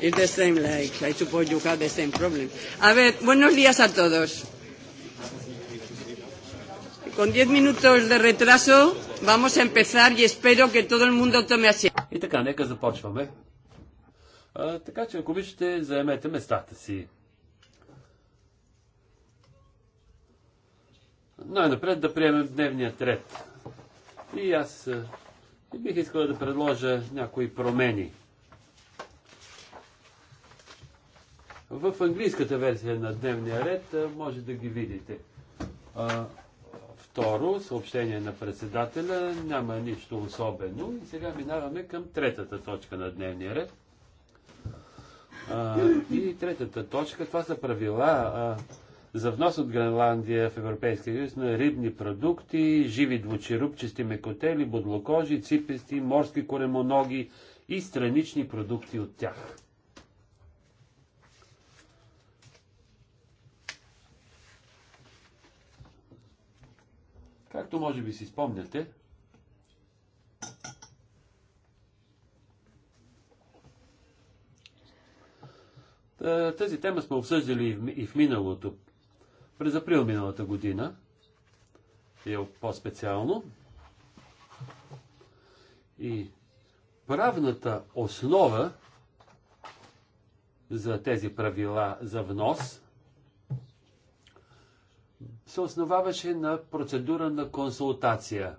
It's the same, like, I suppose you have the same problem. A ver, buenos días a todos. Con diez minutos de retraso vamos a empezar y espero que todo el mundo tome asiento. И така, нека започваме. А, така че, ако обичате, заемете местата си. Най-напред да приемем дневният ред. И аз бих искал да предложа някои промени – В английската версия на дневния ред може да ги видите. второ, съобщение на председателя, няма нищо особено. И сега минаваме към третата точка на дневния ред. и третата точка, това са правила за внос от Гренландия в Европейския съюз на рибни продукти, живи двучерупчести мекотели, бодлокожи, ципести, морски коремоноги и странични продукти от тях. Както може би си спомняте, тази тема сме обсъждали и в миналото. През април миналата година е по-специално. И правната основа за тези правила за внос се основаваше на процедура на консултация.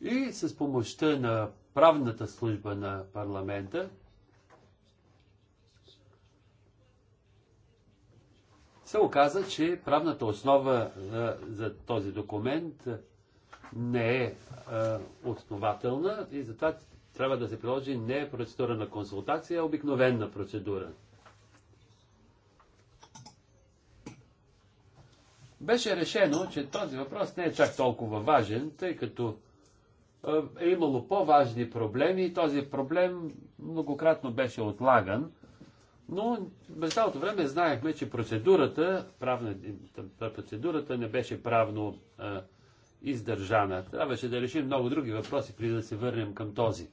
И с помощта на правната служба на парламента се оказа, че правната основа за, за този документ не е, основателна и затова трябва да се приложи не процедура на консултация, а обикновена процедура. Беше решено, че този въпрос не е чак толкова важен, тъй като е имало по-важни проблеми и този проблем многократно беше отлаган. Но през цялото време знаехме, че процедурата, правна, процедурата не беше правно а, издържана. Трябваше да решим много други въпроси, преди да се върнем към този.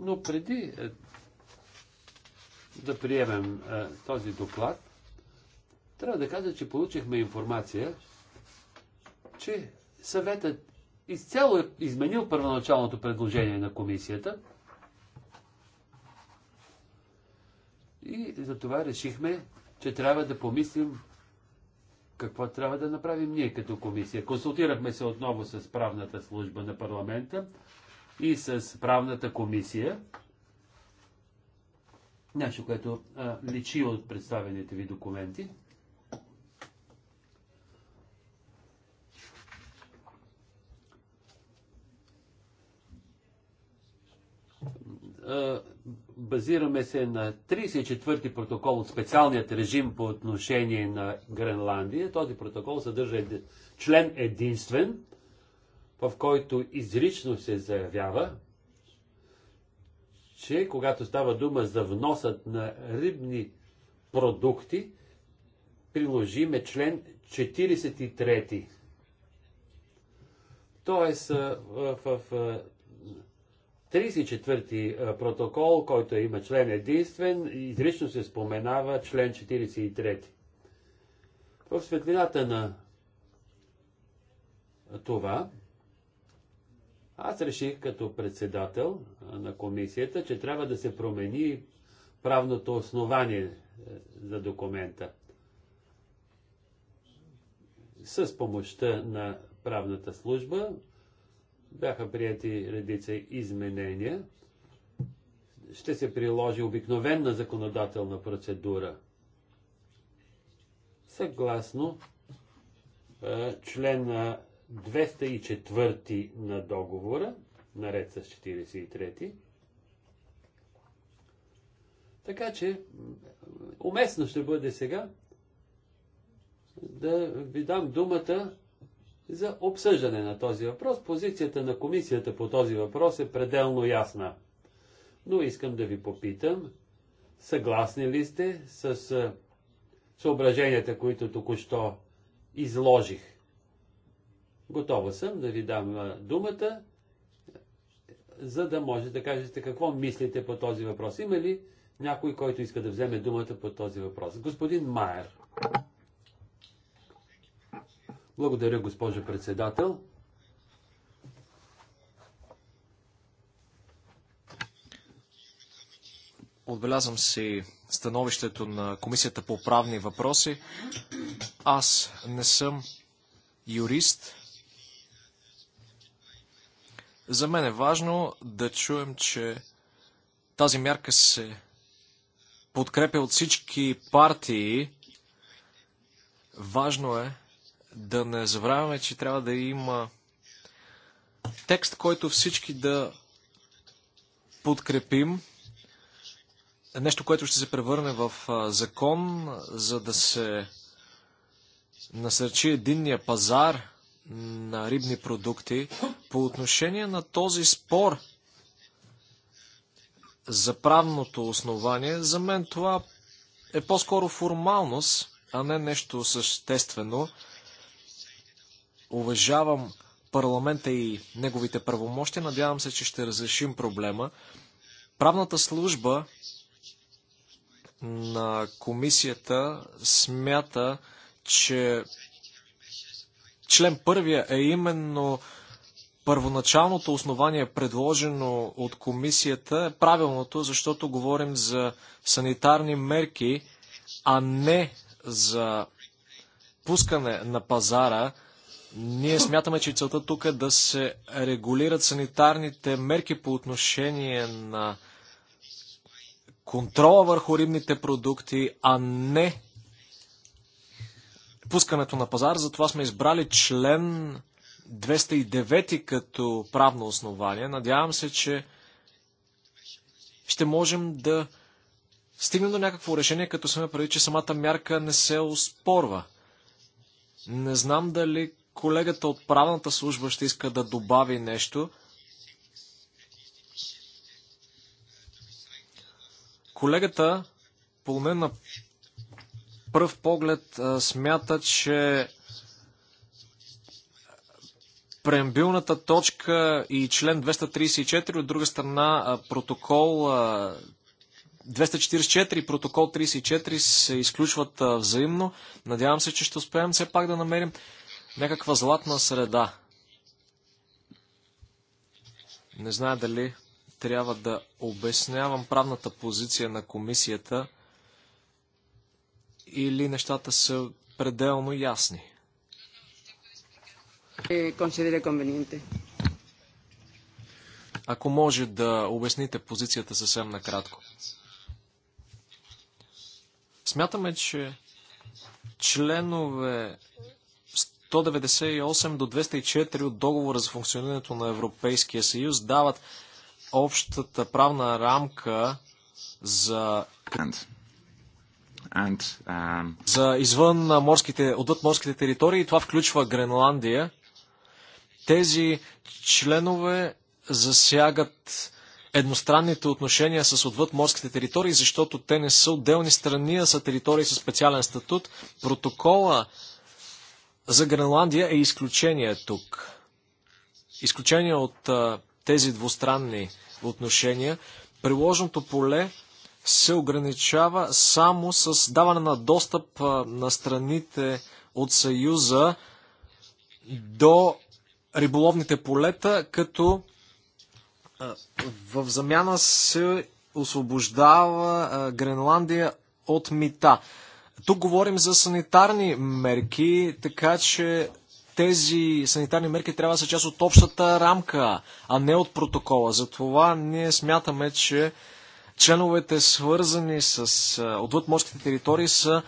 Но преди е, да приемем е, този доклад, трябва да кажа, че получихме информация, че съветът изцяло е изменил първоначалното предложение на комисията и за това решихме, че трябва да помислим какво трябва да направим ние като комисия. Консултирахме се отново с правната служба на парламента и с правната комисия. Нещо, което а, личи от представените ви документи. базираме се на 34-ти протокол от специалният режим по отношение на Гренландия. Този протокол съдържа член единствен, в който изрично се заявява, че когато става дума за вносът на рибни продукти, приложиме член 43. Тоест, в, в, в 34-ти протокол, който има член единствен, изрично се споменава член 43. В светлината на това, аз реших като председател на комисията, че трябва да се промени правното основание е, за документа. С помощта на правната служба бяха прияти редица изменения. Ще се приложи обикновена законодателна процедура. Съгласно е, член 204 на договора, наред с 43. Така че, уместно ще бъде сега да ви дам думата за обсъждане на този въпрос. Позицията на комисията по този въпрос е пределно ясна. Но искам да ви попитам, съгласни ли сте с съображенията, които току-що изложих? Готова съм да ви дам думата, за да може да кажете какво мислите по този въпрос. Има ли някой, който иска да вземе думата по този въпрос? Господин Майер. Благодаря, госпожо председател. Отбелязвам си становището на Комисията по правни въпроси. Аз не съм юрист, за мен е важно да чуем, че тази мярка се подкрепя от всички партии. Важно е да не забравяме, че трябва да има текст, който всички да подкрепим. Нещо, което ще се превърне в закон, за да се насърчи единния пазар – на рибни продукти. По отношение на този спор за правното основание, за мен това е по-скоро формалност, а не нещо съществено. Уважавам парламента и неговите правомощи. Надявам се, че ще разрешим проблема. Правната служба на комисията смята, че Член първия е именно първоначалното основание, предложено от комисията, е правилното, защото говорим за санитарни мерки, а не за пускане на пазара. Ние смятаме, че целта тук е да се регулират санитарните мерки по отношение на контрола върху рибните продукти, а не пускането на пазар. Затова сме избрали член 209 като правно основание. Надявам се, че ще можем да стигнем до някакво решение, като сме преди, че самата мярка не се оспорва. Не знам дали колегата от правната служба ще иска да добави нещо. Колегата, поне на пръв поглед смята, че преамбилната точка и член 234, от друга страна протокол 244 и протокол 34 се изключват взаимно. Надявам се, че ще успеем все пак да намерим някаква златна среда. Не знае дали трябва да обяснявам правната позиция на комисията или нещата са пределно ясни? Е, Ако може да обясните позицията съвсем накратко. Смятаме, че членове 198 до 204 от договора за функционирането на Европейския съюз дават общата правна рамка за and, um... За извън морските, отвъд морските територии, това включва Гренландия. Тези членове засягат едностранните отношения с отвъд морските територии, защото те не са отделни страни, а са територии с специален статут. Протокола за Гренландия е изключение тук. Изключение от а, тези двустранни отношения. Приложното поле се ограничава само с даване на достъп на страните от Съюза до риболовните полета, като в замяна се освобождава Гренландия от мита. Тук говорим за санитарни мерки, така че тези санитарни мерки трябва да са част от общата рамка, а не от протокола. Затова ние смятаме, че Членовете, свързани с отвъдморските територии, са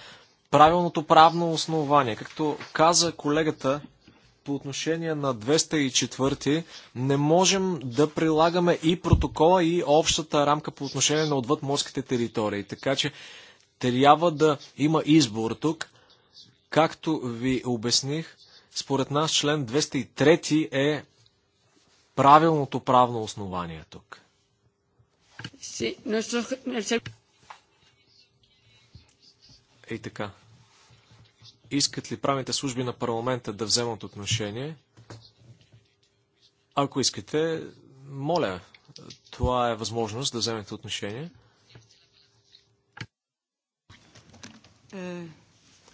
правилното правно основание. Както каза колегата, по отношение на 204 не можем да прилагаме и протокола, и общата рамка по отношение на отвъдморските територии. Така че трябва да има избор тук. Както ви обясних, според нас член 203 е правилното правно основание тук. Sí, така. Искат ли правните служби на парламента да вземат отношение? Ако искате, моля, това е възможност да вземете отношение. Uh,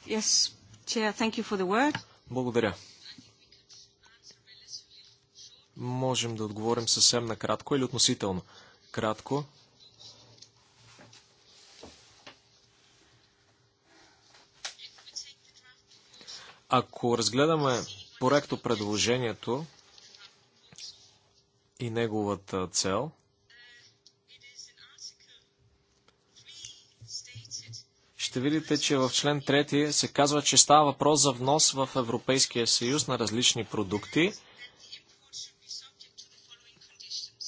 yes, chair, thank you for the word. Благодаря. Можем да отговорим съвсем накратко или относително. Uh, кратко. Ако разгледаме проекто предложението и неговата цел, ще видите, че в член 3 се казва, че става въпрос за внос в Европейския съюз на различни продукти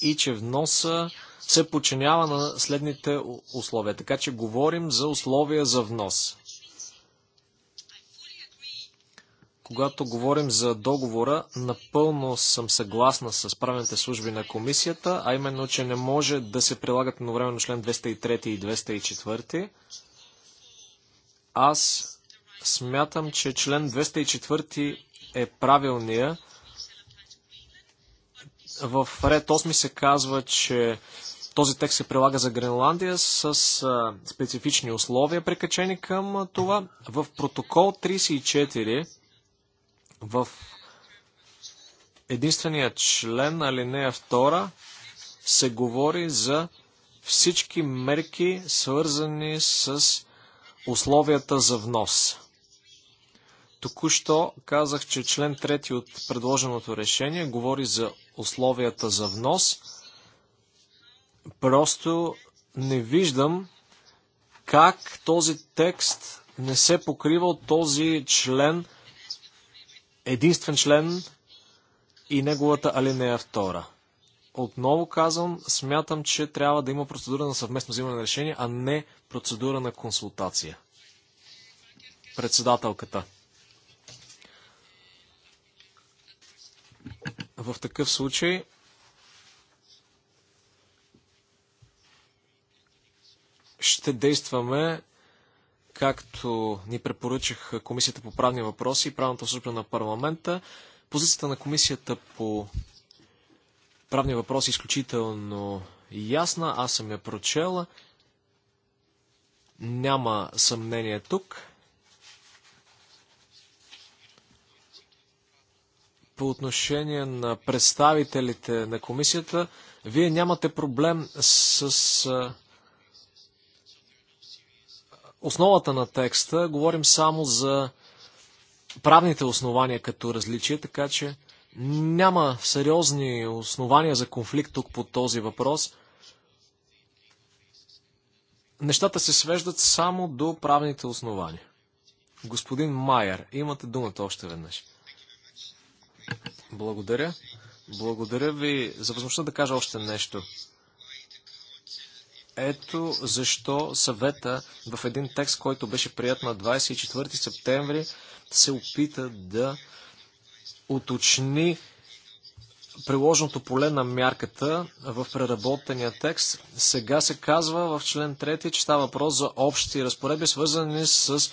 и че вноса се подчинява на следните условия. Така че говорим за условия за внос. Когато говорим за договора, напълно съм съгласна с правените служби на комисията, а именно, че не може да се прилагат едновременно член 203 и 204. Аз смятам, че член 204 е правилния. В ред 8 се казва, че този текст се прилага за Гренландия с специфични условия, прикачени към това. В протокол 34, в единствения член, алинея 2, се говори за всички мерки, свързани с условията за внос. Току-що казах, че член 3 от предложеното решение говори за условията за внос. Просто не виждам как този текст не се покрива от този член, единствен член и неговата алинея втора. Отново казвам, смятам, че трябва да има процедура на съвместно взимане на решение, а не процедура на консултация. Председателката. В такъв случай ще действаме както ни препоръчах Комисията по правни въпроси и правната служба на парламента. Позицията на Комисията по правни въпроси е изключително ясна. Аз съм я прочела. Няма съмнение тук. По отношение на представителите на комисията, вие нямате проблем с основата на текста. Говорим само за правните основания като различие, така че няма сериозни основания за конфликт тук по този въпрос. Нещата се свеждат само до правните основания. Господин Майер, имате думата още веднъж. Благодаря. Благодаря ви за възможността да кажа още нещо. Ето защо съвета в един текст, който беше прият на 24 септември, се опита да уточни приложното поле на мярката в преработения текст. Сега се казва в член 3, че става въпрос за общи разпоредби, свързани с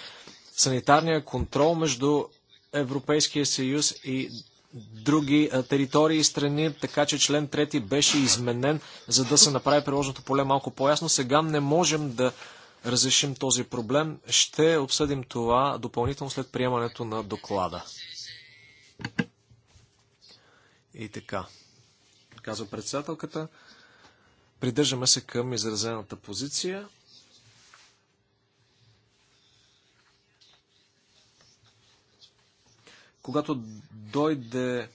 санитарния контрол между Европейския съюз и други територии и страни, така че член 3 беше изменен, за да се направи приложното поле малко по-ясно. Сега не можем да разрешим този проблем. Ще обсъдим това допълнително след приемането на доклада. И така, казва председателката. Придържаме се към изразената позиция. когато дойде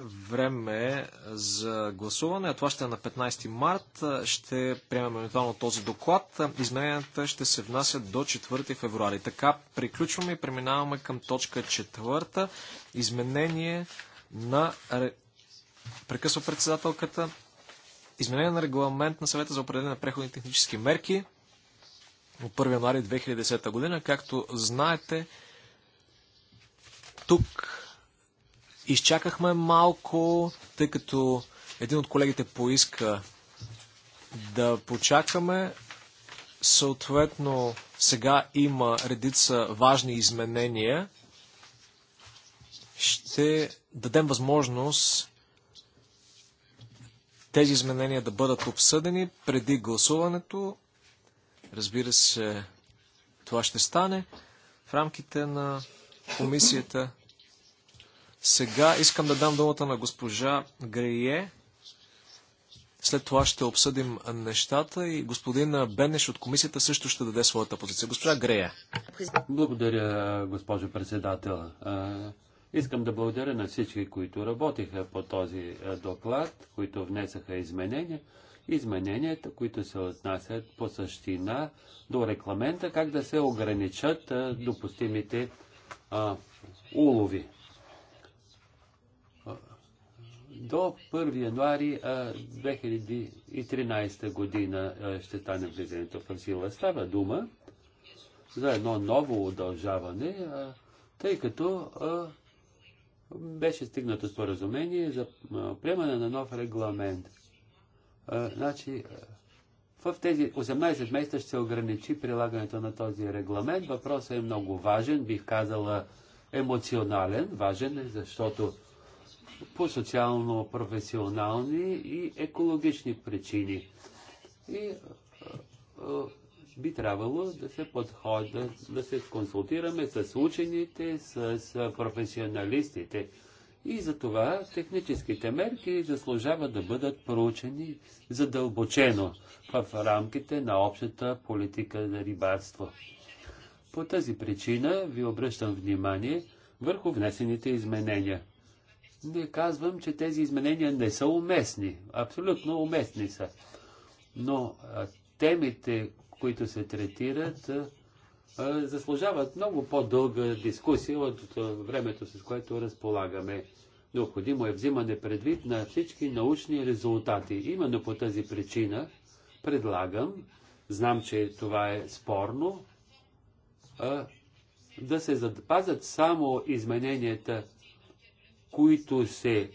време за гласуване, а това ще е на 15 март, ще приемем евентуално този доклад. Измененията ще се внасят до 4 февруари. Така приключваме и преминаваме към точка 4. Изменение на... Прекъсва председателката. Изменение на регламент на съвета за определение на преходни технически мерки от 1 януари 2010 година. Както знаете, тук изчакахме малко, тъй като един от колегите поиска да почакаме. Съответно, сега има редица важни изменения. Ще дадем възможност тези изменения да бъдат обсъдени преди гласуването. Разбира се, това ще стане в рамките на комисията. Сега искам да дам думата на госпожа Грее, След това ще обсъдим нещата и господин Бенеш от комисията също ще даде своята позиция. Госпожа Грея. Благодаря, госпожо председател. Искам да благодаря на всички, които работиха по този доклад, които внесаха изменения. Измененията, които се отнасят по същина до рекламента, как да се ограничат допустимите а, улови. До 1 януари 2013 година ще стане влизането в сила. Става дума за едно ново удължаване, тъй като беше стигнато споразумение за приемане на нов регламент. значи, в тези 18 месеца ще се ограничи прилагането на този регламент. Въпросът е много важен, бих казала емоционален. Важен е, защото по социално-професионални и екологични причини. И би трябвало да се подхода, да се консултираме с учените, с професионалистите и затова техническите мерки заслужават да бъдат проучени задълбочено в рамките на общата политика за рибарство. По тази причина ви обръщам внимание върху внесените изменения. Не казвам, че тези изменения не са уместни. Абсолютно уместни са. Но темите, които се третират, заслужават много по-дълга дискусия от времето, с което разполагаме. Необходимо е взимане предвид на всички научни резултати. Именно по тази причина предлагам, знам, че това е спорно, да се запазят само измененията, които се,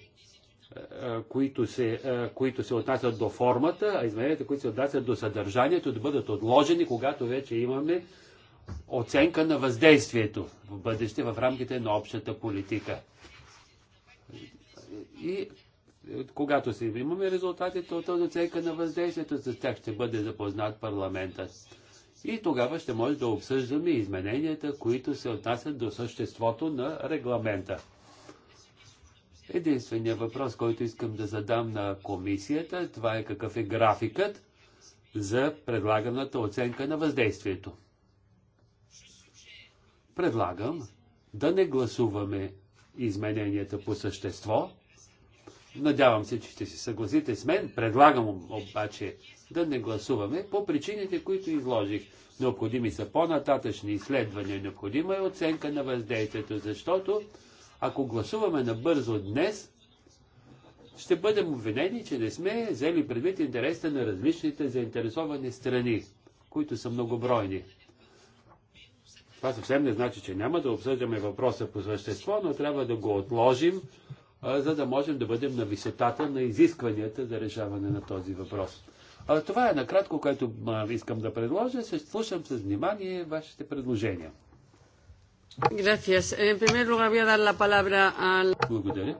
които, се, които се отнасят до формата, а измененията, които се отнасят до съдържанието, да бъдат отложени, когато вече имаме оценка на въздействието в бъдеще в рамките на общата политика. И е, когато си имаме резултатите от тази оценка на въздействието, с тях ще бъде запознат парламента. И тогава ще може да обсъждаме измененията, които се отнасят до съществото на регламента. Единственият въпрос, който искам да задам на комисията, това е какъв е графикът за предлаганата оценка на въздействието предлагам да не гласуваме измененията по същество. Надявам се, че ще се съгласите с мен. Предлагам обаче да не гласуваме по причините, които изложих. Необходими са по-нататъчни изследвания, необходима е оценка на въздействието, защото ако гласуваме набързо днес, ще бъдем обвинени, че не сме взели предвид интереса на различните заинтересовани страни, които са многобройни. Това съвсем не значи, че няма да обсъждаме въпроса по същество, но трябва да го отложим, за да можем да бъдем на висотата на изискванията за решаване на този въпрос. А, това е накратко, което искам да предложа. Ще слушам с внимание вашите предложения. Благодаря.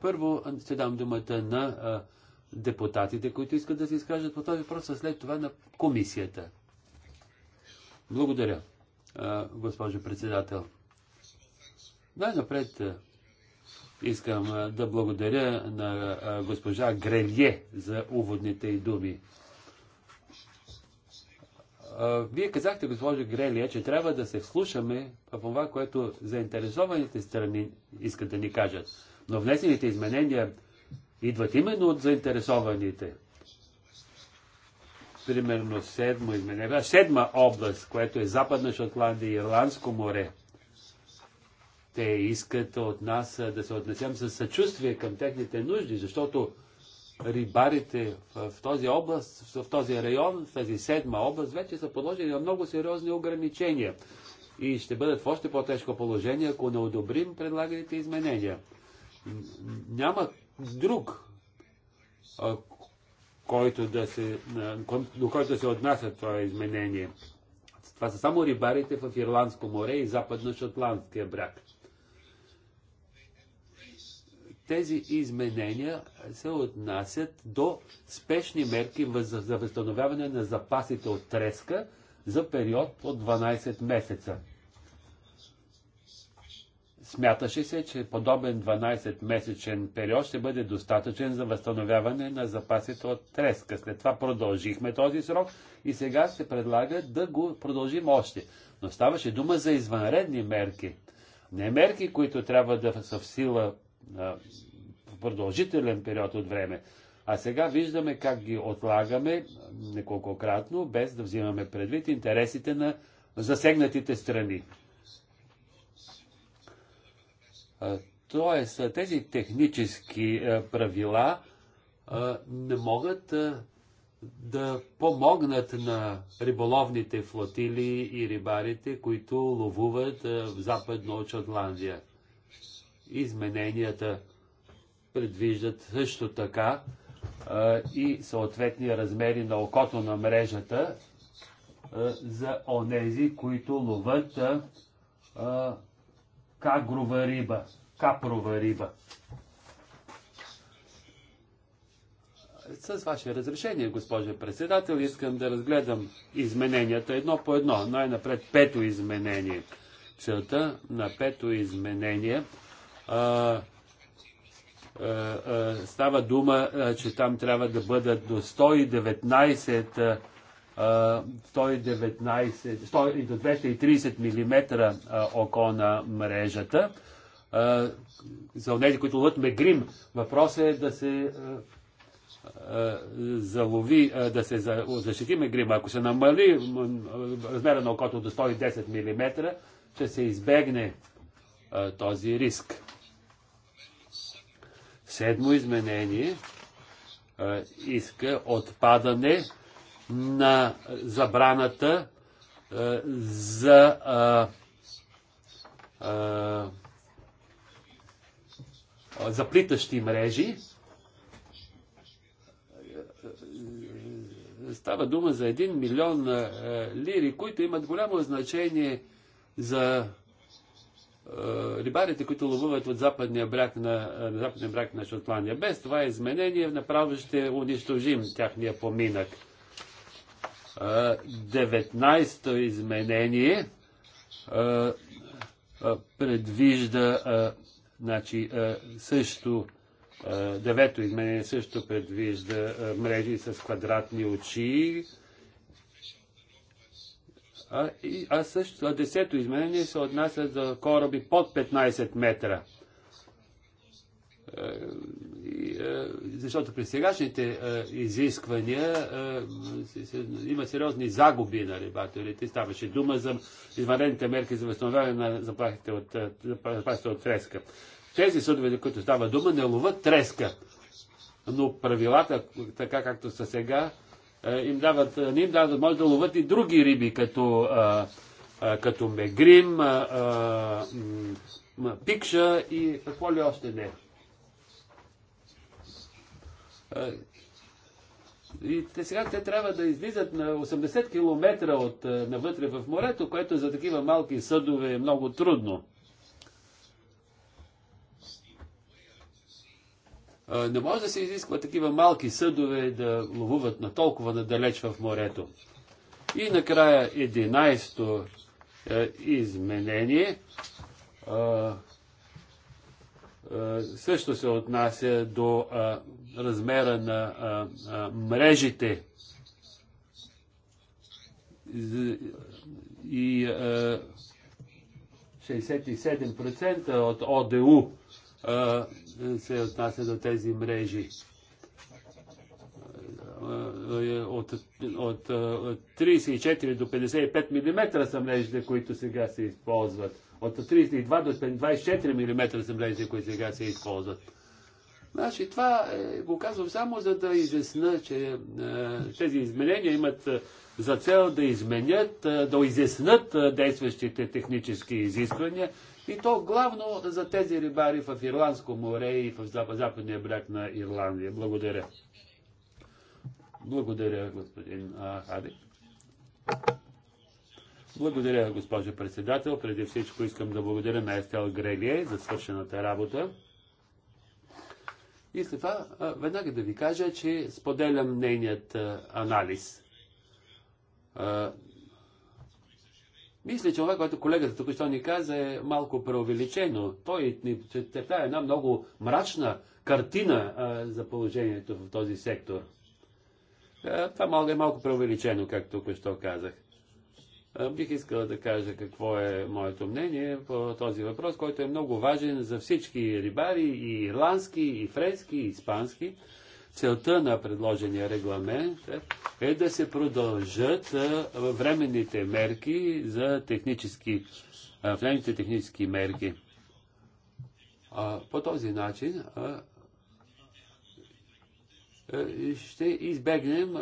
Първо ще дам думата на депутатите, които искат да се изкажат по този въпрос, а след това на комисията. Благодаря, госпожо председател. Най-напред искам да благодаря на госпожа Грелье за уводните и думи. Вие казахте, госпожо Грелия, че трябва да се вслушаме в това, което заинтересованите страни искат да ни кажат. Но внесените изменения идват именно от заинтересованите. Примерно седма, изменение, седма област, което е Западна Шотландия и Ирландско море. Те искат от нас да се отнесем с съчувствие към техните нужди, защото рибарите в този област, в този район, в тази седма област, вече са подложени на много сериозни ограничения и ще бъдат в още по-тежко положение, ако не одобрим предлаганите изменения. Няма друг, който да се, до който се отнася това изменение. Това са само рибарите в Ирландско море и западно-шотландския бряг. Тези изменения се отнасят до спешни мерки за възстановяване на запасите от треска за период от 12 месеца. Смяташе се, че подобен 12-месечен период ще бъде достатъчен за възстановяване на запасите от треска. След това продължихме този срок и сега се предлага да го продължим още. Но ставаше дума за извънредни мерки. Не мерки, които трябва да са в сила в продължителен период от време. А сега виждаме как ги отлагаме неколкократно, без да взимаме предвид интересите на засегнатите страни. Тоест, тези технически правила не могат да помогнат на риболовните флотили и рибарите, които ловуват в западно от Шотландия. Измененията предвиждат също така и съответни размери на окото на мрежата за онези, които ловат кагрова риба, капрова риба. С ваше разрешение, госпожа председател, искам да разгледам измененията едно по едно. Най-напред пето изменение. Целта на пето изменение а, става дума, че там трябва да бъдат до 119 119, до 230 мм око на мрежата. За тези, които ловят мегрим, въпросът е да се залови, да се защити мегрима. Ако се намали размера на окото до 110 мм, ще се избегне този риск. Седмо изменение иска отпадане на забраната е, за е, е, заплитащи мрежи. Става дума за 1 милион е, лири, които имат голямо значение за е, рибарите, които ловуват от западния бряг на, е, на западния бряг на Шотландия. Без това изменение направо ще унищожим тяхния поминък. 19-то изменение предвижда значи, също девето изменение също предвижда мрежи с квадратни очи. А, и, а също а десето изменение се отнася за кораби под 15 метра. Е, е, защото при сегашните е, изисквания има сериозни загуби на рибателите. Ставаше дума за извънредните мерки за възстановяване на заплахите от, заплахите от треска. Тези судове, за които става дума, не ловат треска. Но правилата, така както са сега, им дават, не им дават, може да ловат и други риби, като, като мегрим, пикша и какво ли още не. И те, сега те трябва да излизат на 80 км от, навътре в морето, което за такива малки съдове е много трудно. Не може да се изисква такива малки съдове да ловуват на толкова надалеч в морето. И накрая 11-то е, изменение. Е, е, също се отнася до е, размера на е, мрежите и 67% от ОДУ се отнася до тези мрежи. От, от, от 34 до 55 мм са мрежите, които сега се използват от 32 до 24 мм землежни, които сега се използват. Значи, това е, го казвам само за да изясна, че е, тези изменения имат е, за цел да изменят, е, да изяснат е, действащите технически изисквания и то главно за тези рибари в Ирландско море и в западния бряг на Ирландия. Благодаря. Благодаря, господин Хари. Благодаря, госпожо председател. Преди всичко искам да благодаря на Естел Грелие за свършената работа. И след това веднага да ви кажа, че споделям нейният анализ. мисля, че това, което колегата тук що ни каза, е малко преувеличено. Той ни чета е една много мрачна картина за положението в този сектор. това е малко преувеличено, както тук що казах. Бих искала да кажа какво е моето мнение по този въпрос, който е много важен за всички рибари, и ирландски, и френски, и испански. Целта на предложения регламент е да се продължат временните мерки за технически, временните технически мерки. По този начин ще избегнем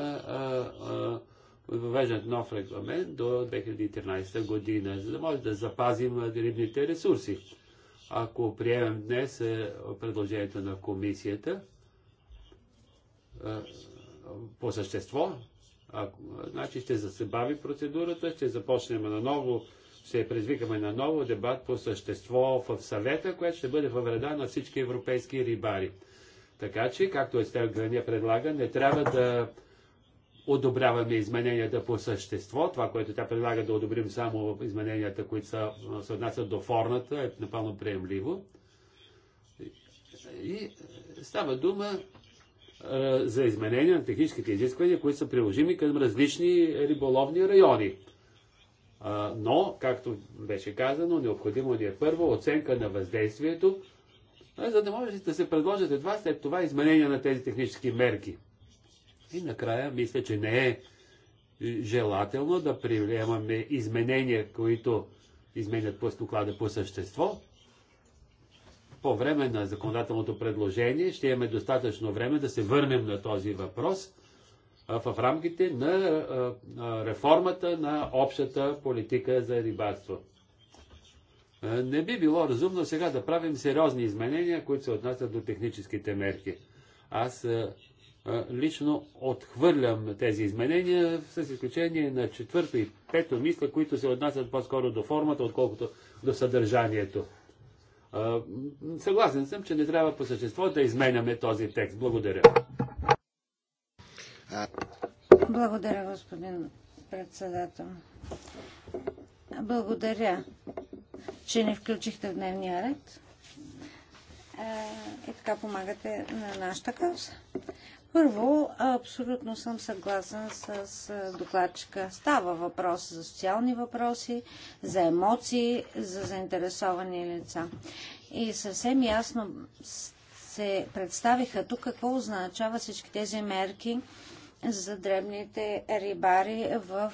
въвеждат нов регламент до 2013 година, за да може да запазим рибните ресурси. Ако приемем днес е, предложението на комисията, е, по същество, ако значи ще засебави процедурата, ще започнем на ново, ще предизвикаме на ново дебат по същество в съвета, което ще бъде във вреда на всички европейски рибари. Така че, както Естер Грания предлага, не трябва да одобряваме измененията по същество. Това, което тя предлага да одобрим само измененията, които са, се отнасят до формата, е напълно приемливо. И става дума е, за изменения на техническите изисквания, които са приложими към различни риболовни райони. А, но, както беше казано, необходимо ни е първо оценка на въздействието, за да може да се предложат едва след това изменения на тези технически мерки. И накрая мисля, че не е желателно да приемаме изменения, които изменят доклада по същество. По време на законодателното предложение ще имаме достатъчно време да се върнем на този въпрос в рамките на реформата на общата политика за рибарство. Не би било разумно сега да правим сериозни изменения, които се отнасят до техническите мерки. Аз лично отхвърлям тези изменения, с изключение на четвърто и пето мисля, които се отнасят по-скоро до формата, отколкото до съдържанието. Съгласен съм, че не трябва по същество да изменяме този текст. Благодаря. Благодаря, господин председател. Благодаря, че не включихте в дневния ред. Е, и така помагате на нашата кауза. Първо, абсолютно съм съгласен с докладчика. Става въпрос за социални въпроси, за емоции, за заинтересовани лица. И съвсем ясно се представиха тук какво означава всички тези мерки за дребните рибари в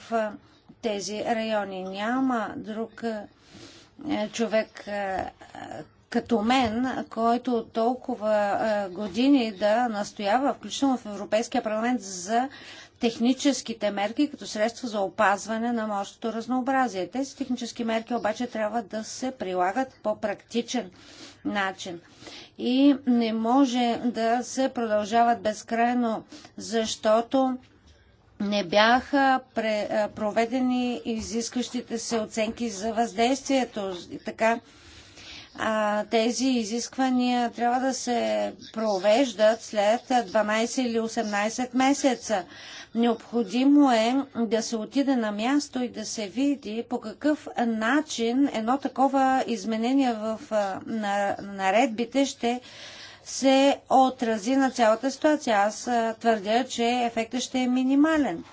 тези райони. Няма друг човек, като мен, който толкова е, години да настоява, включително в Европейския парламент, за техническите мерки като средство за опазване на морското разнообразие. Тези технически мерки обаче трябва да се прилагат по практичен начин. И не може да се продължават безкрайно, защото не бяха е, проведени изискащите се оценки за въздействието. И така а, тези изисквания трябва да се провеждат след 12 или 18 месеца. Необходимо е да се отиде на място и да се види по какъв начин едно такова изменение в на, наредбите ще се отрази на цялата ситуация. Аз твърдя, че ефектът ще е минимален.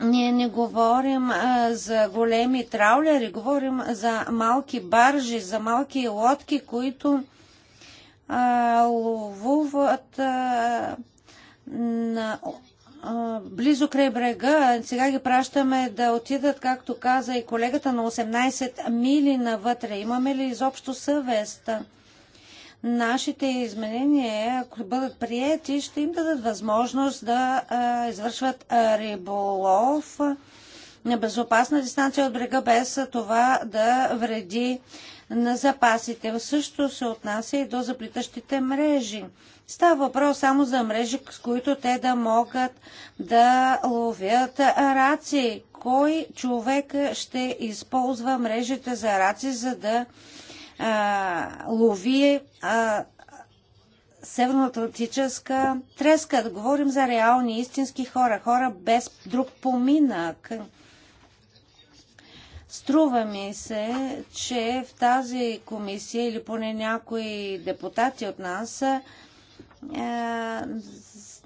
Ние не говорим за големи траулери, говорим за малки баржи, за малки лодки, които а, ловуват а, на, а, близо край брега. Сега ги пращаме да отидат, както каза и колегата, на 18 мили навътре. Имаме ли изобщо съвест? нашите изменения, ако бъдат приети, ще им дадат възможност да а, извършват риболов на безопасна дистанция от брега, без това да вреди на запасите. Също се отнася и до заплитащите мрежи. Става въпрос само за мрежи, с които те да могат да ловят раци. Кой човек ще използва мрежите за раци, за да а, лови а, северноатлантическа треска. Да говорим за реални, истински хора, хора без друг поминък. Струва ми се, че в тази комисия или поне някои депутати от нас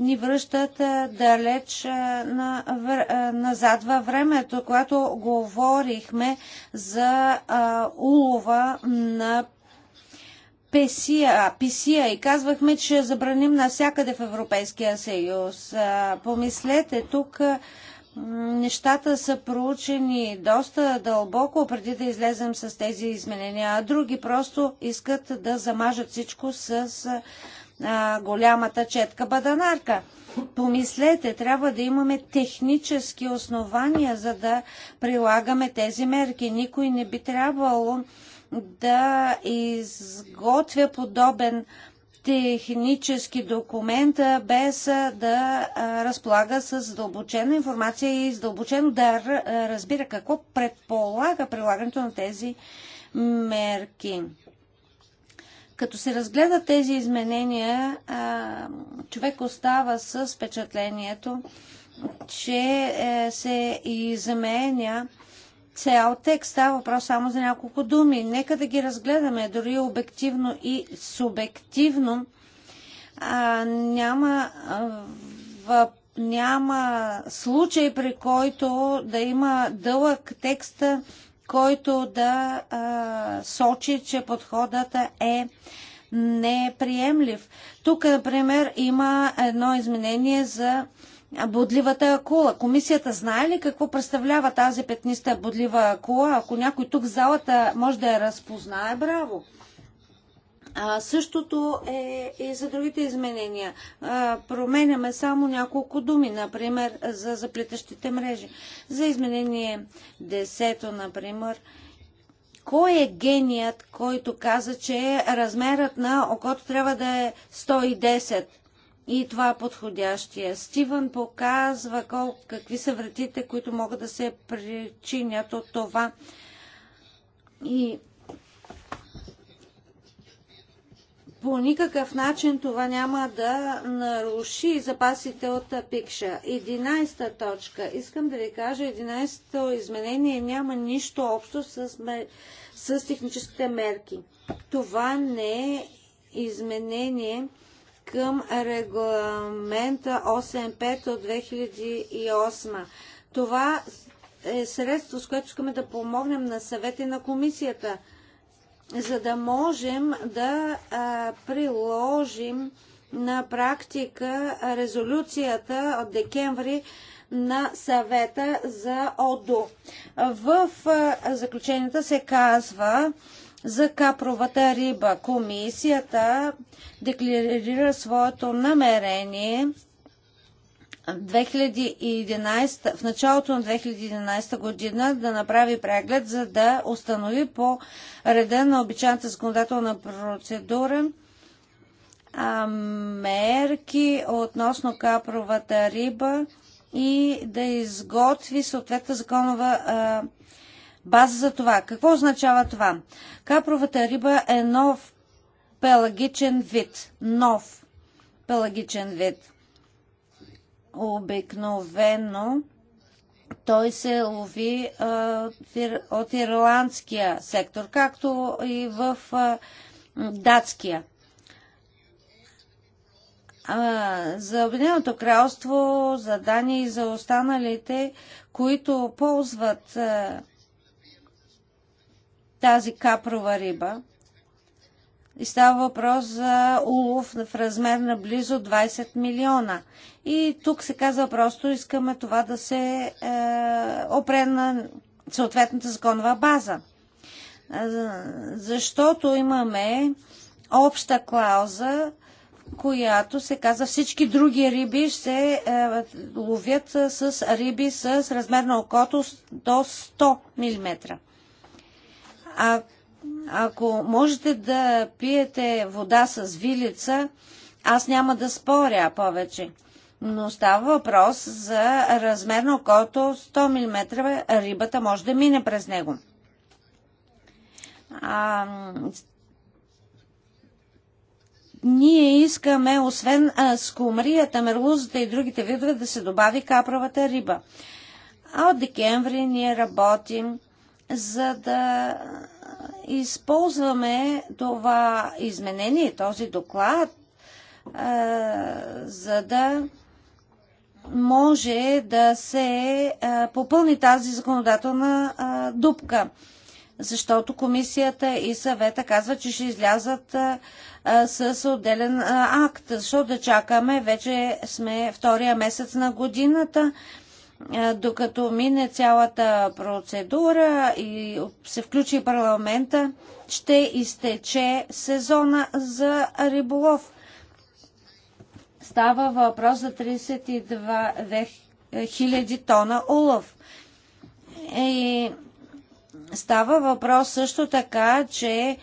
ни връщат далеч на, назад във времето, когато говорихме за а, улова на Песия, писия и казвахме, че забраним навсякъде в Европейския съюз. Помислете, тук нещата са проучени доста дълбоко, преди да излезем с тези изменения, а други просто искат да замажат всичко с а, голямата четка баданарка. Помислете, трябва да имаме технически основания, за да прилагаме тези мерки. Никой не би трябвало да изготвя подобен технически документ, без да разполага с дълбочена информация и задълбочено да разбира какво предполага прилагането на тези мерки. Като се разгледа тези изменения, човек остава с впечатлението, че е, се изменя цял текст. Става въпрос само за няколко думи. Нека да ги разгледаме дори обективно и субективно. няма, няма случай, при който да има дълъг текст който да а, сочи, че подходът е неприемлив. Тук, например, има едно изменение за бодливата акула. Комисията знае ли какво представлява тази петниста бодлива акула? Ако някой тук в залата може да я разпознае, браво! А, същото е и за другите изменения. А, променяме само няколко думи, например, за заплетащите мрежи. За изменение 10, например, кой е геният, който каза, че размерът на окото трябва да е 110? И това е подходящия. Стивън показва кол, какви са вредите, които могат да се причинят от това. И по никакъв начин това няма да наруши запасите от пикша. 11-та точка. Искам да ви кажа, 11-то изменение няма нищо общо с, с техническите мерки. Това не е изменение към регламента 85 от 2008. Това е средство, с което искаме да помогнем на съвети и на комисията – за да можем да а, приложим на практика резолюцията от декември на съвета за ОДО. В заключенията се казва за капровата риба. Комисията декларира своето намерение 2011, в началото на 2011 година да направи преглед, за да установи по реда на обичаната законодателна процедура а, мерки относно капровата риба и да изготви съответна законова а, база за това. Какво означава това? Капровата риба е нов пелагичен вид. Нов пелагичен вид обикновено той се лови а, от ирландския сектор, както и в а, датския. А, за Обединеното кралство, за Дания и за останалите, които ползват а, тази капрова риба, и става въпрос за улов в размер на близо 20 милиона. И тук се казва просто, искаме това да се е, опре на съответната законова база. Е, защото имаме обща клауза, която се казва всички други риби се е, ловят е, с риби с размер на окото до 100 мм. А, ако можете да пиете вода с вилица, аз няма да споря повече но става въпрос за размер, на окото 100 мм рибата може да мине през него. А, ние искаме, освен а, скумрията, мерлузата и другите видове, да се добави каправата риба. А от декември ние работим, за да използваме това изменение, този доклад, а, за да може да се попълни тази законодателна дупка. Защото комисията и съвета казват, че ще излязат с отделен акт. Защо да чакаме? Вече сме втория месец на годината докато мине цялата процедура и се включи парламента, ще изтече сезона за риболов. Става въпрос за 32 000 тона улов. И става въпрос също така, че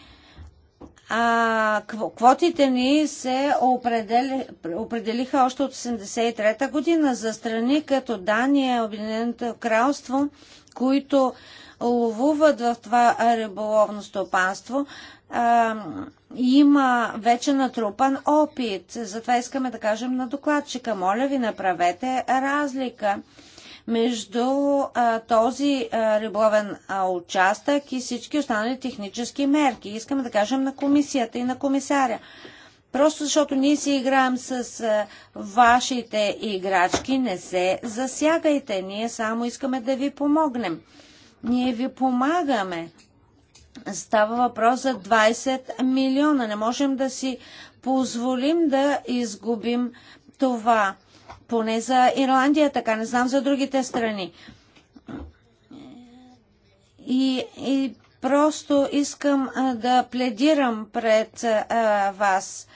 а, квотите ни се определи, определиха още от 1983 година за страни като Дания, Обединеното кралство, които ловуват в това риболовно стопанство има вече натрупан опит. Затова искаме да кажем на докладчика, моля ви, направете разлика между а, този а, риболовен а, участък и всички останали технически мерки. Искаме да кажем на комисията и на комисаря. Просто защото ние си играем с а, вашите играчки, не се засягайте. Ние само искаме да ви помогнем. Ние ви помагаме. Става въпрос за 20 милиона. Не можем да си позволим да изгубим това. Поне за Ирландия така, не знам за другите страни. И, и Просто искам да пледирам пред вас.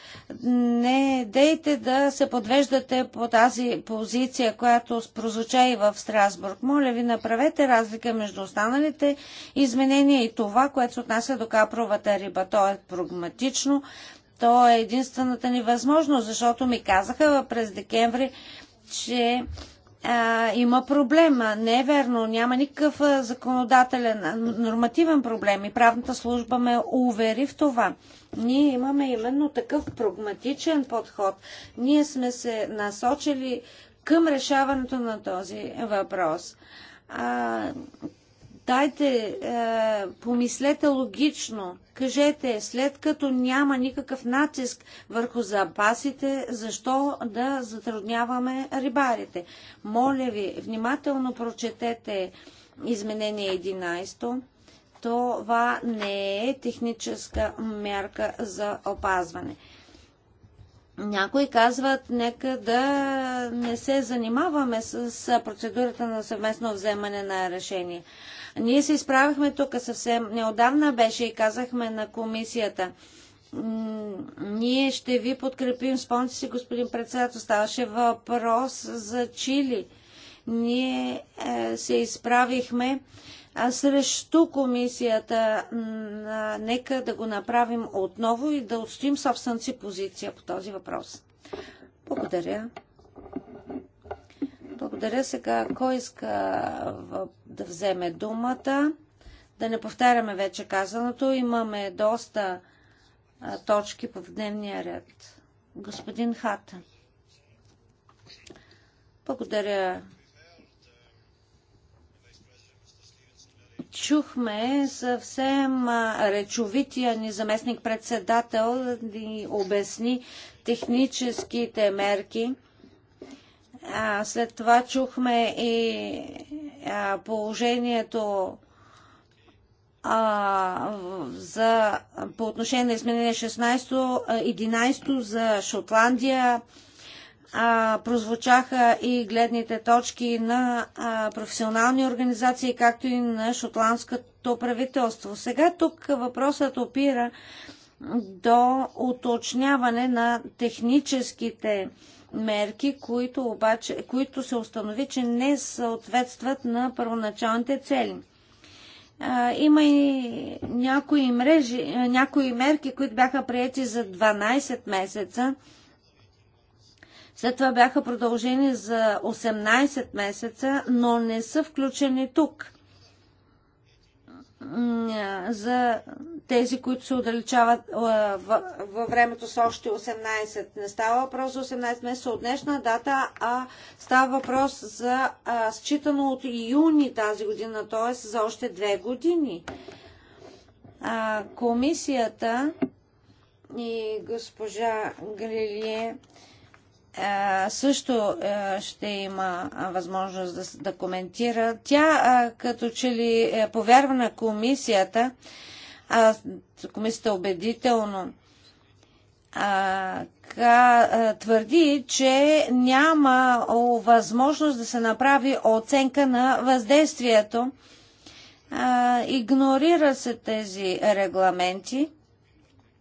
Не дейте да се подвеждате по тази позиция, която прозвуча и в Страсбург. Моля ви, направете разлика между останалите изменения и това, което се отнася до капровата риба. То е прагматично. То е единствената ни възможност, защото ми казаха през декември, че а, има проблем. Не е верно, няма никакъв законодателен, нормативен проблем и правната служба ме увери в това. Ние имаме именно такъв прагматичен подход. Ние сме се насочили към решаването на този въпрос. А, Дайте, е, помислете логично. Кажете, след като няма никакъв натиск върху запасите, защо да затрудняваме рибарите? Моля ви, внимателно прочетете изменение 11. Това не е техническа мярка за опазване. Някои казват, нека да не се занимаваме с процедурата на съвместно вземане на решение. Ние се изправихме тук съвсем неодавна беше и казахме на комисията. Ние ще ви подкрепим. Спомните си, господин председател, ставаше въпрос за Чили. Ние е, се изправихме а срещу комисията. Нека да го направим отново и да отстоим собствената си позиция по този въпрос. Благодаря. Благодаря сега. Кой иска да вземе думата? Да не повтаряме вече казаното. Имаме доста точки по дневния ред. Господин Хата. Благодаря. Чухме съвсем речовития ни заместник председател да ни обясни техническите мерки – а, след това чухме и а, положението а, за, по отношение на изменение 16, 11 за Шотландия. А, прозвучаха и гледните точки на а, професионални организации, както и на шотландското правителство. Сега тук въпросът опира до уточняване на техническите а, мерки, които, обаче, които се установи, че не съответстват на първоначалните цели. А, има и някои, мрежи, някои мерки, които бяха приети за 12 месеца. След това бяха продължени за 18 месеца, но не са включени тук – за тези, които се отдалечават във времето с още 18. Не става въпрос за 18 месеца от днешна дата, а става въпрос за а, считано от юни тази година, т.е. за още две години. А, комисията и госпожа Грилие е, също е, ще има възможност да, да коментира. Тя като че ли е, повярва на комисията, а комисията убедително а, ка, твърди, че няма възможност да се направи оценка на въздействието. А, игнорира се тези регламенти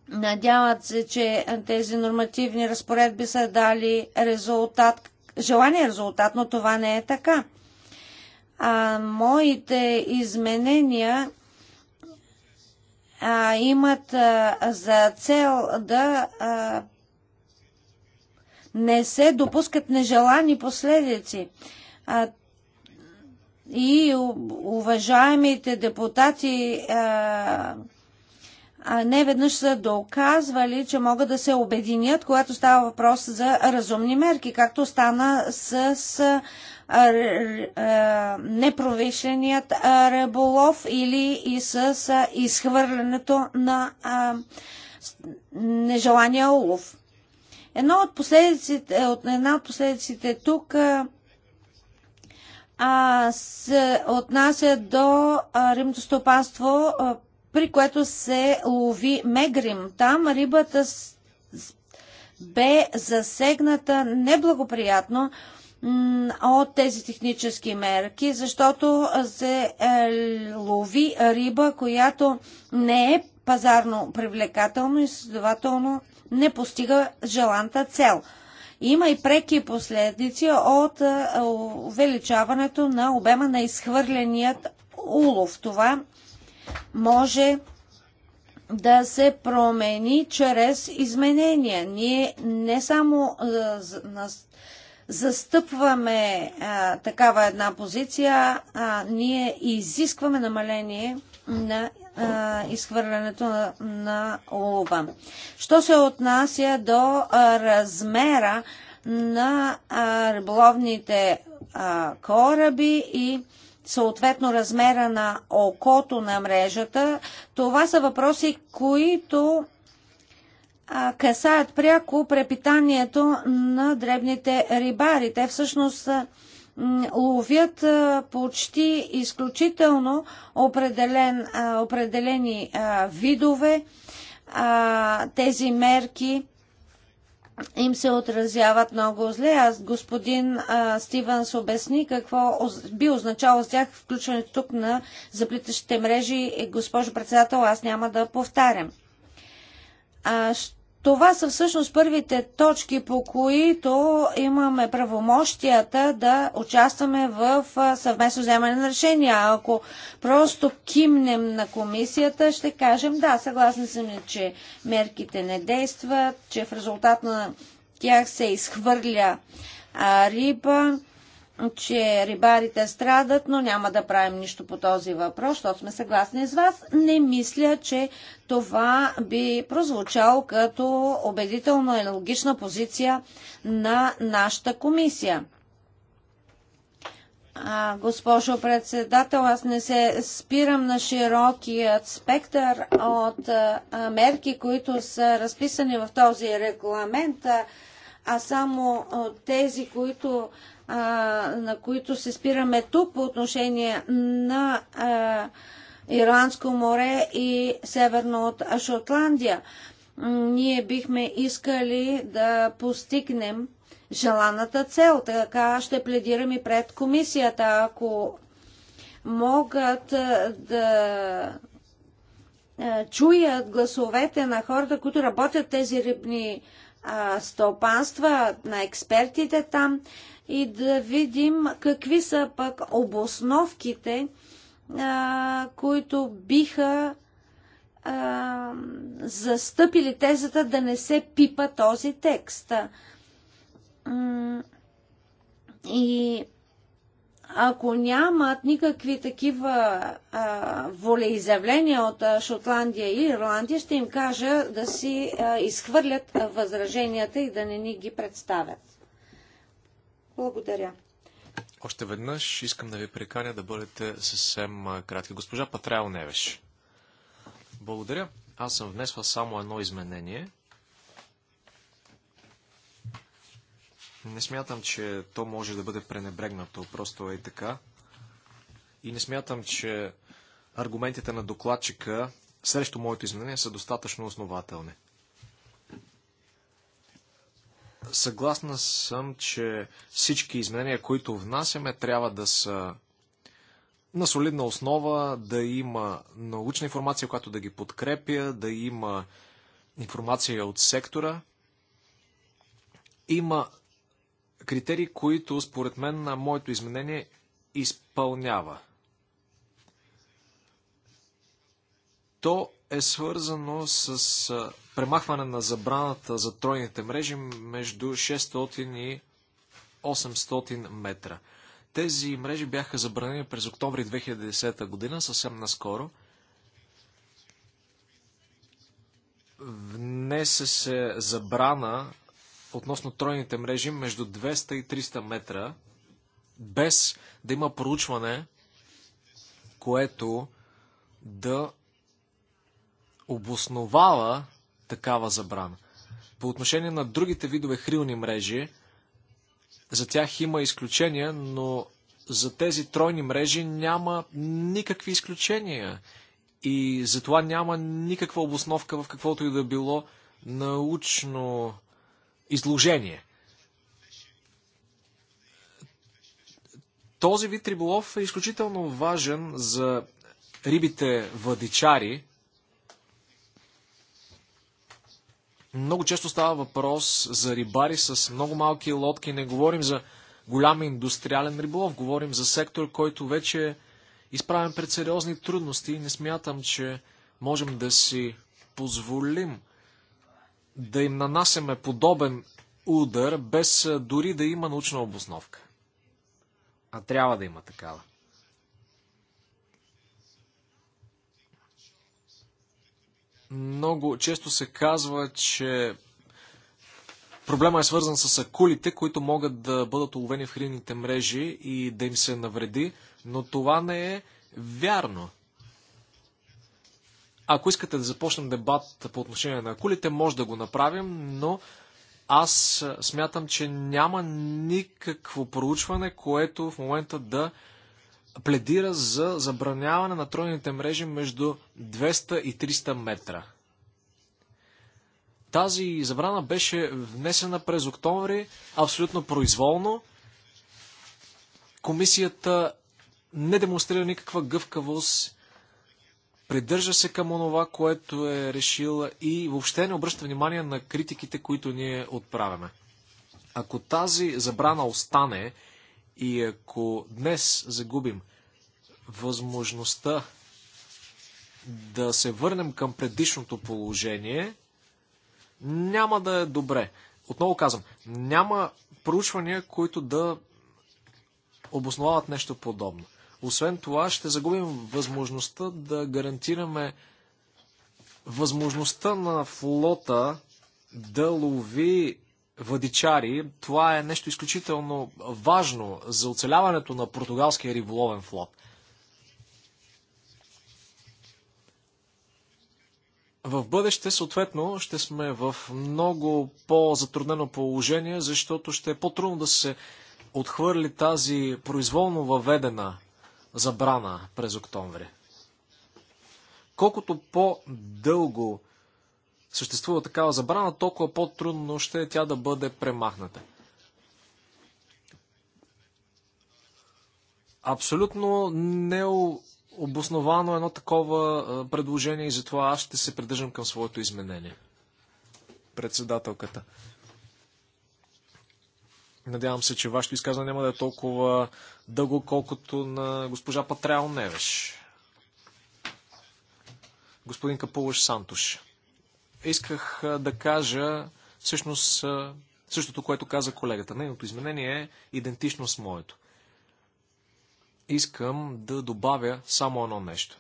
Надяват се, че тези нормативни разпоредби са дали резултат, желания резултат, но това не е така. А, моите изменения а, имат а, за цел да а, не се допускат нежелани последици. А, и уважаемите депутати а, не веднъж са доказвали, че могат да се обединят, когато става въпрос за разумни мерки, както стана с, непровишеният реболов или и с изхвърлянето на нежелания улов. Едно от последиците, от една от последиците тук а, се отнася до а, римто стопанство при което се лови мегрим. Там рибата бе засегната неблагоприятно от тези технически мерки, защото се е, лови риба, която не е пазарно привлекателно и следователно не постига желанта цел. Има и преки последици от е, увеличаването на обема на изхвърленият улов. Това може да се промени чрез изменения. Ние не само застъпваме а, такава една позиция, а ние изискваме намаление на а, изхвърлянето на, на улова. Що се отнася до а, размера на а, риболовните а, кораби и а, съответно размера на окото на мрежата. Това са въпроси, които касаят пряко препитанието на дребните рибари. Те всъщност ловят почти изключително определен, определени видове. Тези мерки им се отразяват много зле. Аз господин а, Стивенс обясни какво би означало с тях включването тук на заплитащите мрежи. Е, госпожо председател, аз няма да повтарям. А, ще това са всъщност първите точки, по които имаме правомощията да участваме в съвместно вземане на решения. Ако просто кимнем на комисията, ще кажем да, съгласни ми, че мерките не действат, че в резултат на тях се изхвърля риба че рибарите страдат, но няма да правим нищо по този въпрос, защото сме съгласни с вас. Не мисля, че това би прозвучало като убедително и логична позиция на нашата комисия. А, госпожо председател, аз не се спирам на широкият спектър от а, мерки, които са разписани в този регламент, а, а само а, тези, които на които се спираме тук по отношение на Ирландско море и северно от Шотландия. Ние бихме искали да постигнем желаната цел. Така ще пледирам и пред комисията. Ако могат да чуят гласовете на хората, които работят тези рибни стопанства, на експертите там, и да видим какви са пък обосновките, а, които биха а, застъпили тезата да не се пипа този текст. И ако нямат никакви такива а, волеизявления от а, Шотландия и Ирландия, ще им кажа да си а, изхвърлят възраженията и да не ни ги представят. Благодаря. Още веднъж искам да ви приканя да бъдете съвсем кратки. Госпожа Патрал Невеш. Благодаря. Аз съм внесла само едно изменение. Не смятам, че то може да бъде пренебрегнато, просто е и така. И не смятам, че аргументите на докладчика срещу моето изменение са достатъчно основателни. Съгласна съм, че всички изменения, които внасяме, трябва да са на солидна основа, да има научна информация, която да ги подкрепя, да има информация от сектора. Има критерии, които според мен на моето изменение изпълнява. То е свързано с премахване на забраната за тройните мрежи между 600 и 800 метра. Тези мрежи бяха забранени през октомври 2010 година, съвсем наскоро. Внесе се забрана относно тройните мрежи между 200 и 300 метра, без да има проучване, което да обосновава такава забрана. По отношение на другите видове хрилни мрежи, за тях има изключения, но за тези тройни мрежи няма никакви изключения. И за това няма никаква обосновка в каквото и да било научно изложение. Този вид риболов е изключително важен за рибите въдичари, Много често става въпрос за рибари с много малки лодки. Не говорим за голям индустриален риболов, говорим за сектор, който вече е изправен пред сериозни трудности и не смятам, че можем да си позволим да им нанасяме подобен удар, без дори да има научна обосновка. А трябва да има такава. Много често се казва, че проблема е свързан с акулите, които могат да бъдат уловени в хрилните мрежи и да им се навреди, но това не е вярно. Ако искате да започнем дебат по отношение на акулите, може да го направим, но аз смятам, че няма никакво проучване, което в момента да пледира за забраняване на тройните мрежи между 200 и 300 метра. Тази забрана беше внесена през октомври абсолютно произволно. Комисията не демонстрира никаква гъвкавост, придържа се към онова, което е решила и въобще не обръща внимание на критиките, които ние отправяме. Ако тази забрана остане и ако днес загубим възможността да се върнем към предишното положение, няма да е добре. Отново казвам, няма проучвания, които да обосновават нещо подобно. Освен това, ще загубим възможността да гарантираме възможността на флота да лови владичари. Това е нещо изключително важно за оцеляването на португалския риболовен флот. В бъдеще, съответно, ще сме в много по-затруднено положение, защото ще е по-трудно да се отхвърли тази произволно въведена забрана през октомври. Колкото по-дълго съществува такава забрана, толкова по-трудно ще е тя да бъде премахната. Абсолютно необосновано едно такова предложение и затова аз ще се придържам към своето изменение. Председателката. Надявам се, че вашето изказване няма да е толкова дълго, колкото на госпожа Патреал Невеш. Господин Капулаш Сантуш исках да кажа всъщност същото, което каза колегата. Нейното изменение е идентично с моето. Искам да добавя само едно нещо.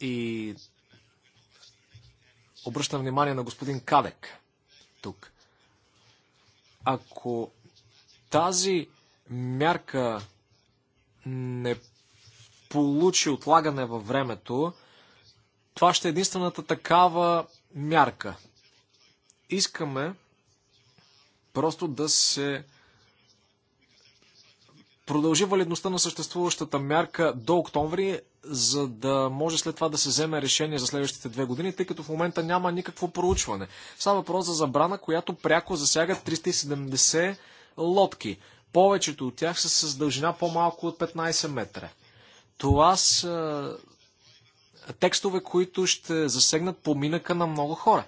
И обръщам внимание на господин Кадек тук. Ако тази мярка не получи отлагане във времето, това ще е единствената такава мярка. Искаме просто да се продължи валидността на съществуващата мярка до октомври, за да може след това да се вземе решение за следващите две години, тъй като в момента няма никакво проучване. Става въпрос за забрана, която пряко засяга 370 лодки. Повечето от тях са с дължина по-малко от 15 метра. Това са текстове, които ще засегнат поминъка на много хора.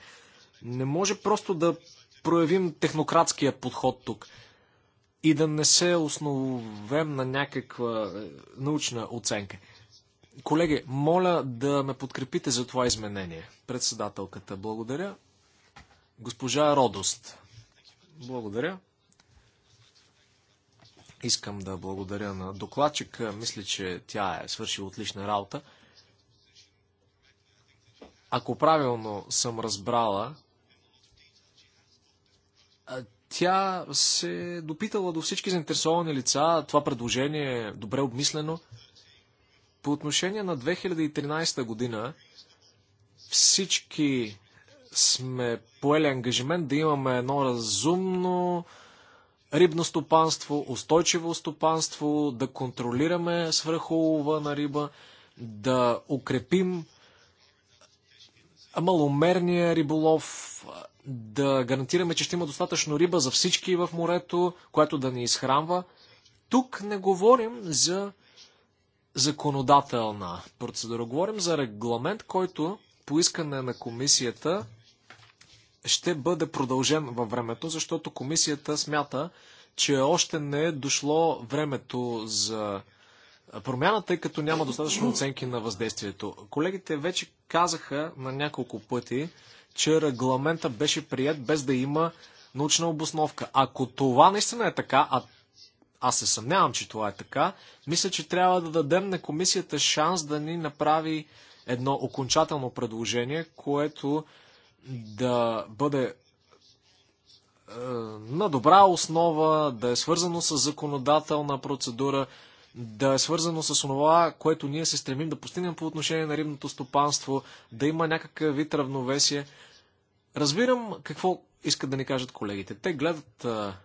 Не може просто да проявим технократския подход тук и да не се основем на някаква е, научна оценка. Колеги, моля да ме подкрепите за това изменение. Председателката, благодаря. Госпожа Родост, благодаря. Искам да благодаря на докладчика. Мисля, че тя е свършила отлична работа. Ако правилно съм разбрала, тя се е допитала до всички заинтересовани лица. Това предложение е добре обмислено. По отношение на 2013 година, всички сме поели ангажимент да имаме едно разумно рибно стопанство, устойчиво стопанство, да контролираме свръхолова на риба, да укрепим маломерния риболов, да гарантираме, че ще има достатъчно риба за всички в морето, която да ни изхранва. Тук не говорим за законодателна процедура. Говорим за регламент, който по искане на комисията ще бъде продължен във времето, защото комисията смята, че още не е дошло времето за промяната, тъй като няма достатъчно оценки на въздействието. Колегите вече казаха на няколко пъти, че регламента беше прият без да има научна обосновка. Ако това наистина е така, а аз се съмнявам, че това е така, мисля, че трябва да дадем на комисията шанс да ни направи едно окончателно предложение, което да бъде е, на добра основа, да е свързано с законодателна процедура, да е свързано с това, което ние се стремим да постигнем по отношение на рибното стопанство, да има някакъв вид равновесие. Разбирам какво искат да ни кажат колегите. Те гледат а,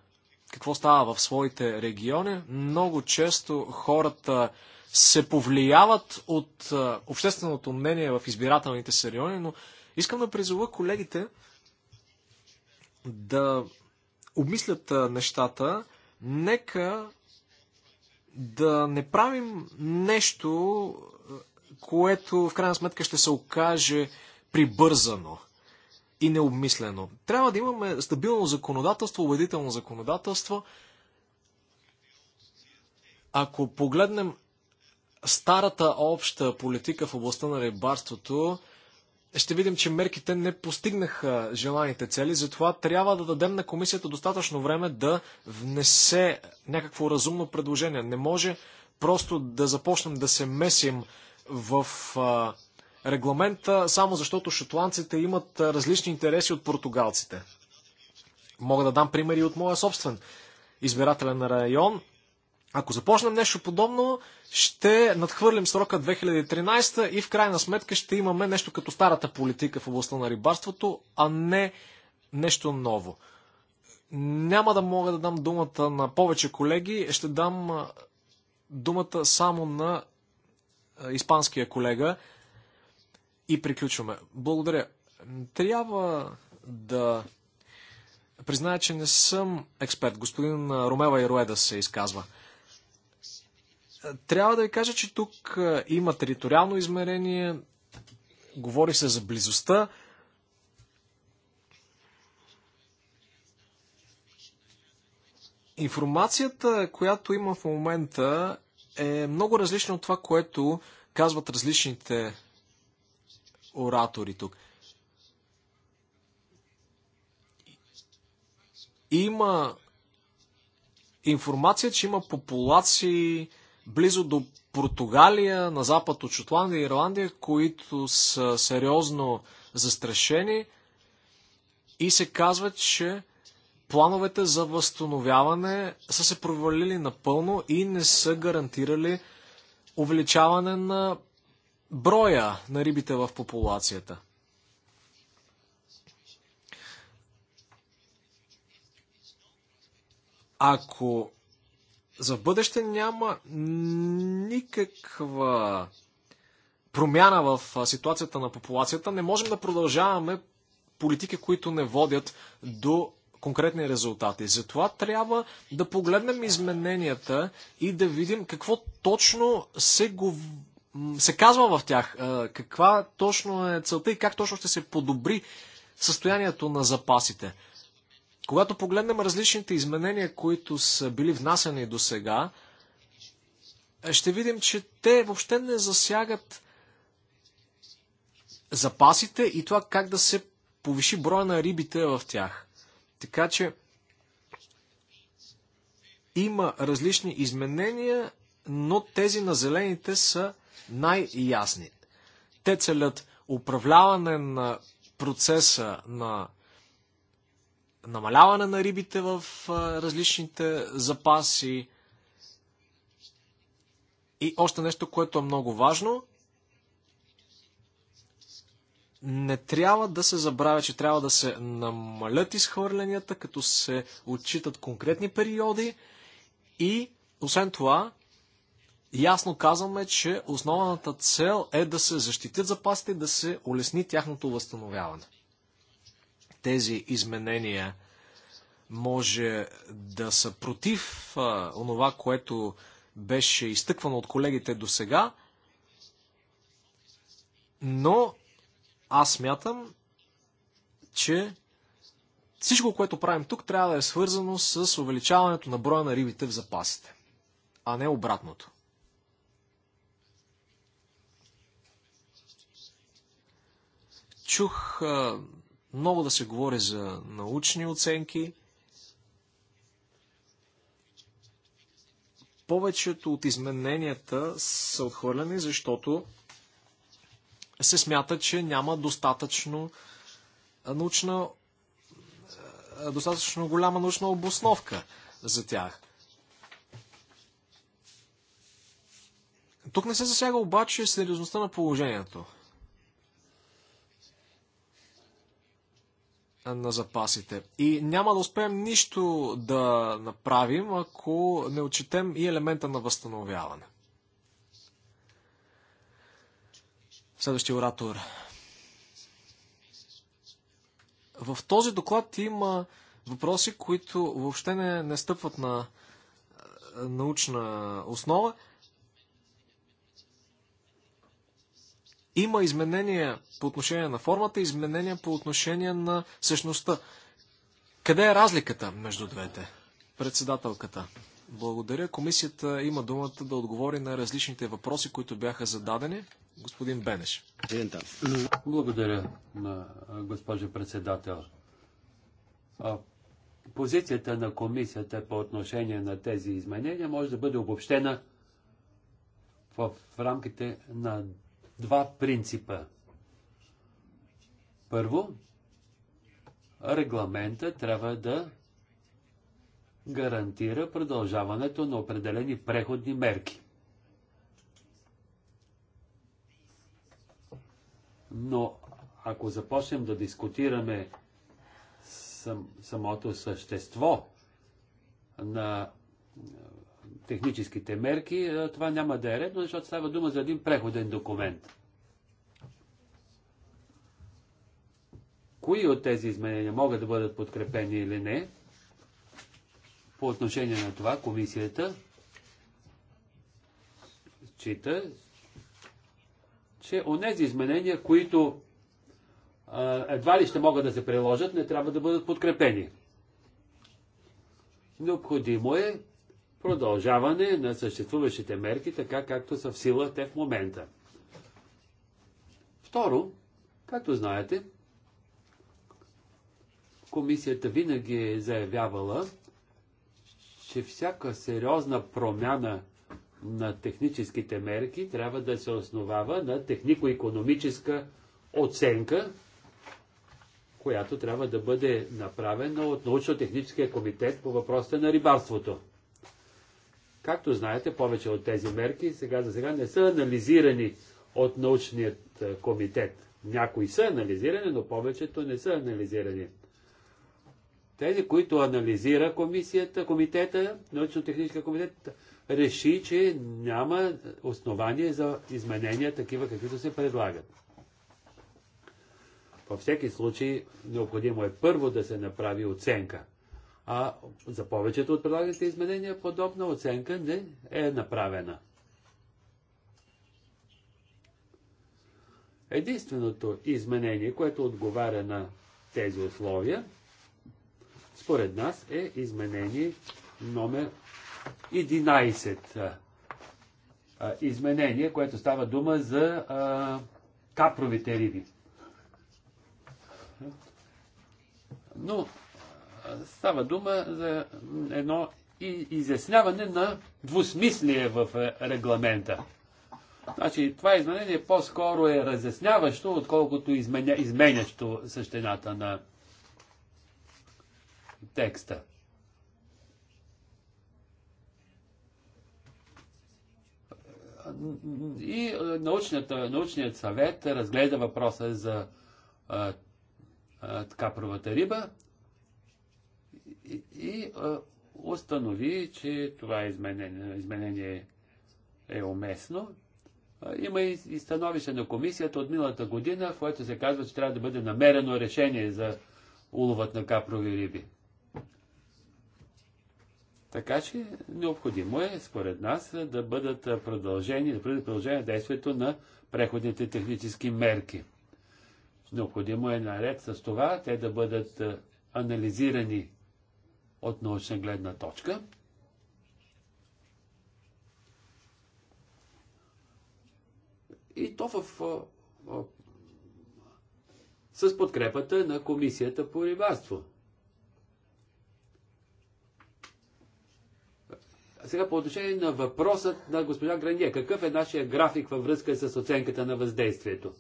какво става в своите региони. Много често хората се повлияват от а, общественото мнение в избирателните си райони, но искам да призова колегите да обмислят а, нещата. Нека да не правим нещо, което в крайна сметка ще се окаже прибързано и необмислено. Трябва да имаме стабилно законодателство, убедително законодателство. Ако погледнем старата обща политика в областта на рибарството, ще видим, че мерките не постигнаха желаните цели, затова трябва да дадем на комисията достатъчно време да внесе някакво разумно предложение. Не може просто да започнем да се месим в а, регламента, само защото шотландците имат различни интереси от португалците. Мога да дам примери от моя собствен избирателен район. Ако започнем нещо подобно, ще надхвърлим срока 2013 и в крайна сметка ще имаме нещо като старата политика в областта на рибарството, а не нещо ново. Няма да мога да дам думата на повече колеги, ще дам думата само на испанския колега и приключваме. Благодаря. Трябва да призная, че не съм експерт. Господин Ромева Ироеда се изказва. Трябва да ви кажа, че тук има териториално измерение, говори се за близостта. Информацията, която има в момента, е много различна от това, което казват различните оратори тук. Има информация, че има популации близо до Португалия, на запад от Шотландия и Ирландия, които са сериозно застрашени и се казва, че плановете за възстановяване са се провалили напълно и не са гарантирали увеличаване на броя на рибите в популацията. Ако за бъдеще няма никаква промяна в ситуацията на популацията. Не можем да продължаваме политики, които не водят до конкретни резултати. Затова трябва да погледнем измененията и да видим какво точно се, го... се казва в тях, каква точно е целта и как точно ще се подобри състоянието на запасите. Когато погледнем различните изменения, които са били внасяни до сега, ще видим, че те въобще не засягат запасите и това как да се повиши броя на рибите в тях. Така че има различни изменения, но тези на зелените са най-ясни. Те целят управляване на процеса на намаляване на рибите в различните запаси. И още нещо, което е много важно. Не трябва да се забравя, че трябва да се намалят изхвърленията, като се отчитат конкретни периоди. И, освен това, ясно казваме, че основната цел е да се защитят запасите и да се улесни тяхното възстановяване тези изменения може да са против а, онова, което беше изтъквано от колегите до сега, но аз мятам, че всичко, което правим тук, трябва да е свързано с увеличаването на броя на рибите в запасите, а не обратното. Чух а, много да се говори за научни оценки. Повечето от измененията са отхвърлени, защото се смята, че няма достатъчно научна, е, достатъчно голяма научна обосновка за тях. Тук не се засяга обаче сериозността на положението. на запасите. И няма да успеем нищо да направим, ако не отчетем и елемента на възстановяване. Следващия оратор. В този доклад има въпроси, които въобще не, не стъпват на научна основа. Има изменения по отношение на формата, изменения по отношение на същността. Къде е разликата между двете? Председателката. Благодаря. Комисията има думата да отговори на различните въпроси, които бяха зададени. Господин Бенеш. Благодаря, госпожо председател. Позицията на комисията по отношение на тези изменения може да бъде обобщена в рамките на два принципа. Първо, регламента трябва да гарантира продължаването на определени преходни мерки. Но ако започнем да дискутираме самото същество на техническите мерки, това няма да е редно, защото става дума за един преходен документ. Кои от тези изменения могат да бъдат подкрепени или не? По отношение на това комисията чита, че тези изменения, които едва ли ще могат да се приложат, не трябва да бъдат подкрепени. Необходимо е продължаване на съществуващите мерки, така както са в сила те в момента. Второ, както знаете, комисията винаги е заявявала, че всяка сериозна промяна на техническите мерки трябва да се основава на технико-економическа оценка, която трябва да бъде направена от научно-техническия комитет по въпросите на рибарството. Както знаете, повече от тези мерки сега за сега не са анализирани от научният е, комитет. Някои са анализирани, но повечето не са анализирани. Тези, които анализира комисията, комитета, научно техническа комитет, реши, че няма основание за изменения такива, каквито се предлагат. Във всеки случай, необходимо е първо да се направи оценка. А за повечето от предлаганите изменения подобна оценка не е направена. Единственото изменение, което отговаря на тези условия, според нас е изменение номер 11. Изменение, което става дума за капровите риби. Но става дума за едно изясняване на двусмислие в е, регламента. Значи, това изменение по-скоро е разясняващо, отколкото изменя, изменящо същината на текста. И е, научният съвет разгледа въпроса за е, а, а, капровата риба и, а, установи, че това изменение, изменение е уместно. А, има и, и становище на комисията от миналата година, в което се казва, че трябва да бъде намерено решение за уловът на капрови риби. Така че необходимо е, според нас, да бъдат продължени, да бъде продължение действието на преходните технически мерки. Необходимо е наред с това те да бъдат анализирани от научна гледна точка. И то в, в, с подкрепата на Комисията по рибарство. Сега по отношение на въпросът на госпожа Гранье. Какъв е нашия график във връзка с оценката на въздействието?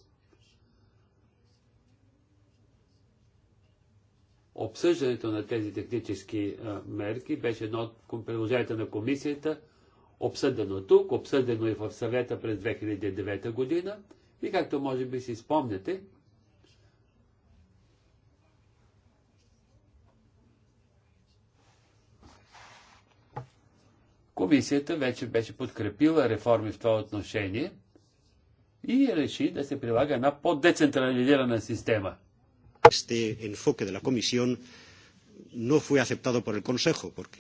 обсъждането на тези технически мерки беше едно от предложенията на комисията, обсъдено тук, обсъдено и в съвета през 2009 година. И както може би си спомняте, комисията вече беше подкрепила реформи в това отношение и реши да се прилага една по-децентрализирана система – este enfoque de la Comisión no fue aceptado por el Consejo. Porque...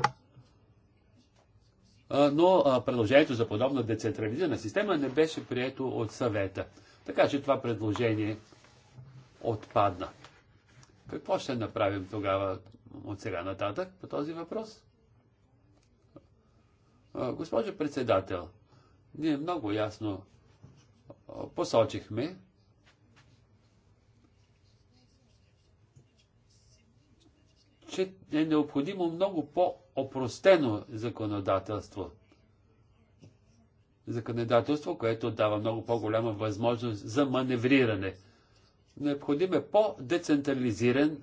Но предложението за подобна децентрализирана система не беше прието от съвета. Така че това предложение отпадна. Какво ще направим тогава от сега нататък по този въпрос? Госпожо председател, ние много ясно посочихме, че е необходимо много по-опростено законодателство. Законодателство, което дава много по-голяма възможност за маневриране. Необходим е по-децентрализиран,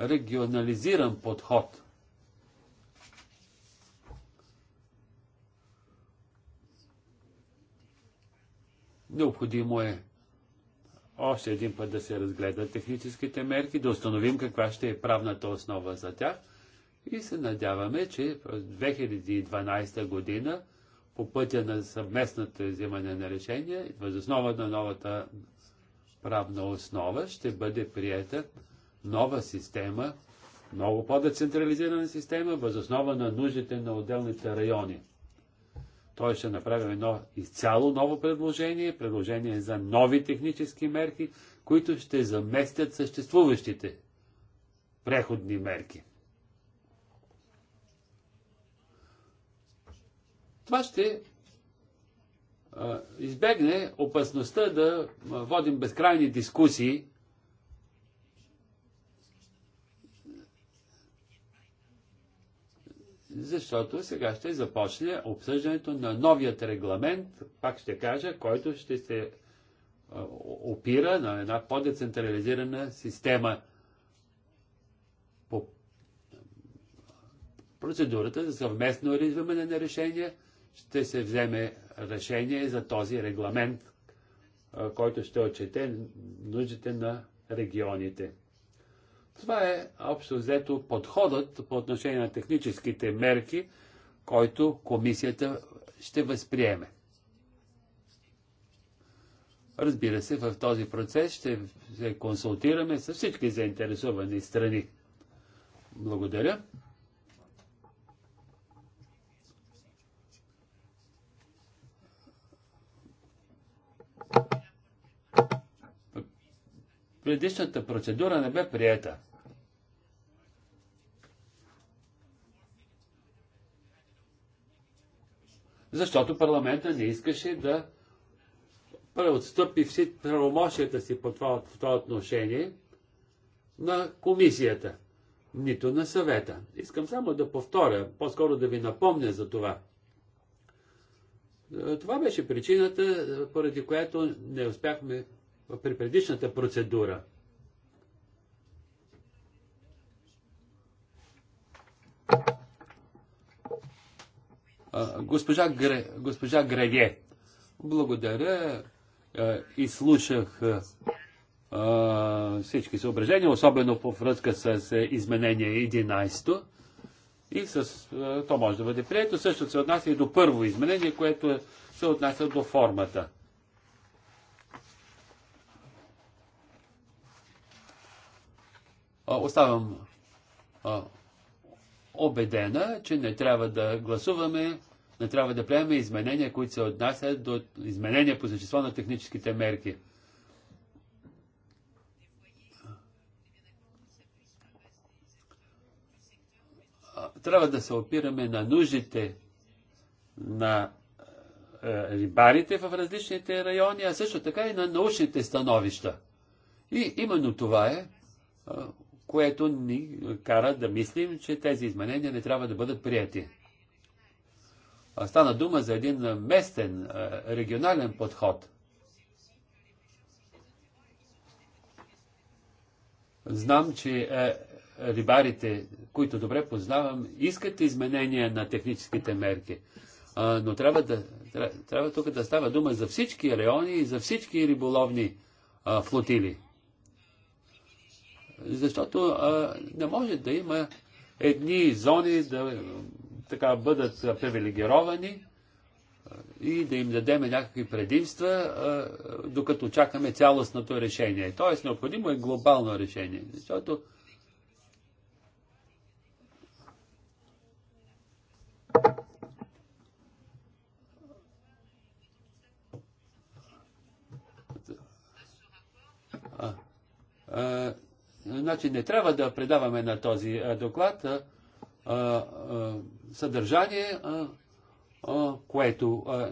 регионализиран подход. Необходимо е още един път да се разгледат техническите мерки, да установим каква ще е правната основа за тях и се надяваме, че в 2012 година по пътя на съвместното взимане на решения, възоснова на новата правна основа, ще бъде приета нова система, много по-децентрализирана система, възоснова на нуждите на отделните райони. Той ще направи едно изцяло ново предложение, предложение за нови технически мерки, които ще заместят съществуващите преходни мерки. Това ще избегне опасността да водим безкрайни дискусии защото сега ще започне обсъждането на новият регламент, пак ще кажа, който ще се е, опира на една по-децентрализирана система по процедурата за съвместно решаване на решения. Ще се вземе решение за този регламент, е, който ще отчете нуждите на регионите. Това е общо взето подходът по отношение на техническите мерки, който комисията ще възприеме. Разбира се, в този процес ще се консултираме с всички заинтересовани страни. Благодаря. предишната процедура не бе приета. Защото парламента не искаше да преотстъпи всички правомощията си по това, в това отношение на комисията, нито на съвета. Искам само да повторя, по-скоро да ви напомня за това. Е, това беше причината, е, поради която не успяхме при предишната процедура. Госпожа, Гре, госпожа Греве, благодаря. И слушах всички съображения, особено по връзка с изменение 11 и с, то може да бъде прието. Също се отнася и до първо изменение, което се отнася до формата. оставам обедена, че не трябва да гласуваме, не трябва да приемаме изменения, които се отнасят до изменения по същество на техническите мерки. Трябва да се опираме на нуждите на рибарите в различните райони, а също така и на научните становища. И именно това е което ни кара да мислим, че тези изменения не трябва да бъдат прияти. Стана дума за един местен, регионален подход. Знам, че рибарите, които добре познавам, искат изменения на техническите мерки. но трябва, да, трябва, тук да става дума за всички райони и за всички риболовни флотилии. флотили. Защото а, не може да има едни зони да така бъдат привилегировани и да им дадем някакви предимства, а, докато чакаме цялостното решение. Тоест, необходимо е глобално решение, защото а, Значи не трябва да предаваме на този доклад а, а, съдържание, а, а, което а,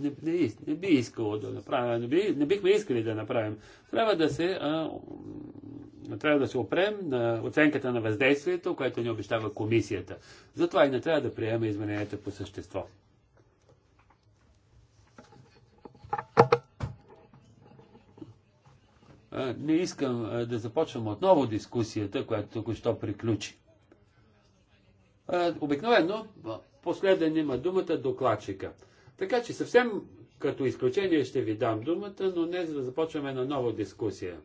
не, не, не би искало да направим, не, би, не бихме искали да направим. Трябва да се а, трябва да се опрем на оценката на въздействието, което ни обещава комисията. Затова и не трябва да приемем измененията по същество. не искам да започвам отново дискусията, която току-що приключи. Обикновено последен има думата докладчика. Така че съвсем като изключение ще ви дам думата, но не за да започваме на нова дискусия.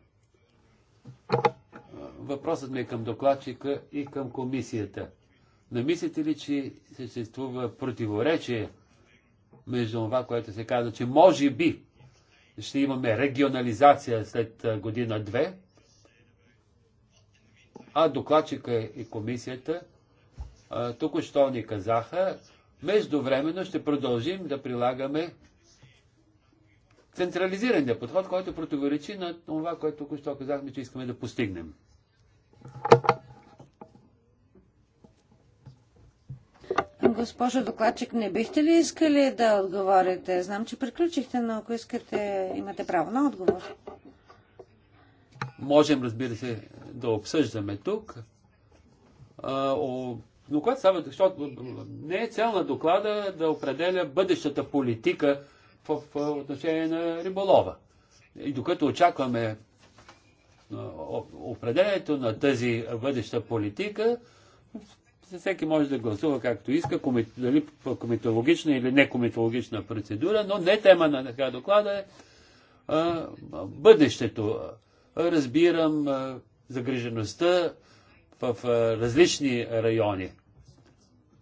Въпросът ми е към докладчика и към комисията. Намислите ли, че съществува противоречие между това, което се казва, че може би ще имаме регионализация след година-две, а докладчика и комисията тук що ни казаха, междувременно ще продължим да прилагаме централизирания подход, който противоречи на това, което тук що казахме, че искаме да постигнем. Госпожо докладчик, не бихте ли искали да отговорите? Знам, че приключихте, но ако искате, имате право на отговор. Можем, разбира се, да обсъждаме тук. А, о, но когато става, защото не е цел на доклада да определя бъдещата политика в, в отношение на риболова. И докато очакваме определението на тази бъдеща политика, за всеки може да гласува както иска, дали по кометологична или не процедура, но не тема на така доклада е а, бъдещето. Разбирам а, загрижеността в а, различни райони.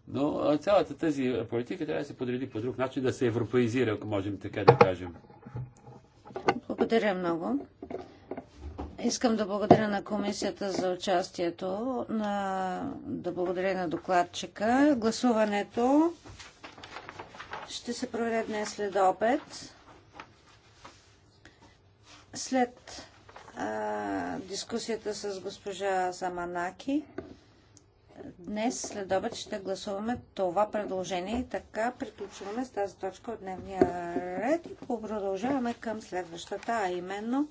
Но а, цялата тази политика трябва да се подреди по друг начин, да се европеизира, ако можем така да кажем. Благодаря много. Искам да благодаря на комисията за участието, на... да благодаря на докладчика. Гласуването ще се проведе днес след обед. След а, дискусията с госпожа Заманаки, днес след обед ще гласуваме това предложение и така приключваме с тази точка от дневния ред и продължаваме към следващата, а именно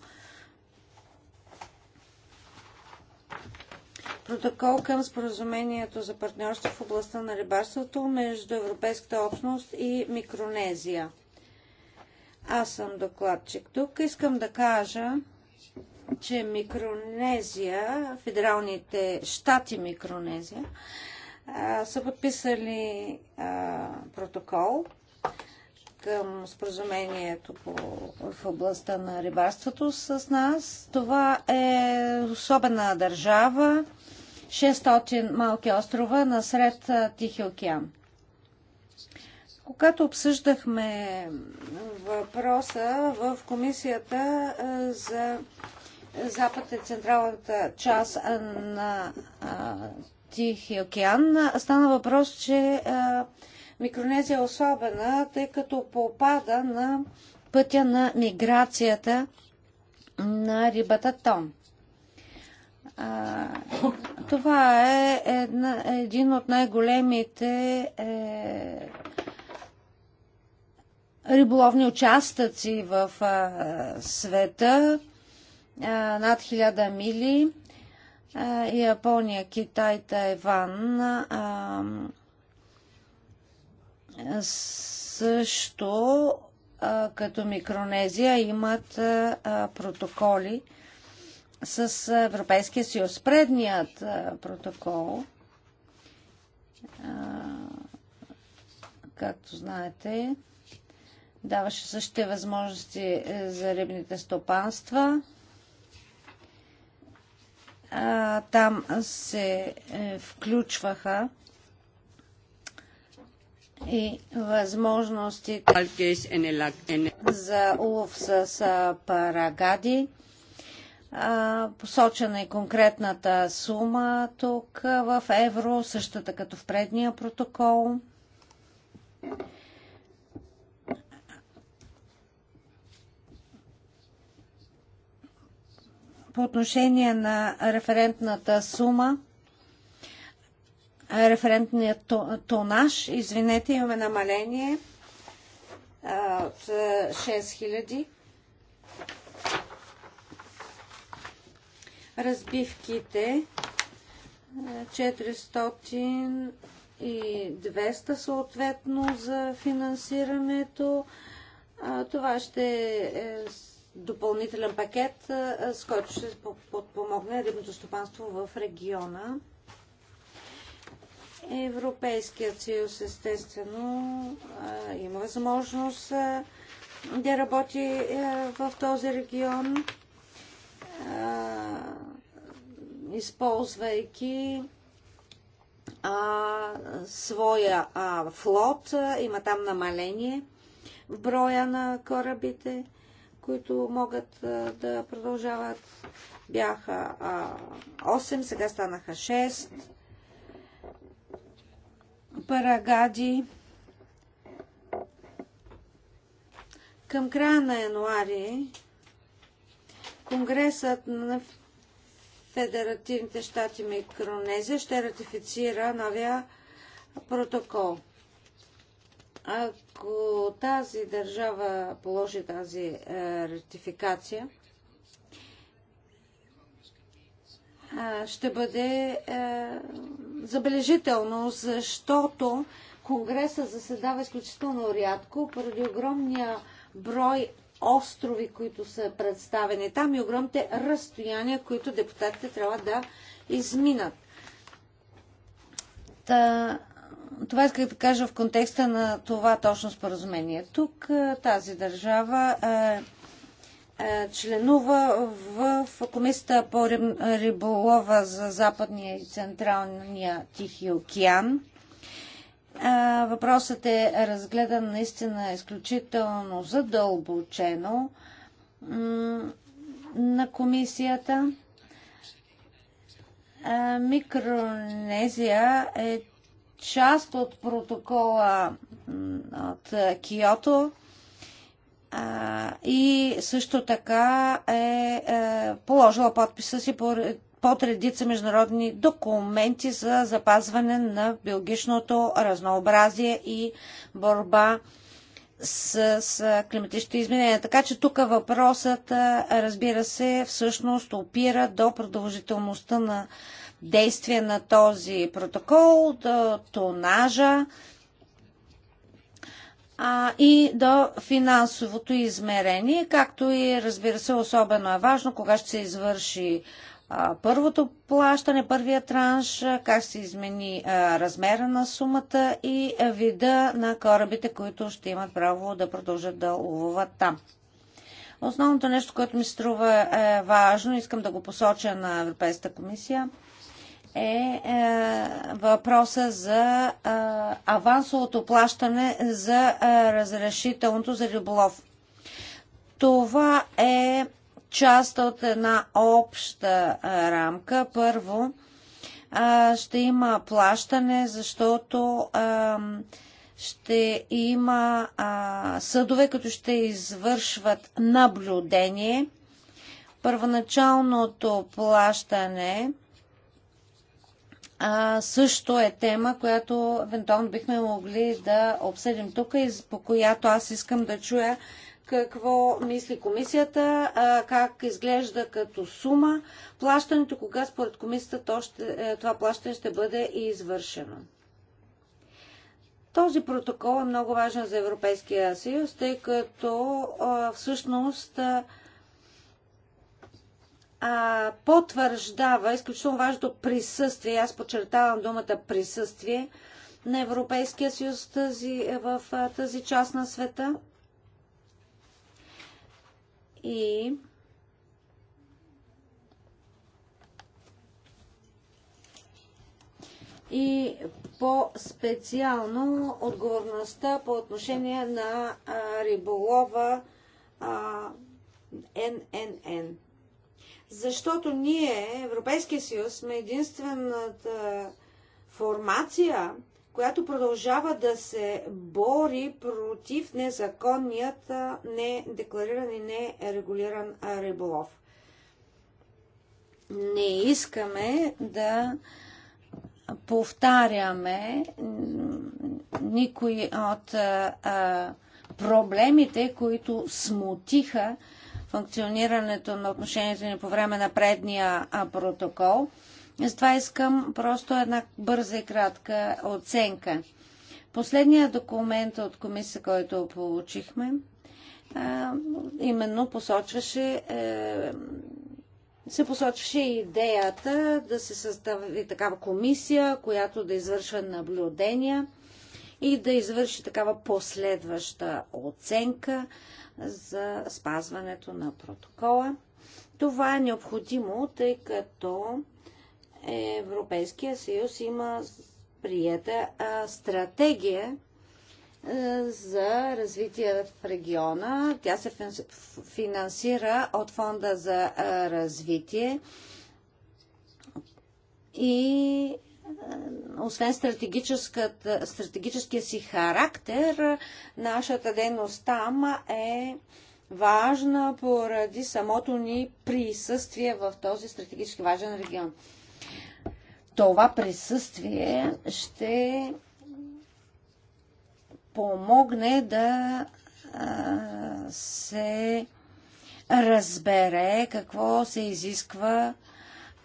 протокол към споразумението за партньорство в областта на рибарството между Европейската общност и Микронезия. Аз съм докладчик тук. Искам да кажа, че Микронезия, федералните щати Микронезия, са подписали а, протокол към споразумението по, в областта на рибарството с нас. Това е особена държава 600 малки острова насред Тихи океан. Когато обсъждахме въпроса в комисията за Запад и централната част на Тихи океан, стана въпрос, че Микронезия е особена, тъй като попада на пътя на миграцията на рибата Том това е една, един от най-големите е, риболовни участъци в а, света, а, над 1000 мили, а, Япония, Китай, Тайван. А, също като Микронезия имат протоколи с Европейския съюз. Предният протокол, както знаете, даваше същите възможности е, за рибните стопанства. Там се е, включваха и възможностите за улов с парагади. Посочена е конкретната сума тук в евро, същата като в предния протокол. По отношение на референтната сума, референтният тонаж, извинете, имаме намаление от 6000 разбивките 400 е, и 200 съответно за финансирането. Това ще е допълнителен пакет, е, с който ще подпомогне рибното стопанство в региона. Европейският съюз естествено е, има възможност да работи в този регион използвайки а, своя а, флот. Има там намаление в броя на корабите, които могат а, да продължават. Бяха а, 8, сега станаха 6. Парагади. Към края на януари Конгресът на Федеративните щати Микронезия ще ратифицира новия протокол. Ако тази държава положи тази е, ратификация, е, ще бъде е, забележително, защото Конгреса заседава изключително рядко поради огромния брой острови, които са представени там и огромните разстояния, които депутатите трябва да изминат. Та, това исках да кажа в контекста на това точно споразумение. Тук тази държава е, е, членува в, в Комисията по риболова за Западния и Централния Тихи океан въпросът е разгледан наистина изключително задълбочено на комисията. Микронезия е част от протокола от Киото и също така е, е положила подписа си по под редица международни документи за запазване на биологичното разнообразие и борба с, с климатичните изменения. Така че тук въпросът, разбира се, всъщност опира до продължителността на действие на този протокол, до тонажа а, и до финансовото измерение, както и, разбира се, особено е важно кога ще се извърши първото плащане, първия транш, как се измени размера на сумата и вида на корабите, които ще имат право да продължат да ловуват там. Основното нещо, което ми струва е важно, искам да го посоча на Европейската комисия, е, е въпроса за е, авансовото плащане за е, разрешителното за риболов. Това е част от една обща рамка. Първо, ще има плащане, защото ще има съдове, които ще извършват наблюдение. Първоначалното плащане също е тема, която евентуално бихме могли да обсъдим тук и по която аз искам да чуя какво мисли комисията, как изглежда като сума плащането, кога според комисията то ще, е, това плащане ще бъде извършено. Този протокол е много важен за Европейския съюз, тъй като всъщност потвърждава изключително важното присъствие, аз подчертавам думата присъствие, на Европейския съюз тази, в тази част на света и и по-специално отговорността по отношение на а, риболова а, ННН. Защото ние, Европейския съюз, сме единствената формация, която продължава да се бори против незаконният, недеклариран и нерегулиран риболов. Не искаме да повтаряме никой от проблемите, които смутиха функционирането на отношението ни по време на предния протокол – затова искам просто една бърза и кратка оценка. Последният документ от комисията, който получихме, именно посочваше е, се посочваше идеята да се състави такава комисия, която да извършва наблюдения и да извърши такава последваща оценка за спазването на протокола. Това е необходимо, тъй като Европейския съюз има приета стратегия за развитие в региона. Тя се финансира от Фонда за развитие и освен стратегическия си характер, нашата дейност там е важна поради самото ни присъствие в този стратегически важен регион това присъствие ще помогне да се разбере какво се изисква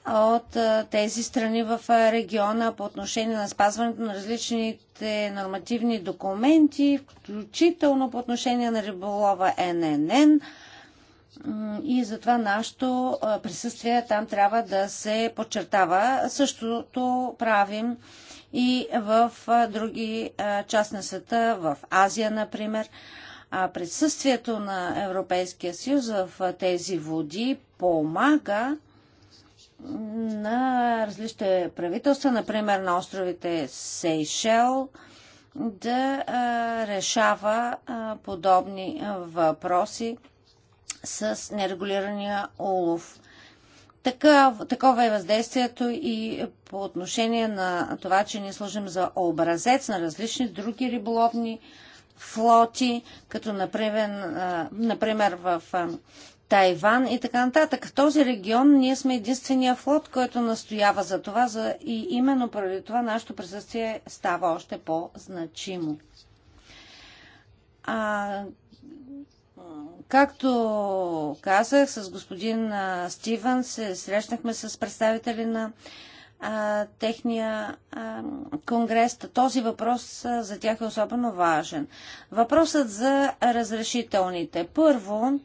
от тези страни в региона по отношение на спазването на различните нормативни документи, включително по отношение на риболова ННН, и затова нашето присъствие там трябва да се подчертава. Същото правим и в други части на света, в Азия, например. А присъствието на Европейския съюз в тези води помага на различните правителства, например на островите Сейшел, да решава подобни въпроси с нерегулирания улов. такова е въздействието и по отношение на това, че ние служим за образец на различни други риболовни флоти, като например, например в Тайван и така нататък. В този регион ние сме единствения флот, който настоява за това за... и именно поради това нашето присъствие става още по-значимо. Както казах, с господин Стивън се срещнахме с представители на а, техния а, конгрес. Този въпрос а, за тях е особено важен. Въпросът за разрешителните. Първо,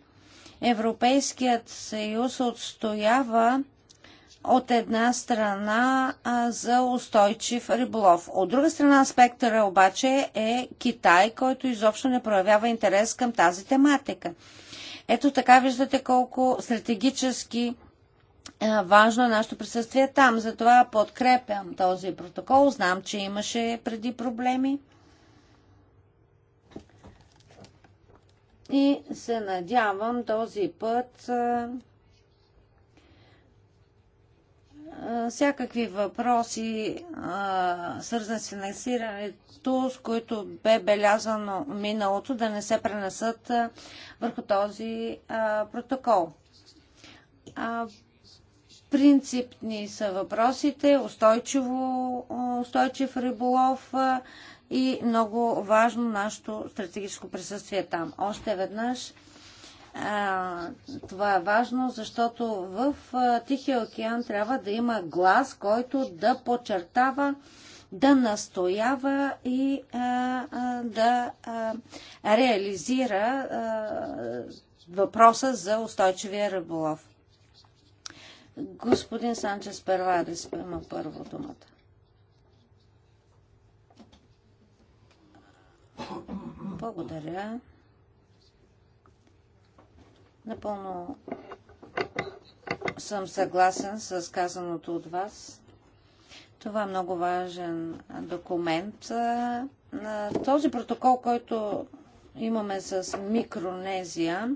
Европейският съюз отстоява от една страна а, за устойчив риболов. От друга страна спектъра обаче е Китай, който изобщо не проявява интерес към тази тематика. Ето така виждате колко стратегически а, важно е нашето присъствие там. Затова подкрепям този протокол. Знам, че имаше преди проблеми. И се надявам този път а, всякакви въпроси, свързани с финансирането, с които бе белязано миналото, да не се пренесат върху този протокол. Принципни са въпросите, устойчиво, устойчив риболов и много важно нашето стратегическо присъствие там. Още веднъж това е важно, защото в Тихия океан трябва да има глас, който да подчертава, да настоява и да реализира въпроса за устойчивия рыболов. Господин Санчес Первадес има първо думата. Благодаря. Напълно съм съгласен с казаното от вас. Това е много важен документ. Този протокол, който имаме с Микронезия,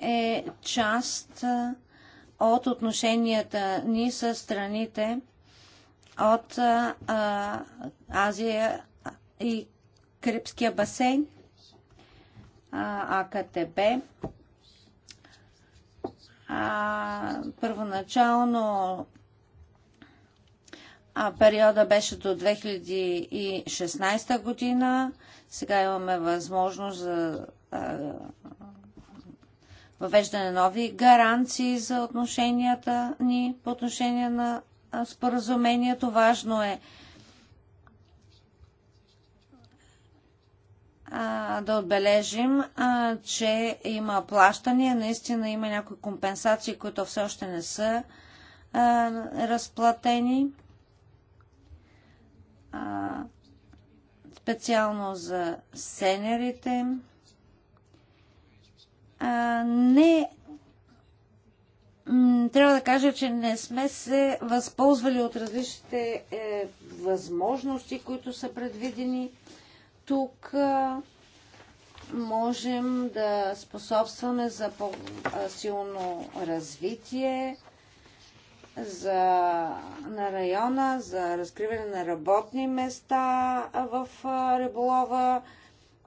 е част от отношенията ни с страните от Азия и Крипския басейн. АКТБ. А, първоначално а, периода беше до 2016 година. Сега имаме възможност за а, въвеждане нови гаранции за отношенията ни по отношение на споразумението. Важно е да отбележим, че има плащания, наистина има някои компенсации, които все още не са разплатени. Специално за сенерите. Не трябва да кажа, че не сме се възползвали от различните е, възможности, които са предвидени тук можем да способстваме за по-силно развитие за, на района, за разкриване на работни места в риболова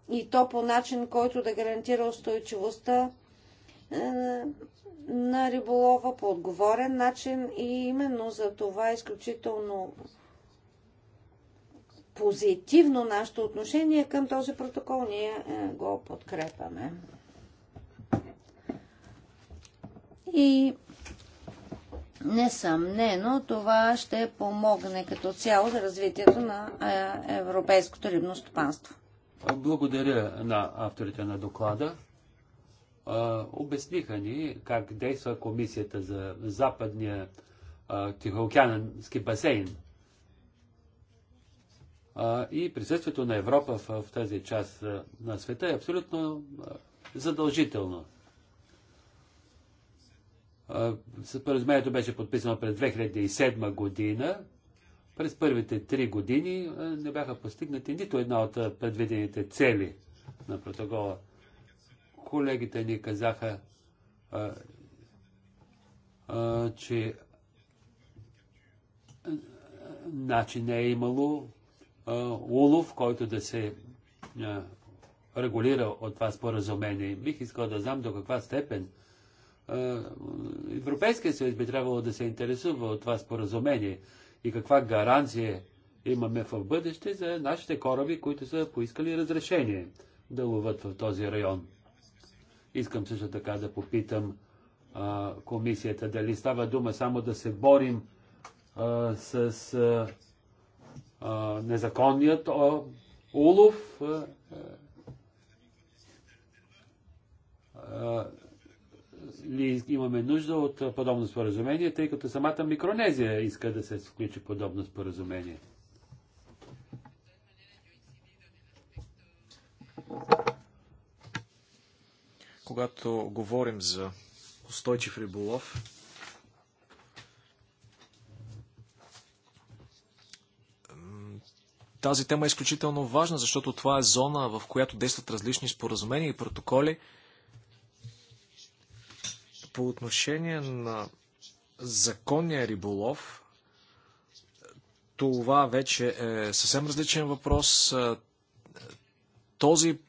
и то по начин, който да гарантира устойчивостта на риболова по отговорен начин и именно за това е изключително позитивно нашето отношение към този протокол. Ние е, го подкрепаме. И несъмнено това ще помогне като цяло за развитието на е, европейското рибно стопанство. Благодаря на авторите на доклада. Обясниха ни как действа Комисията за Западния Тихоокеански басейн и присъствието на Европа в, в тази част на света е абсолютно задължително. Споразумението беше подписано през 2007 година. През първите три години не бяха постигнати нито една от предвидените цели на протокола. Колегите ни казаха, че начин не е имало улов, който да се регулира от това споразумение. Бих искал да знам до каква степен Европейския съюз би трябвало да се интересува от това споразумение и каква гаранция имаме в бъдеще за нашите кораби, които са поискали разрешение да ловат в този район. Искам също така да попитам а, комисията дали става дума само да се борим а, с а, незаконният улов ли имаме нужда от подобно споразумение, тъй като самата Микронезия иска да се включи подобно споразумение. Когато говорим за устойчив риболов, Тази тема е изключително важна, защото това е зона, в която действат различни споразумения и протоколи. По отношение на законния риболов, това вече е съвсем различен въпрос. Този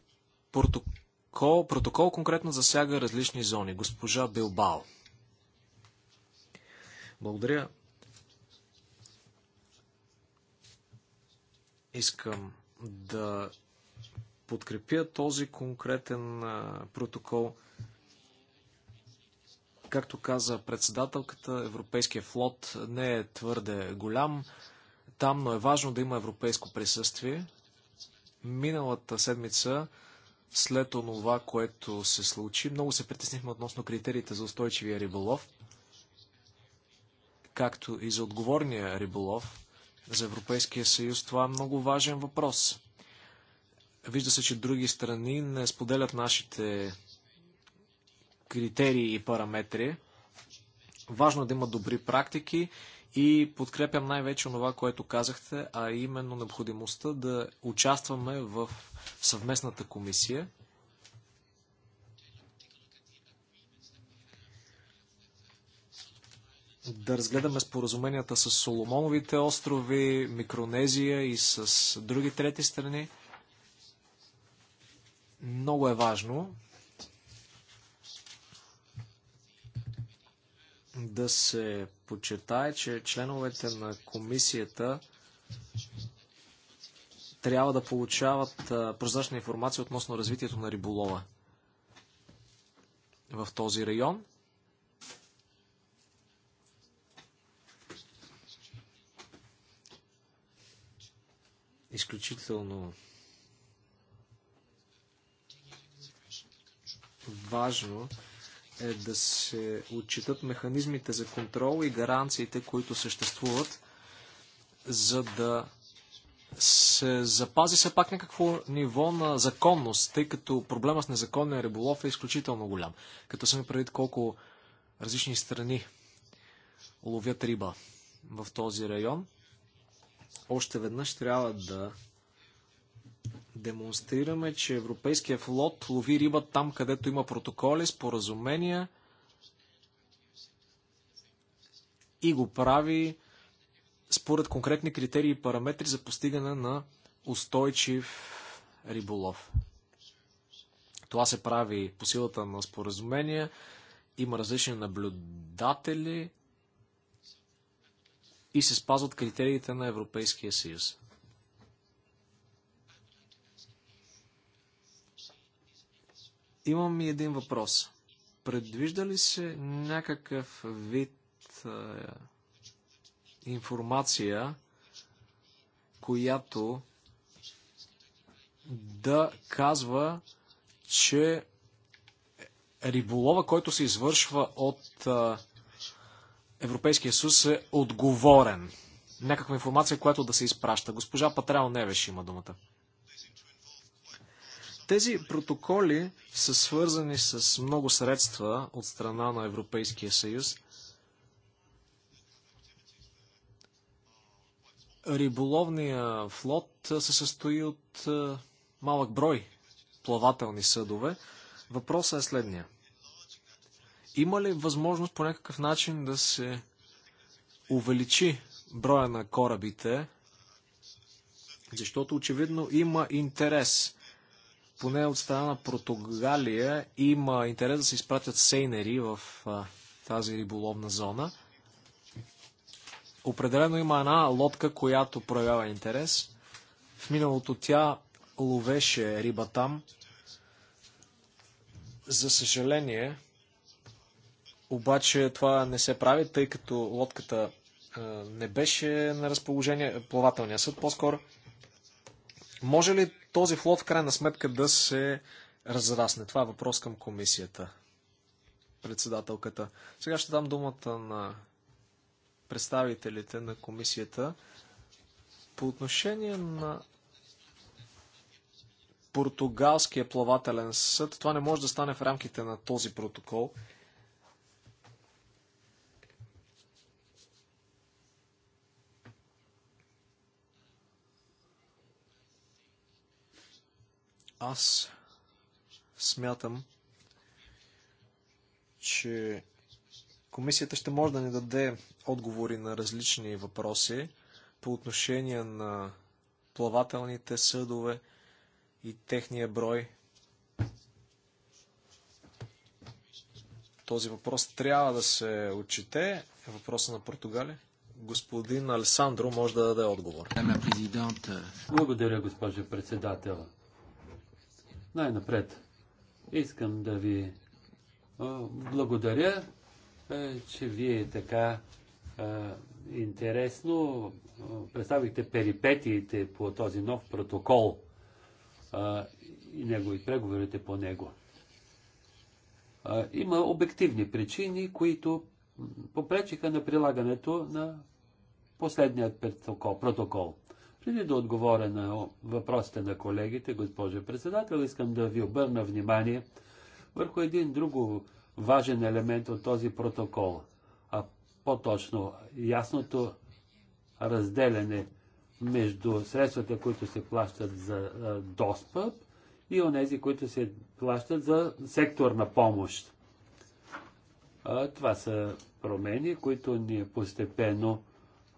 протокол, протокол конкретно засяга различни зони. Госпожа Билбао. Благодаря, Искам да подкрепя този конкретен протокол. Както каза председателката, европейския флот не е твърде голям там, но е важно да има европейско присъствие. Миналата седмица, след онова, което се случи, много се притеснихме относно критериите за устойчивия риболов, както и за отговорния риболов за Европейския съюз. Това е много важен въпрос. Вижда се, че други страни не споделят нашите критерии и параметри. Важно е да има добри практики и подкрепям най-вече това, което казахте, а именно необходимостта да участваме в съвместната комисия. да разгледаме споразуменията с Соломоновите острови, Микронезия и с други трети страни. Много е важно да се почетае, че членовете на комисията трябва да получават прозрачна информация относно развитието на риболова в този район. изключително важно е да се отчитат механизмите за контрол и гаранциите, които съществуват, за да се запази все пак някакво ниво на законност, тъй като проблема с незаконния риболов е изключително голям. Като съм прави колко различни страни ловят риба в този район – още веднъж трябва да демонстрираме, че европейския флот лови риба там, където има протоколи, споразумения и го прави според конкретни критерии и параметри за постигане на устойчив риболов. Това се прави по силата на споразумения. Има различни наблюдатели, и се спазват критериите на Европейския съюз. Имам и един въпрос. Предвижда ли се някакъв вид е, информация, която да казва, че риболова, който се извършва от а, Европейския съюз е отговорен. Някаква информация, която да се изпраща. Госпожа Патрал Невеш има думата. Тези протоколи са свързани с много средства от страна на Европейския съюз. Риболовния флот се състои от малък брой плавателни съдове. Въпросът е следния. Има ли възможност по някакъв начин да се увеличи броя на корабите, защото очевидно има интерес. Поне от страна на Португалия има интерес да се изпратят сейнери в а, тази риболовна зона. Определено има една лодка, която проявява интерес. В миналото тя ловеше риба там. За съжаление, обаче това не се прави, тъй като лодката не беше на разположение, е, плавателния съд по-скоро. Може ли този флот в крайна сметка да се разрасне? Това е въпрос към комисията. Председателката. Сега ще дам думата на представителите на комисията. По отношение на португалския плавателен съд, това не може да стане в рамките на този протокол. Аз смятам, че комисията ще може да ни даде отговори на различни въпроси по отношение на плавателните съдове и техния брой. Този въпрос трябва да се отчете. Е въпроса на Португалия. Господин Алесандро може да даде отговор. Благодаря, госпожо председател. Най-напред искам да ви благодаря, че вие така интересно представихте перипетиите по този нов протокол и негови преговорите по него. Има обективни причини, които попречиха на прилагането на последният протокол. Преди да отговоря на въпросите на колегите, госпожо председател, искам да ви обърна внимание върху един друго важен елемент от този протокол, а по-точно ясното разделяне между средствата, които се плащат за достъп и онези, които се плащат за секторна помощ. Това са промени, които ние постепенно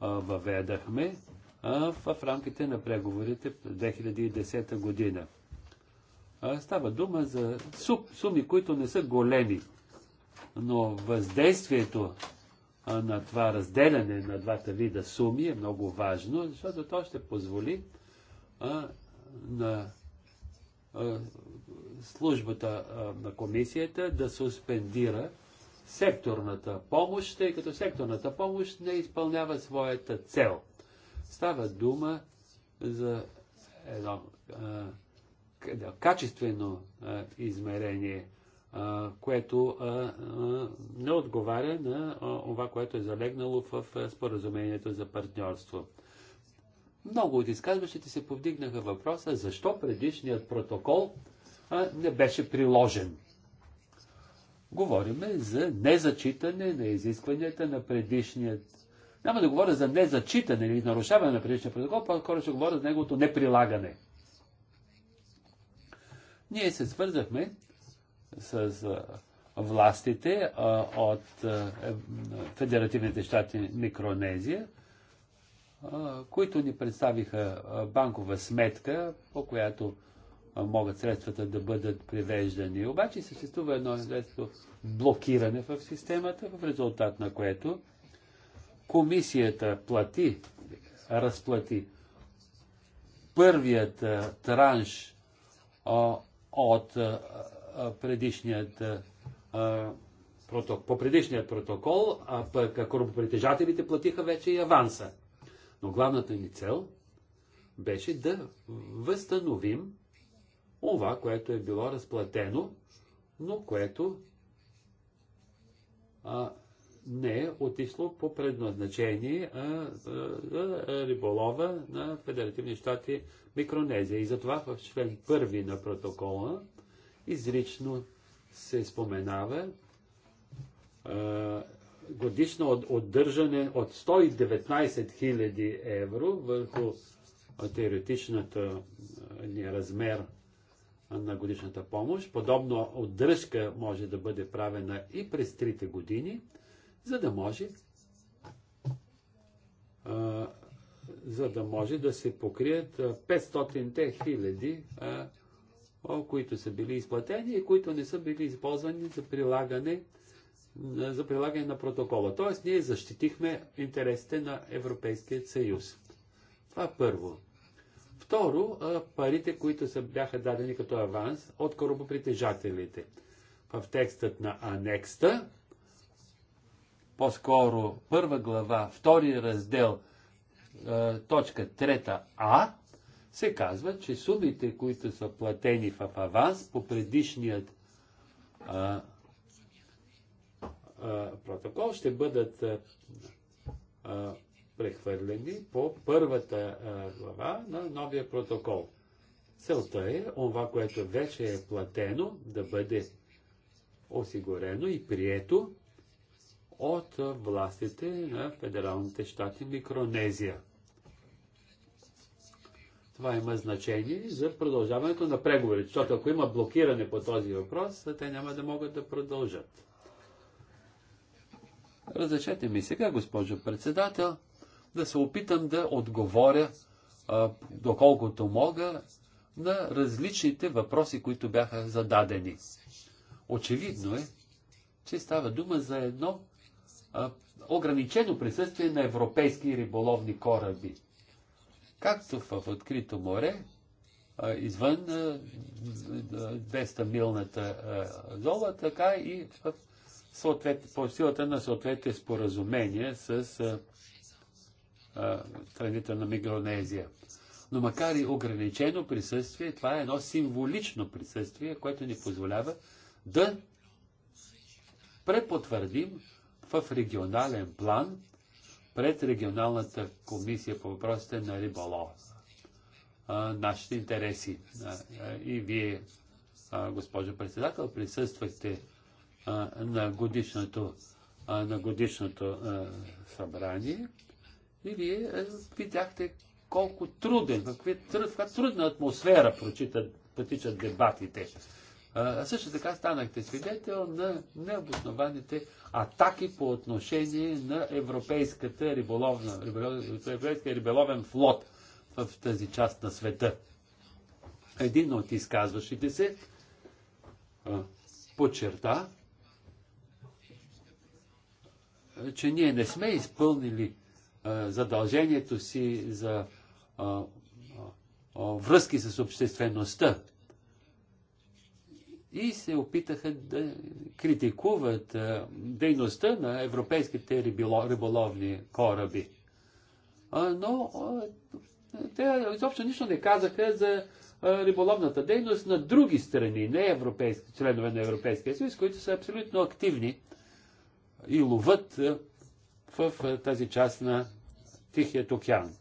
въведахме в, в рамките на преговорите през 2010 година. Става дума за суми, които не са големи, но въздействието на това разделяне на двата вида суми е много важно, защото то ще позволи на службата на комисията да суспендира секторната помощ, тъй като секторната помощ не изпълнява своята цел. Става дума за едно а, качествено а, измерение, а, което не отговаря на това, което е залегнало в споразумението за партньорство. Много от изказващите се повдигнаха въпроса защо предишният протокол не беше приложен. Говориме за незачитане на изискванията на предишният няма да говоря за незачитане или нарушаване на предишния протокол, по-скоро ще говоря за неговото неприлагане. Ние се свързахме с властите от Федеративните щати Микронезия, които ни представиха банкова сметка, по която могат средствата да бъдат привеждани. Обаче съществува едно средство блокиране в системата, в резултат на което Комисията плати, разплати първият транш от предишният по предишният протокол, а пък корабопритежателите платиха вече и аванса. Но главната ни цел беше да възстановим това, което е било разплатено, но което а, не е отишло по предназначение а, за риболова на Федеративни щати Микронезия. И затова в член първи на протокола изрично се споменава а, годишно отдържане от 119 000 евро върху теоретичната ни размер на годишната помощ. Подобно отдръжка може да бъде правена и през трите години – за да може а, за да може да се покрият 500-те хиляди, които са били изплатени и които не са били използвани за прилагане за прилагане на протокола. Тоест, ние защитихме интересите на Европейския съюз. Това първо. Второ, парите, които са, бяха дадени като аванс от корабопритежателите. В текстът на анекста по-скоро първа глава, втори раздел, точка трета А, се казва, че сумите, които са платени в аванс по предишният а, а, протокол, ще бъдат а, прехвърлени по първата глава на новия протокол. Целта е това, което вече е платено, да бъде осигурено и прието от властите на федералните щати Микронезия. Това има значение за продължаването на преговорите, защото ако има блокиране по този въпрос, те няма да могат да продължат. Разрешете ми сега, госпожо председател, да се опитам да отговоря, а, доколкото мога, на различните въпроси, които бяха зададени. Очевидно е, че става дума за едно ограничено присъствие на европейски риболовни кораби. Както в открито море, извън 200 милната зола, така и в по силата на съответните споразумения с страните на Мигронезия. Но макар и ограничено присъствие, това е едно символично присъствие, което ни позволява да препотвърдим в регионален план пред регионалната комисия по въпросите на риболова. Нашите интереси. и вие, госпожо председател, присъствахте на годишното, на годишното събрание и вие видяхте колко труден, в каква трудна атмосфера прочитат, потичат дебатите а, също така станахте свидетел на необоснованите атаки по отношение на европейската риболовна, европейския риболовен флот в тази част на света. Един от изказващите се а, подчерта, че ние не сме изпълнили а, задължението си за а, а, връзки с обществеността и се опитаха да критикуват дейността на европейските риболовни кораби. но те изобщо нищо не казаха за риболовната дейност на други страни, не европейски, членове на Европейския съюз, които са абсолютно активни и ловът в тази част на Тихият океан.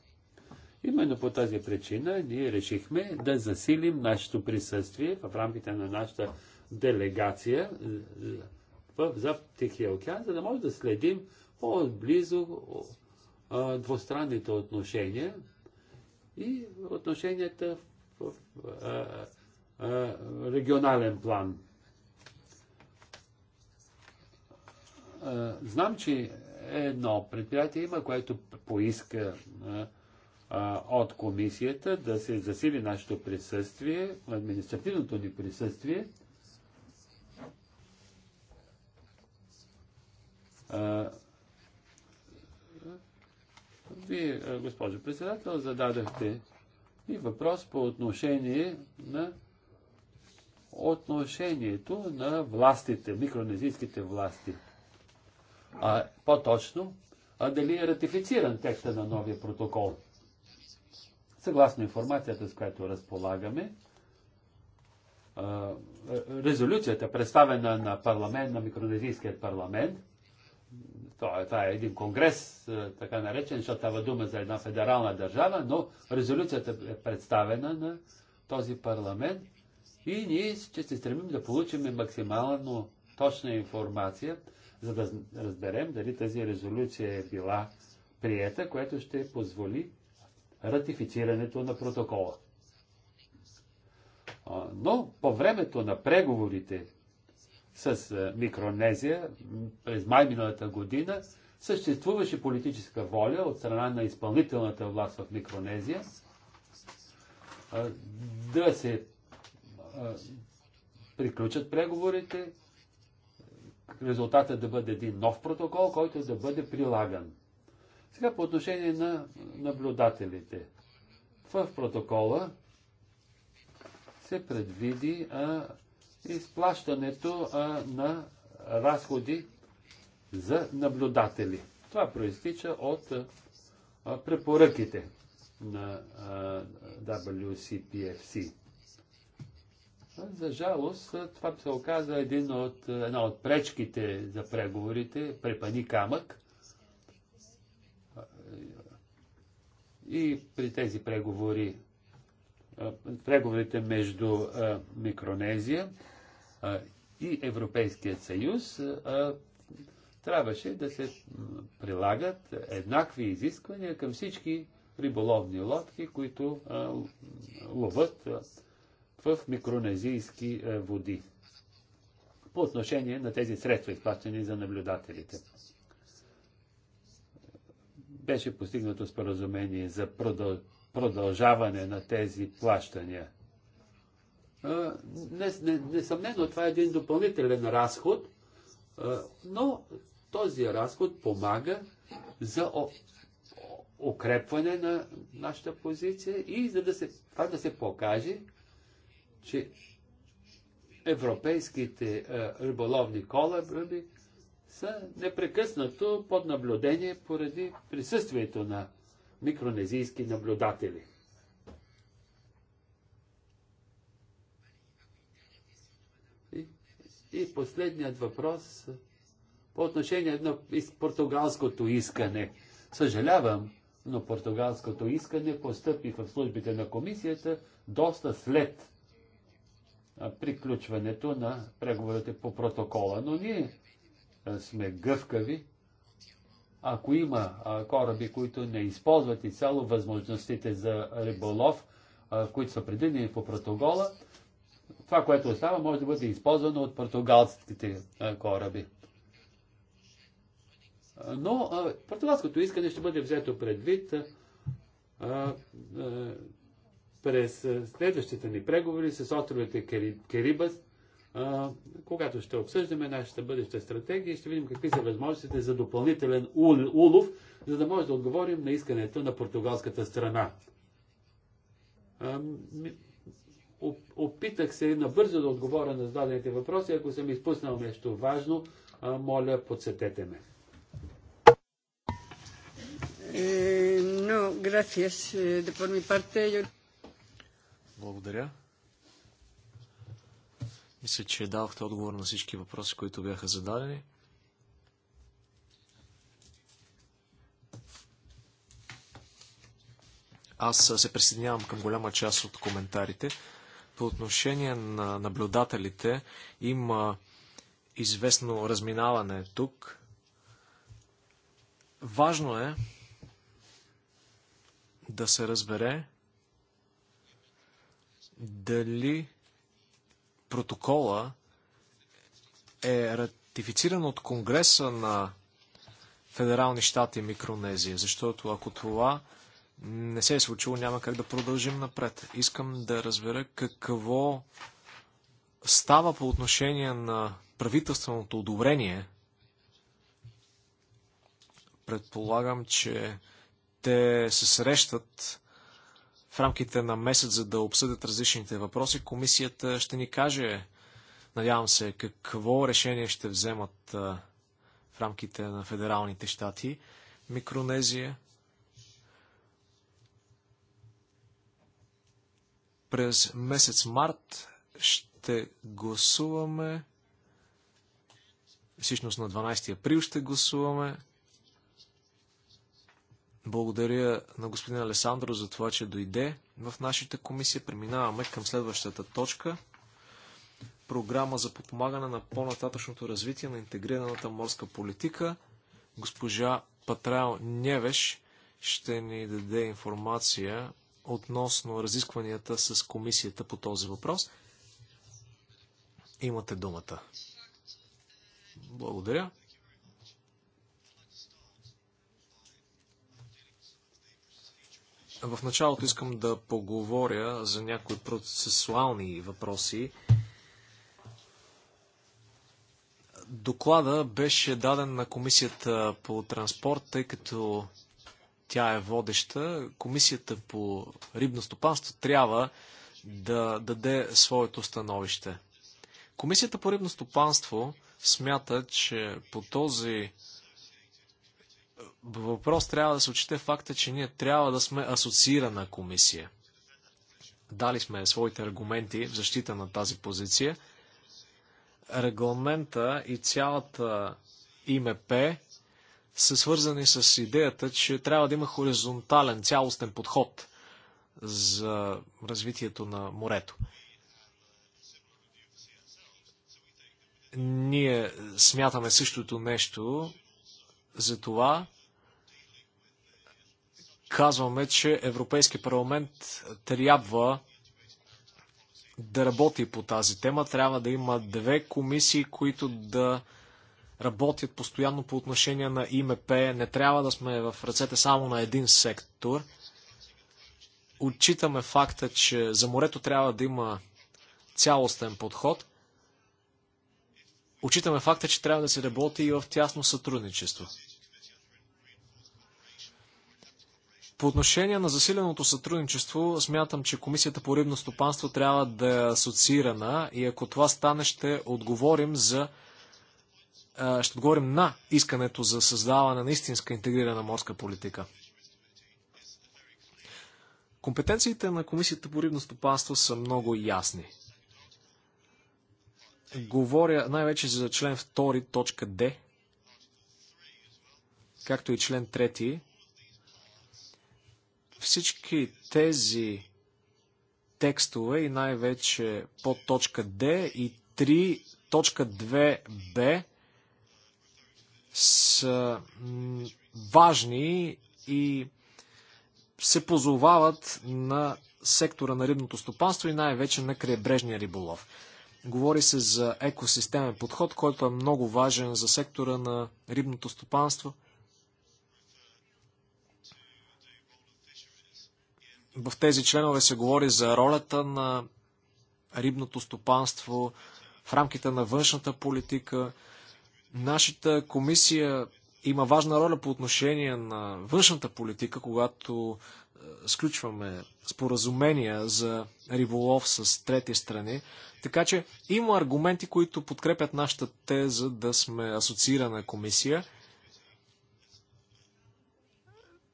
Именно по тази причина ние решихме да засилим нашето присъствие в рамките на нашата делегация е, е, за Тихия океан, за да може да следим по близо двустранните отношения и отношенията в, в, в, в регионален план. Е, знам, че едно предприятие има, което поиска от комисията да се засили нашето присъствие, административното ни присъствие. Вие, госпожо председател, зададахте и въпрос по отношение на отношението на властите, микронезийските власти. А, по-точно, а дали е ратифициран текста на новия протокол? Съгласно информацията, с която разполагаме, резолюцията, представена на парламент, на микронезийският парламент, е, това е един конгрес, така наречен, защото това дума за една федерална държава, но резолюцията е представена на този парламент и ние ще се стремим да получим максимално точна информация, за да разберем дали тази резолюция е била приета, което ще позволи ратифицирането на протокола. Но по времето на преговорите с Микронезия през май миналата година съществуваше политическа воля от страна на изпълнителната власт в Микронезия да се приключат преговорите, резултатът да бъде един нов протокол, който да бъде прилаган. Сега по отношение на наблюдателите. В протокола се предвиди а, изплащането а, на разходи за наблюдатели. Това проистича от а, препоръките на а, WCPFC. За жалост, това се оказа един от, една от пречките за преговорите, препани камък, И при тези преговори, преговорите между Микронезия и Европейският съюз трябваше да се прилагат еднакви изисквания към всички риболовни лодки, които ловат в микронезийски води по отношение на тези средства, изплащани за наблюдателите беше постигнато споразумение за продъл... продължаване на тези плащания. Несъмнено, това е един допълнителен разход, но този разход помага за укрепване на нашата позиция и за да се, това да се покаже, че европейските риболовни колаби са непрекъснато под наблюдение поради присъствието на микронезийски наблюдатели. И, и последният въпрос по отношение на португалското искане. Съжалявам, но португалското искане постъпи в службите на комисията доста след приключването на преговорите по протокола. Но ние сме гъвкави, ако има кораби, които не използват изцяло възможностите за риболов, които са предвидени по протокола, това, което остава, може да бъде използвано от португалските кораби. Но португалското искане ще бъде взето предвид през следващите ни преговори с островите Кирибас когато ще обсъждаме нашата бъдеща стратегия, ще видим какви са възможностите за допълнителен улов, за да може да отговорим на искането на португалската страна. Опитах се набързо да отговоря на зададените въпроси. Ако съм изпуснал нещо важно, моля, подсетете ме. Е, е, Благодаря. Мисля, че давахте отговор на всички въпроси, които бяха зададени. Аз се присъединявам към голяма част от коментарите. По отношение на наблюдателите има известно разминаване тук. Важно е да се разбере дали протокола е ратифициран от Конгреса на Федерални щати и Микронезия, защото ако това не се е случило, няма как да продължим напред. Искам да разбера какво става по отношение на правителственото одобрение. Предполагам, че те се срещат в рамките на месец, за да обсъдят различните въпроси. Комисията ще ни каже, надявам се, какво решение ще вземат в рамките на федералните щати. Микронезия, през месец март ще гласуваме. Всъщност на 12 април ще гласуваме. Благодаря на господин Алесандро за това, че дойде в нашата комисия. Преминаваме към следващата точка. Програма за подпомагане на по-нататъчното развитие на интегрираната морска политика. Госпожа Патрао Невеш ще ни даде информация относно разискванията с комисията по този въпрос. Имате думата. Благодаря. В началото искам да поговоря за някои процесуални въпроси. Доклада беше даден на Комисията по транспорт, тъй като тя е водеща. Комисията по рибно стопанство трябва да даде своето становище. Комисията по рибно стопанство смята, че по този въпрос трябва да се отчете факта, че ние трябва да сме асоциирана комисия. Дали сме своите аргументи в защита на тази позиция. Регламента и цялата ИМП са свързани с идеята, че трябва да има хоризонтален, цялостен подход за развитието на морето. Ние смятаме същото нещо затова казваме, че Европейски парламент трябва да работи по тази тема. Трябва да има две комисии, които да работят постоянно по отношение на ИМП. Не трябва да сме в ръцете само на един сектор. Отчитаме факта, че за морето трябва да има цялостен подход. Отчитаме факта, че трябва да се работи и в тясно сътрудничество. По отношение на засиленото сътрудничество, смятам, че Комисията по рибно стопанство трябва да е асоциирана и ако това стане, ще отговорим за ще отговорим на искането за създаване на истинска интегрирана морска политика. Компетенциите на Комисията по рибно стопанство са много ясни. Говоря най-вече за член 2, точка Д, както и член 3. Всички тези текстове и най-вече по точка D и 3, точка 2b са важни и се позовават на сектора на рибното стопанство и най-вече на крайбрежния риболов. Говори се за екосистемен подход, който е много важен за сектора на рибното стопанство – В тези членове се говори за ролята на рибното стопанство в рамките на външната политика. Нашата комисия има важна роля по отношение на външната политика, когато е, сключваме споразумения за риболов с трети страни. Така че има аргументи, които подкрепят нашата теза да сме асоциирана комисия.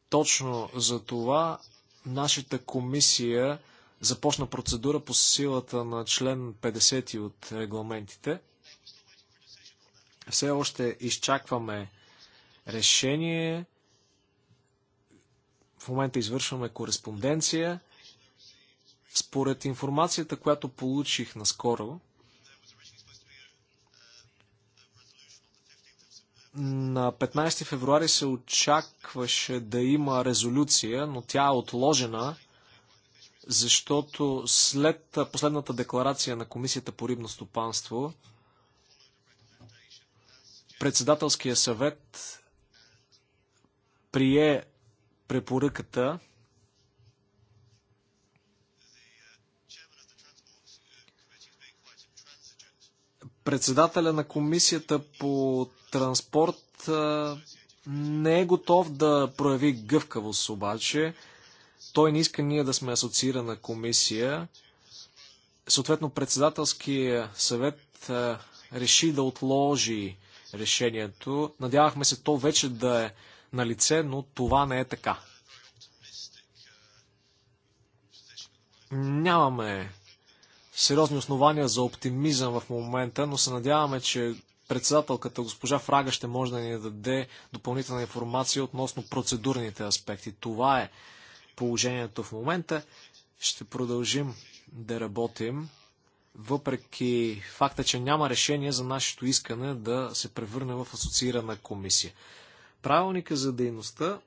Точно за това Нашата комисия започна процедура по силата на член 50 от регламентите. Все още изчакваме решение. В момента извършваме кореспонденция. Според информацията, която получих наскоро, На 15 февруари се очакваше да има резолюция, но тя е отложена, защото след последната декларация на Комисията по рибно стопанство, председателския съвет прие препоръката председателя на комисията по транспорт не е готов да прояви гъвкавост обаче. Той не иска ние да сме асоциирана комисия. Съответно, председателския съвет реши да отложи решението. Надявахме се то вече да е на лице, но това не е така. Нямаме сериозни основания за оптимизъм в момента, но се надяваме, че председателката госпожа Фрага ще може да ни даде допълнителна информация относно процедурните аспекти. Това е положението в момента. Ще продължим да работим, въпреки факта, че няма решение за нашето искане да се превърне в асоциирана комисия. Правилника за дейността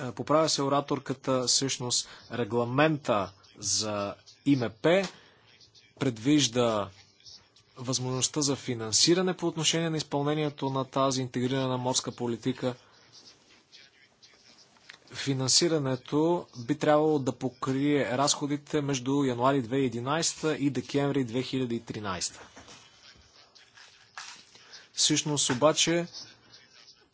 е, поправя се ораторката, всъщност регламента за ИМП предвижда възможността за финансиране по отношение на изпълнението на тази интегрирана морска политика. Финансирането би трябвало да покрие разходите между януари 2011 и декември 2013. Всъщност обаче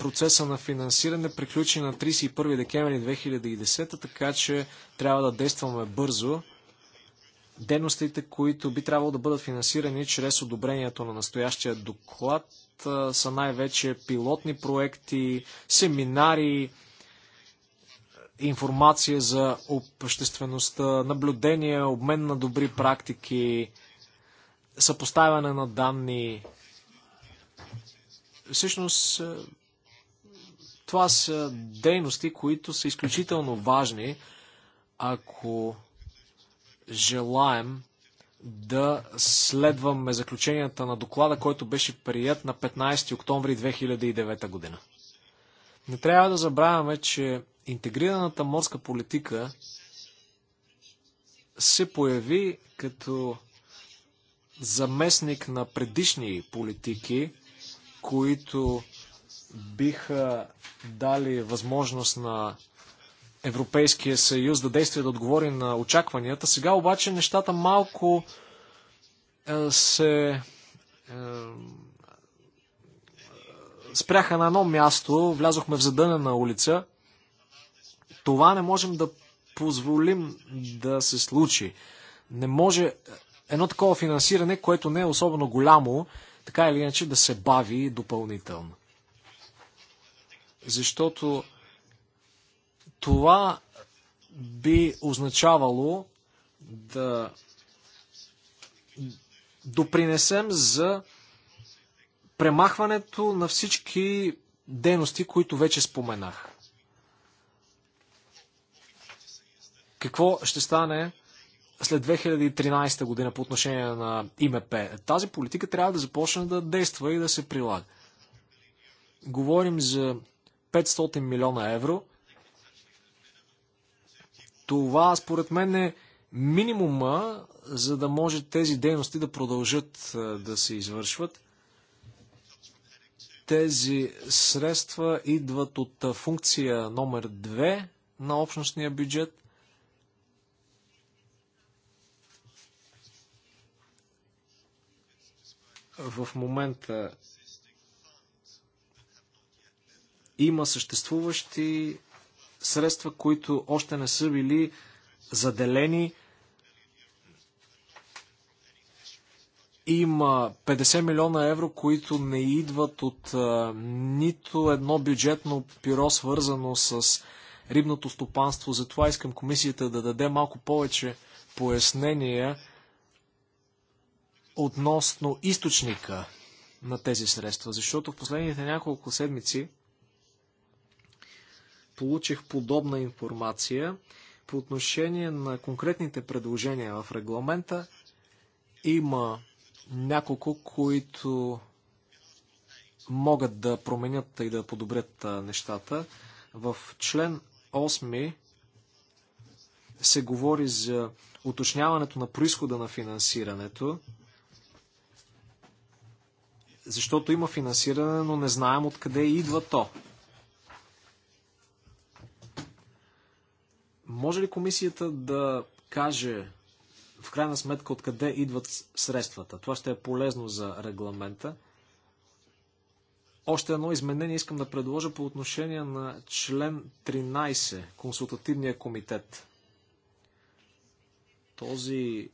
процеса на финансиране приключи на 31 декември 2010, така че трябва да действаме бързо. Дейностите, които би трябвало да бъдат финансирани чрез одобрението на настоящия доклад, са най-вече пилотни проекти, семинари, информация за обществеността, наблюдение, обмен на добри практики, съпоставяне на данни. Всъщност, това са дейности, които са изключително важни, ако желаем да следваме заключенията на доклада, който беше прият на 15 октомври 2009 година. Не трябва да забравяме, че интегрираната морска политика се появи като заместник на предишни политики, които биха дали възможност на Европейския съюз да действие да отговори на очакванията. Сега обаче нещата малко е, се е, спряха на едно място, влязохме в задънена улица. Това не можем да позволим да се случи. Не може едно такова финансиране, което не е особено голямо, така или иначе да се бави допълнително. Защото това би означавало да допринесем за премахването на всички дейности, които вече споменах. Какво ще стане след 2013 година по отношение на ИМП? Тази политика трябва да започне да действа и да се прилага. Говорим за 500 милиона евро. Това според мен е минимума, за да може тези дейности да продължат е, да се извършват. Тези средства идват от е, функция номер 2 на общностния бюджет. В момента има съществуващи средства, които още не са били заделени. Има 50 милиона евро, които не идват от а, нито едно бюджетно пиро, свързано с рибното стопанство. Затова искам комисията да даде малко повече пояснения относно източника на тези средства, защото в последните няколко седмици получих подобна информация по отношение на конкретните предложения в регламента. Има няколко, които могат да променят и да подобрят нещата. В член 8 се говори за уточняването на происхода на финансирането, защото има финансиране, но не знаем откъде идва то. Може ли комисията да каже в крайна сметка откъде идват средствата? Това ще е полезно за регламента. Още едно изменение искам да предложа по отношение на член 13, консултативния комитет. Този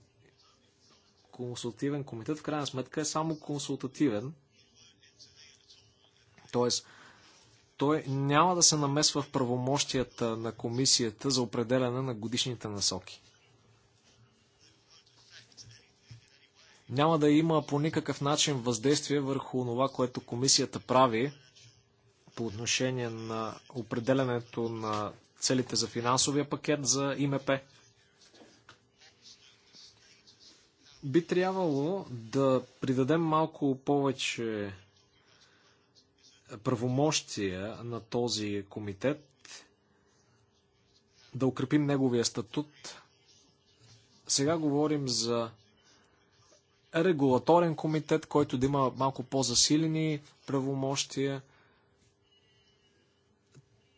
консултативен комитет в крайна сметка е само консултативен. Тоест, той няма да се намесва в правомощията на комисията за определяне на годишните насоки. Няма да има по никакъв начин въздействие върху това, което комисията прави по отношение на определянето на целите за финансовия пакет за ИМП. Би трябвало да придадем малко повече правомощия на този комитет, да укрепим неговия статут. Сега говорим за регулаторен комитет, който да има малко по-засилени правомощия.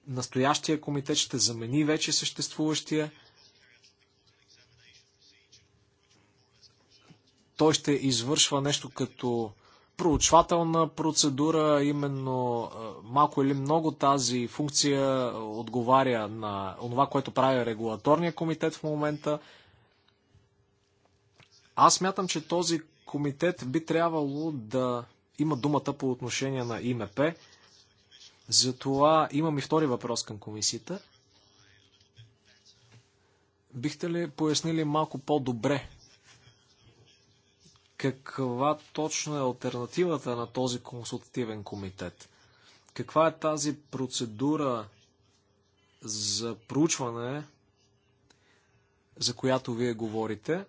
Настоящия комитет ще замени вече съществуващия. Той ще извършва нещо като проучвателна процедура, именно малко или много тази функция отговаря на това, което прави регулаторния комитет в момента. Аз мятам, че този комитет би трябвало да има думата по отношение на ИМП. Затова имам и втори въпрос към комисията. Бихте ли пояснили малко по-добре каква точно е альтернативата на този консултативен комитет? Каква е тази процедура за проучване, за която вие говорите?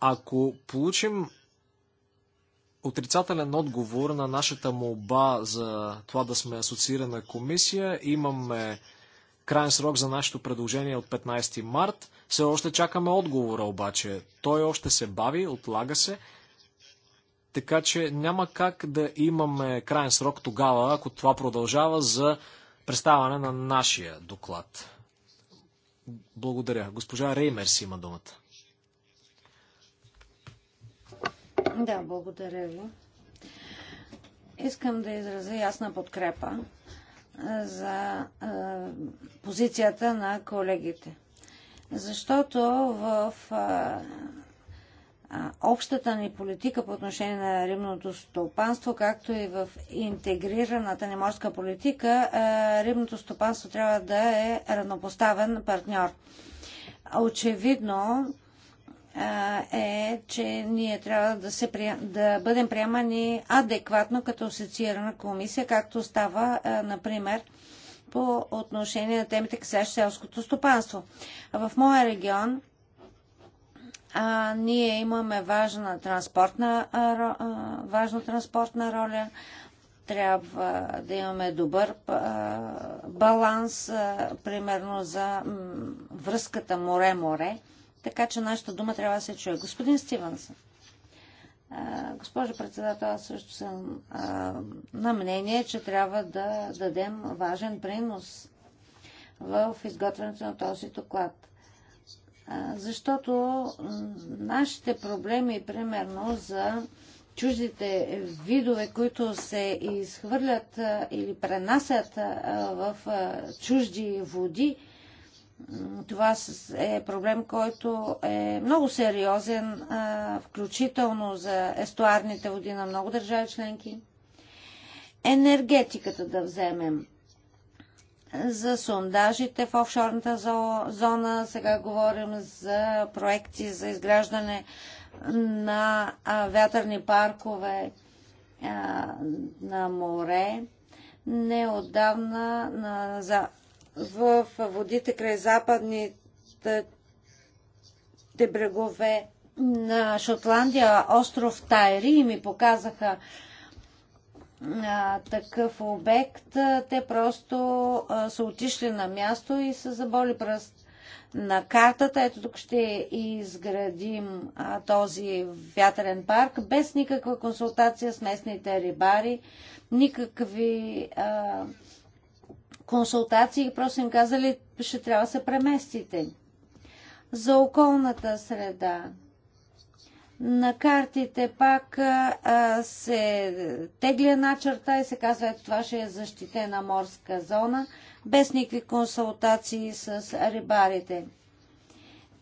Ако получим отрицателен отговор на нашата молба за това да сме асоциирана комисия, имаме Крайен срок за нашето предложение е от 15 март. Все още чакаме отговора обаче. Той още се бави, отлага се. Така че няма как да имаме крайен срок тогава, ако това продължава за представане на нашия доклад. Благодаря. Госпожа Реймерс има думата. Да, благодаря ви. Искам да изразя ясна подкрепа за позицията на колегите. Защото в общата ни политика по отношение на рибното стопанство, както и в интегрираната ни морска политика, рибното стопанство трябва да е равнопоставен партньор. Очевидно, е, че ние трябва да, се, да бъдем приемани адекватно като асоциирана комисия, както става, например, по отношение на темите, касащи селското стопанство. В моя регион а, ние имаме важна транспортна, а, важна транспортна роля. Трябва да имаме добър а, баланс, а, примерно за м, връзката море-море така че нашата дума трябва да се чуе. Господин Стивенсън. Госпожо председател, аз също съм а, на мнение, че трябва да дадем важен принос в изготвянето на този доклад. А, защото нашите проблеми, примерно за чуждите видове, които се изхвърлят а, или пренасят в чужди води, това е проблем, който е много сериозен, включително за естуарните води на много държави членки. Енергетиката да вземем. За сондажите в офшорната зона сега говорим за проекти за изграждане на вятърни паркове на море. Неодавна на, за, в водите край западните брегове на Шотландия, остров Тайри и ми показаха а, такъв обект, те просто а, са отишли на място и са заболи пръст на картата. Ето тук ще изградим а, този вятърен парк без никаква консултация с местните рибари, никакви а, консултации просто им казали, ще трябва да се преместите. За околната среда. На картите пак а, се тегля една черта и се казва, ето това ще е защитена морска зона, без никакви консултации с рибарите.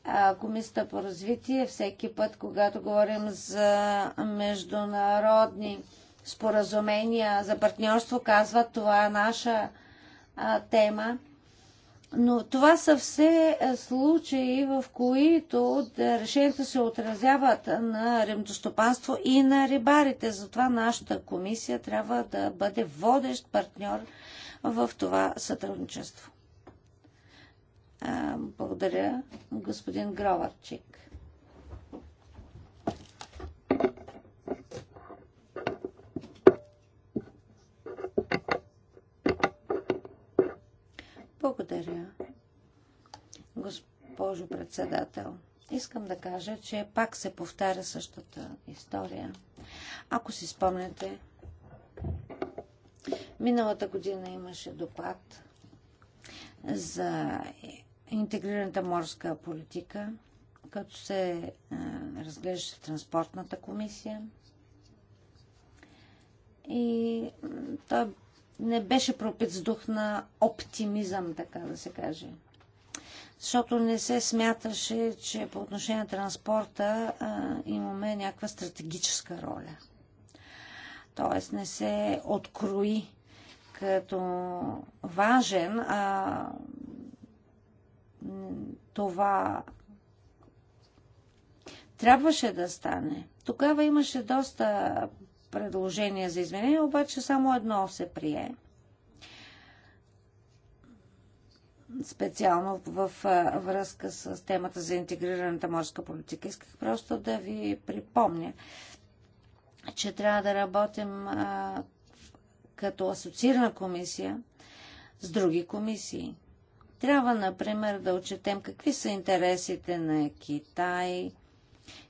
А, комисията по развитие всеки път, когато говорим за международни споразумения за партньорство, казва това е наша а, тема. Но това са все е, случаи, в които решенията се отразяват на ремдостопанство и на рибарите. Затова нашата комисия трябва да бъде водещ партньор в това сътрудничество. Благодаря, господин Гроварчик. Благодаря, госпожо председател. Искам да кажа, че пак се повтаря същата история. Ако си спомняте, миналата година имаше доклад за интегрираната морска политика, като се е, разглеждаше транспортната комисия. И той не беше пропит с дух на оптимизъм, така да се каже. Защото не се смяташе, че по отношение на транспорта а, имаме някаква стратегическа роля. Тоест не се открои като важен, а това трябваше да стане. Тогава имаше доста предложения за изменение, обаче само едно се прие. Специално в връзка с темата за интегрираната морска политика. Исках просто да ви припомня, че трябва да работим като асоциирана комисия с други комисии. Трябва, например, да отчетем какви са интересите на Китай,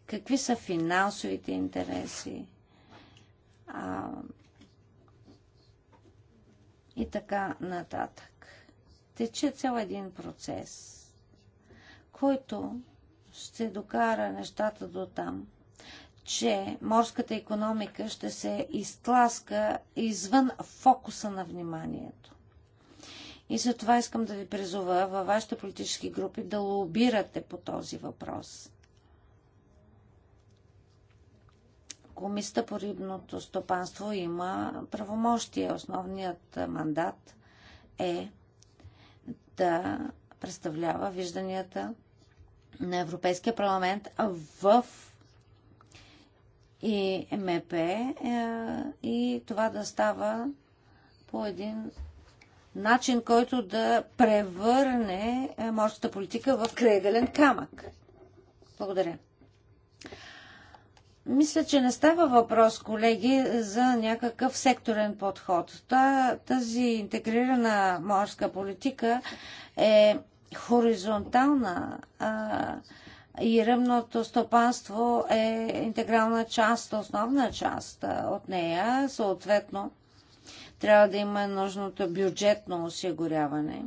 какви са финансовите интереси, а, и така нататък. Тече цял един процес, който ще докара нещата до там, че морската економика ще се изтласка извън фокуса на вниманието. И за това искам да ви призова във вашите политически групи да лобирате по този въпрос. Комисията по рибното стопанство има правомощия. Основният мандат е да представлява вижданията на Европейския парламент в и МП е, и това да става по един начин, който да превърне е, морската политика в крайъгълен камък. Благодаря. Мисля, че не става въпрос, колеги, за някакъв секторен подход. Та, тази интегрирана морска политика е хоризонтална а, и ръмното стопанство е интегрална част, основна част от нея. Съответно, трябва да има нужното бюджетно осигуряване.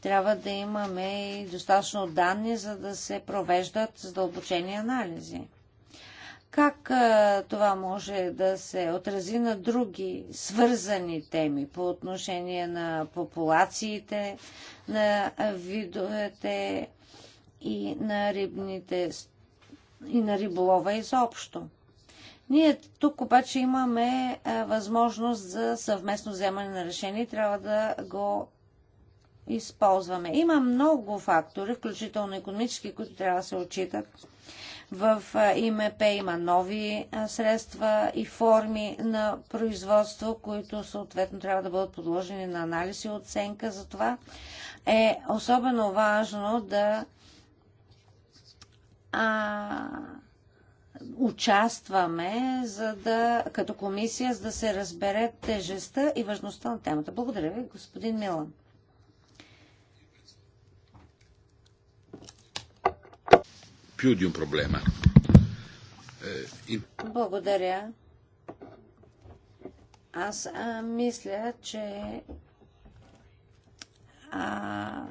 Трябва да имаме и достатъчно данни, за да се провеждат задълбочени анализи. Как а, това може да се отрази на други свързани теми по отношение на популациите, на видовете и на рибните и на риболова изобщо? Ние тук обаче имаме а, възможност за съвместно вземане на решение и трябва да го използваме. Има много фактори, включително економически, които трябва да се отчитат в ИМП има нови средства и форми на производство, които съответно трябва да бъдат подложени на анализ и оценка. За това е особено важно да а, участваме за да, като комисия, за да се разбере тежестта и важността на темата. Благодаря ви, господин Милан. Eh, Благодаря. Аз а, мисля, че а,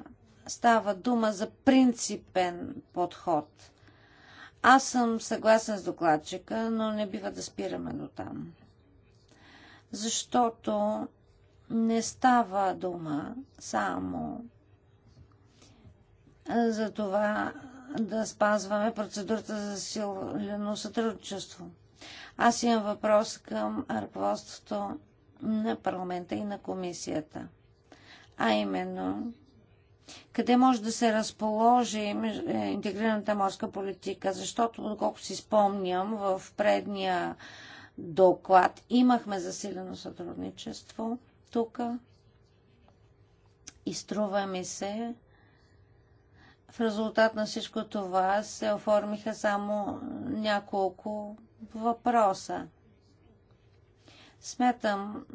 става дума за принципен подход. Аз съм съгласен с докладчика, но не бива да спираме до там. Защото не става дума само за това да спазваме процедурата за засилено сътрудничество. Аз имам въпрос към ръководството на парламента и на комисията. А именно, къде може да се разположи интегрираната морска политика, защото, доколко си спомням, в предния доклад имахме засилено сътрудничество тук и струва ми се, в резултат на всичко това се оформиха само няколко въпроса. Смятам,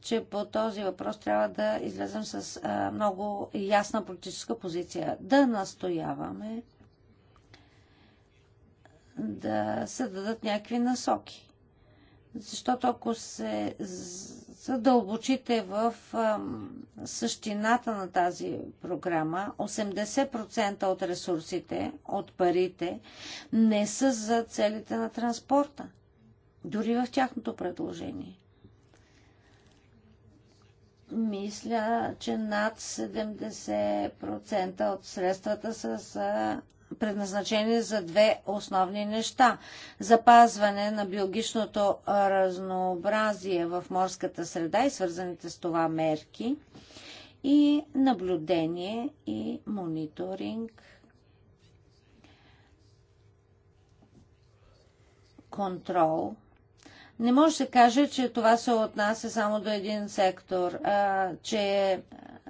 че по този въпрос трябва да излезем с а, много ясна политическа позиция. Да настояваме да се дадат някакви насоки. Защото ако се задълбочите в същината на тази програма. 80% от ресурсите, от парите, не са за целите на транспорта, дори в тяхното предложение. Мисля, че над 70% от средствата са за предназначени за две основни неща. Запазване на биологичното разнообразие в морската среда и свързаните с това мерки и наблюдение и мониторинг, контрол. Не може да се каже, че това се отнася само до един сектор, а, че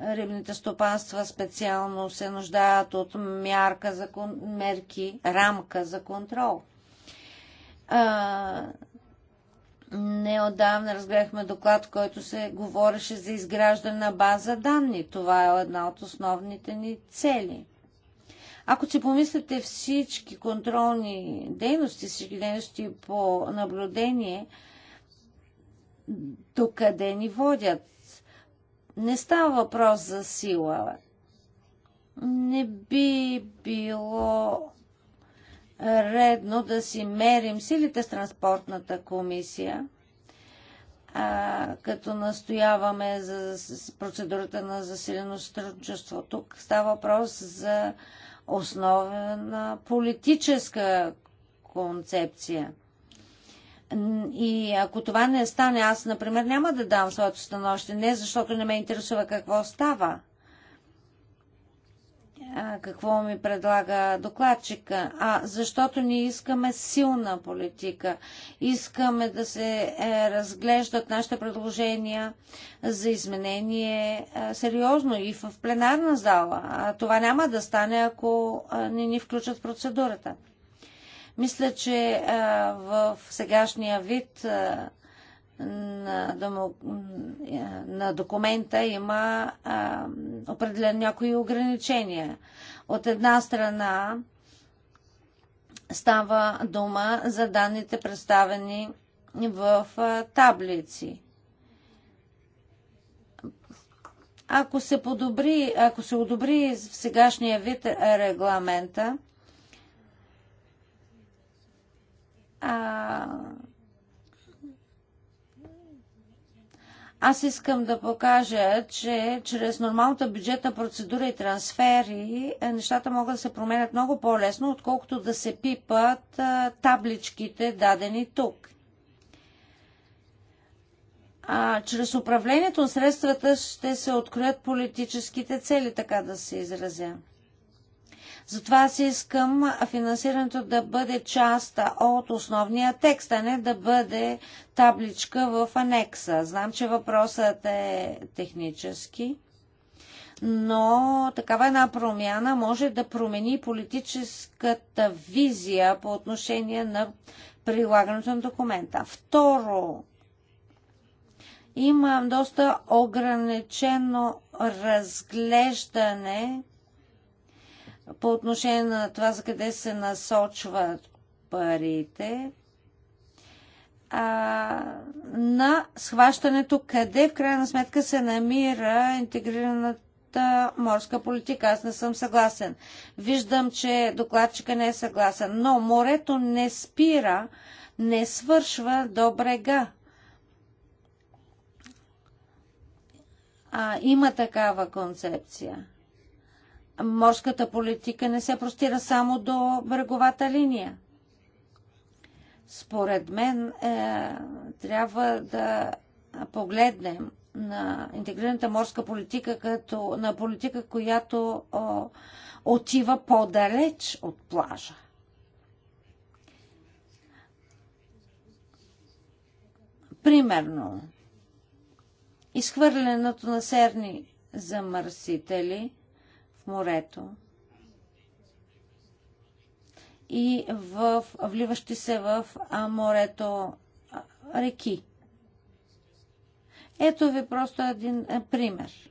рибните стопанства специално се нуждаят от мярка за кон... мерки, рамка за контрол. А, неодавна разгледахме доклад, в който се говореше за изграждане на база данни. Това е една от основните ни цели. Ако си помислите всички контролни дейности, всички дейности по наблюдение, докъде ни водят? Не става въпрос за сила. Не би било редно да си мерим силите с транспортната комисия, а, като настояваме за процедурата на засилено сътрудничество. Тук става въпрос за основна политическа концепция – и ако това не стане, аз, например, няма да дам своето становище. Не, защото не ме интересува какво става. А, какво ми предлага докладчика, а защото ние искаме силна политика. Искаме да се е, разглеждат нашите предложения за изменение е, сериозно и в пленарна зала. А това няма да стане, ако е, не ни включат процедурата. Мисля, че в сегашния вид на, документа има определен някои ограничения. От една страна става дума за данните представени в таблици. Ако се подобри, ако се одобри в сегашния вид регламента, аз искам да покажа, че чрез нормалната бюджетна процедура и трансфери е, нещата могат да се променят много по-лесно, отколкото да се пипат табличките дадени тук. А, чрез управлението на средствата ще се откроят политическите цели, така да се изразя. Затова аз искам финансирането да бъде част от основния текст, а не да бъде табличка в анекса. Знам, че въпросът е технически, но такава една промяна може да промени политическата визия по отношение на прилагането на документа. Второ, имам доста ограничено разглеждане по отношение на това за къде се насочват парите, а, на схващането къде в крайна сметка се намира интегрираната морска политика. Аз не съм съгласен. Виждам, че докладчика не е съгласен. Но морето не спира, не свършва до брега. А, има такава концепция морската политика не се простира само до бреговата линия. Според мен е, трябва да погледнем на интегрираната морска политика като на политика, която о, отива по-далеч от плажа. Примерно, изхвърлянето на серни замърсители – морето и в вливащи се в морето реки. Ето ви просто един е, пример.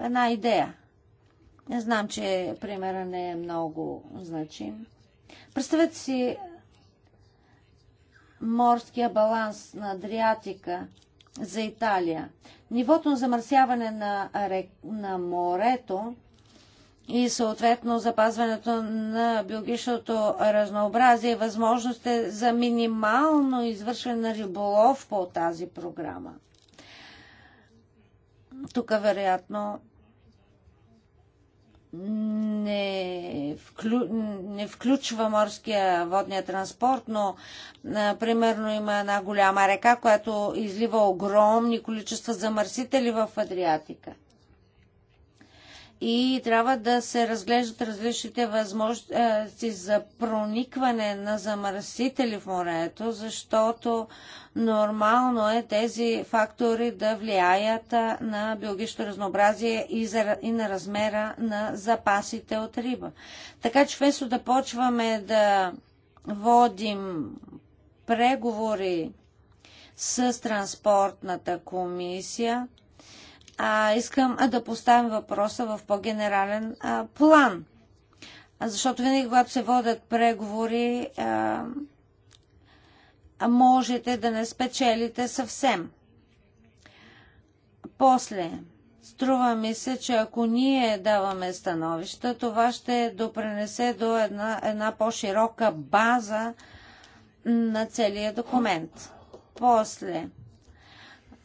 Една идея. Не знам, че примера не е много значим. Представете си морския баланс на Адриатика – за Италия. Нивото на замърсяване на, рек, на морето и съответно запазването на биологичното разнообразие и възможностите за минимално извършване на риболов по тази програма. Тук вероятно не, вклю, не включва морския водния транспорт, но а, примерно има една голяма река, която излива огромни количества замърсители в Адриатика и трябва да се разглеждат различните възможности за проникване на замърсители в морето, защото нормално е тези фактори да влияят на биологичното разнообразие и, за, и на размера на запасите от риба. Така че вместо да почваме да водим преговори с транспортната комисия, а, искам а, да поставим въпроса в по-генерален план. А, защото винаги, когато се водят преговори, а, можете да не спечелите съвсем. После, струва ми се, че ако ние даваме становища, това ще допренесе до една, една по-широка база на целия документ. После,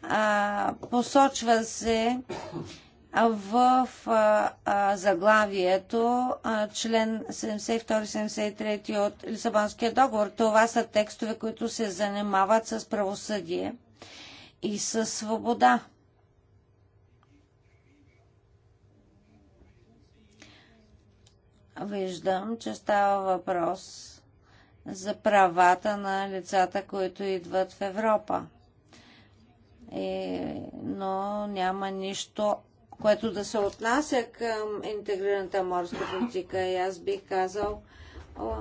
а, посочва се в а, а, заглавието а, член 72-73 от Лисабонския договор. Това са текстове, които се занимават с правосъдие и с свобода. Виждам, че става въпрос за правата на лицата, които идват в Европа е, но няма нищо, което да се отнася към интегрираната морска политика. И аз бих казал, о,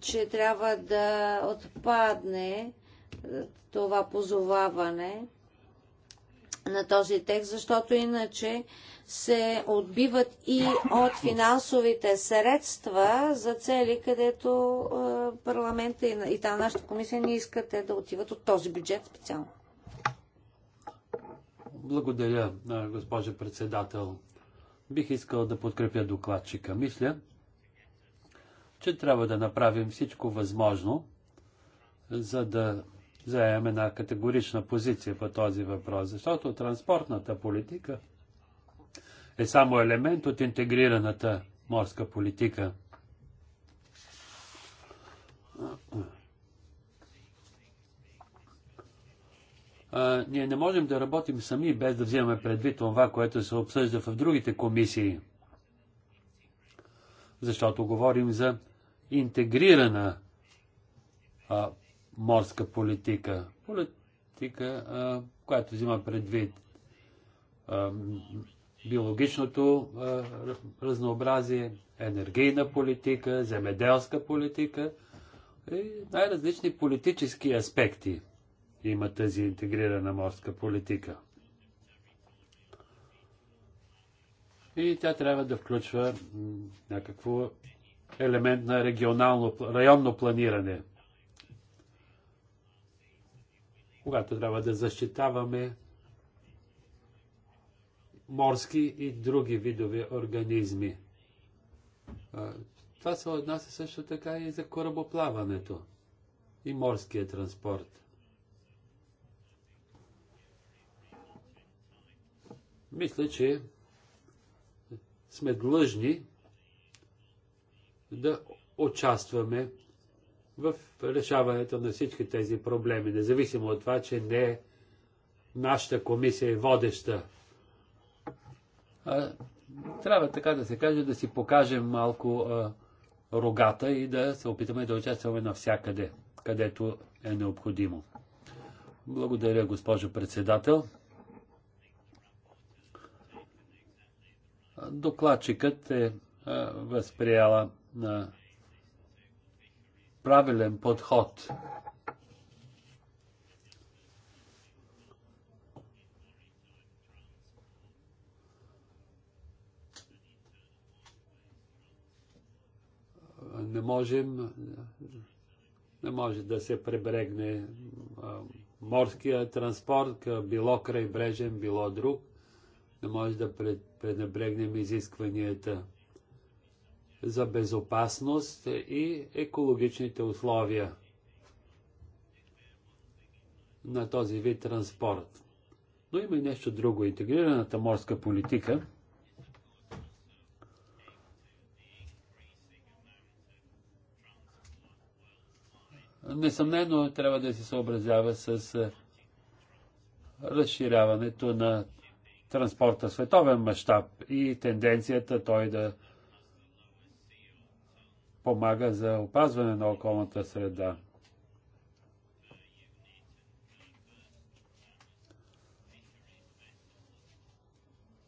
че трябва да отпадне е, това позоваване на този текст, защото иначе се отбиват и от финансовите средства за цели, където е, парламента и, та нашата комисия не искат те да отиват от този бюджет специално. Благодаря, госпожа председател. Бих искал да подкрепя докладчика. Мисля, че трябва да направим всичко възможно, за да заемем една категорична позиция по този въпрос, защото транспортната политика е само елемент от интегрираната морска политика – ние не можем да работим сами, без да вземаме предвид това, което се обсъжда в другите комисии. Защото говорим за интегрирана а, морска политика. Политика, а, която взима предвид а, биологичното а, разнообразие, енергийна политика, земеделска политика и най-различни политически аспекти има тази интегрирана морска политика. И тя трябва да включва някакво елемент на регионално, районно планиране. Когато трябва да защитаваме морски и други видове организми. Това се отнася също така и за корабоплаването и морския транспорт. Мисля, че сме длъжни да участваме в решаването на всички тези проблеми, независимо от това, че не е нашата комисия е водеща. А, трябва така да се каже, да си покажем малко а, рогата и да се опитаме да участваме навсякъде, където е необходимо. Благодаря, госпожо председател. Докладчикът е възприяла на правилен подход. Не можем, не може да се пребрегне морския транспорт, било крайбрежен, било друг. Не може да пренебрегнем изискванията за безопасност и екологичните условия на този вид транспорт. Но има и нещо друго. Интегрираната морска политика несъмнено трябва да се съобразява с разширяването на транспорта в световен мащаб и тенденцията той да помага за опазване на околната среда.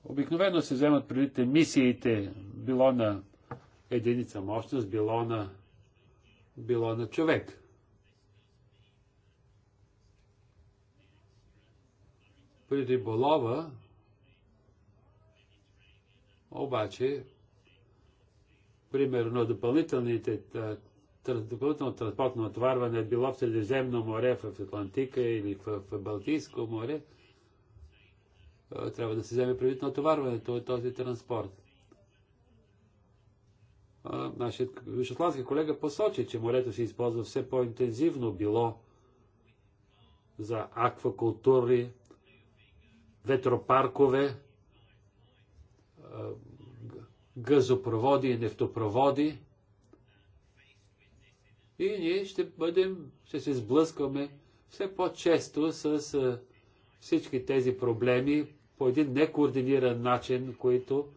Обикновено се вземат предвид емисиите, било на единица мощност, било на, било на човек. При риболова обаче, примерно, допълнителните допълнително транспортно отварване е било в Средиземно море, в Атлантика или в Балтийско море, трябва да се вземе предвид на отварването от този транспорт. Нашият шотландски колега посочи, че морето се използва все по-интензивно било за аквакултури, ветропаркове, газопроводи и нефтопроводи. И ние ще бъдем, ще се сблъскваме все по-често с всички тези проблеми по един некоординиран начин, които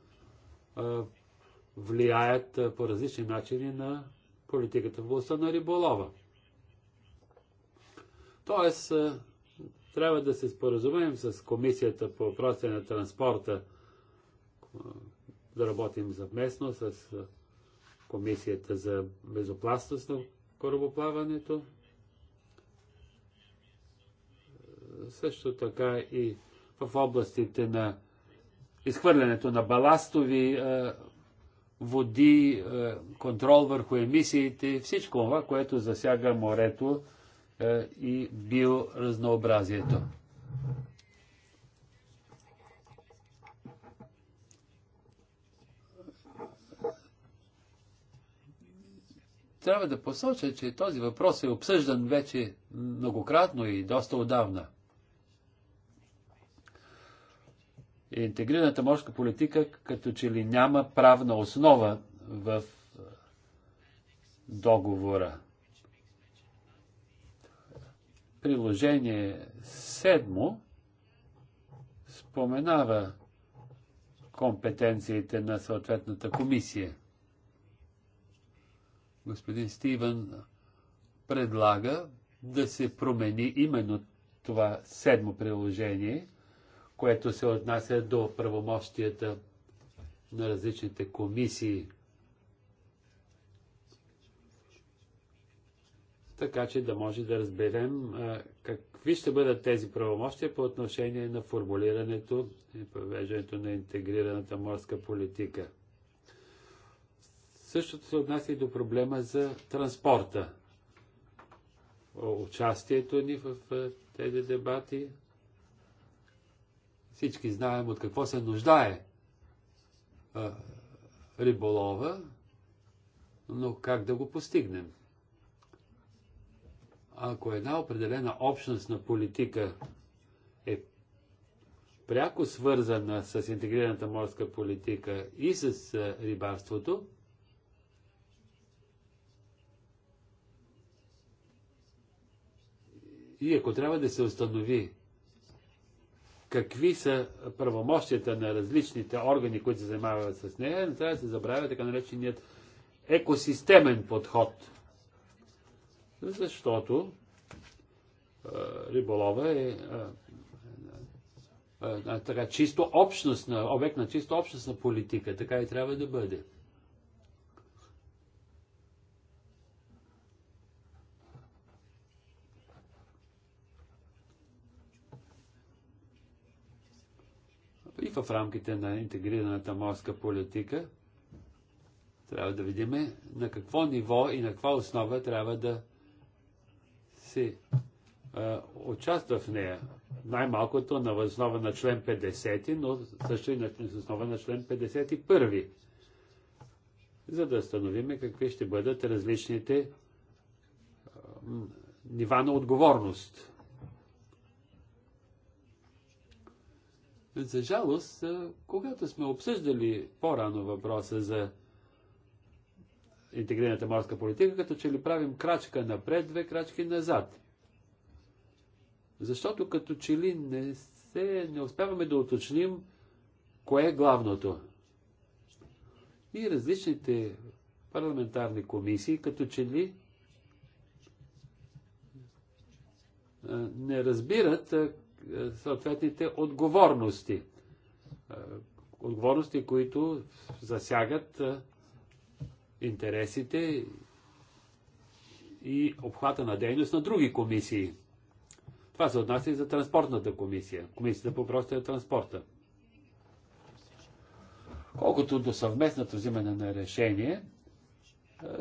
влияят по различни начини на политиката в областта на риболова. Тоест, трябва да се споразумеем с Комисията по въпросите на транспорта – да работим съвместно с Комисията за безопасност на корабоплаването. Също така и в областите на изхвърлянето на баластови води, контрол върху емисиите, всичко това, което засяга морето и биоразнообразието. трябва да посоча, че този въпрос е обсъждан вече многократно и доста отдавна. Интегрираната морска политика като че ли няма правна основа в е, договора. Приложение седмо споменава компетенциите на съответната комисия – господин Стивен предлага да се промени именно това седмо приложение, което се отнася до правомощията на различните комисии. Така че да може да разберем какви ще бъдат тези правомощия по отношение на формулирането и провеждането на интегрираната морска политика. Същото се отнася и до проблема за транспорта. Участието ни в тези дебати. Всички знаем от какво се нуждае риболова, но как да го постигнем? Ако една определена общностна политика е пряко свързана с интегрираната морска политика и с рибарството, И ако трябва да се установи какви са правомощията на различните органи, които се занимават с нея, не трябва да се забравя така нареченият екосистемен подход. Защото а, риболова е а, а, така, чисто общностна, обект на чисто общностна политика. Така и трябва да бъде. в рамките на интегрираната морска политика, трябва да видим на какво ниво и на каква основа трябва да се участва в нея. Най-малкото на основа на член 50, но също и на основа на член 51, за да установим какви ще бъдат различните нива на отговорност. За жалост, когато сме обсъждали по-рано въпроса за интегрираната морска политика, като че ли правим крачка напред, две крачки назад. Защото като че ли не, се, не успяваме да уточним кое е главното. И различните парламентарни комисии, като че ли не разбират е, съответните отговорности. Е, отговорности, които засягат е, интересите и обхвата на дейност на други комисии. Това се отнася и за транспортната комисия, комисията по въпросите на транспорта. Колкото до съвместното взимане на решение,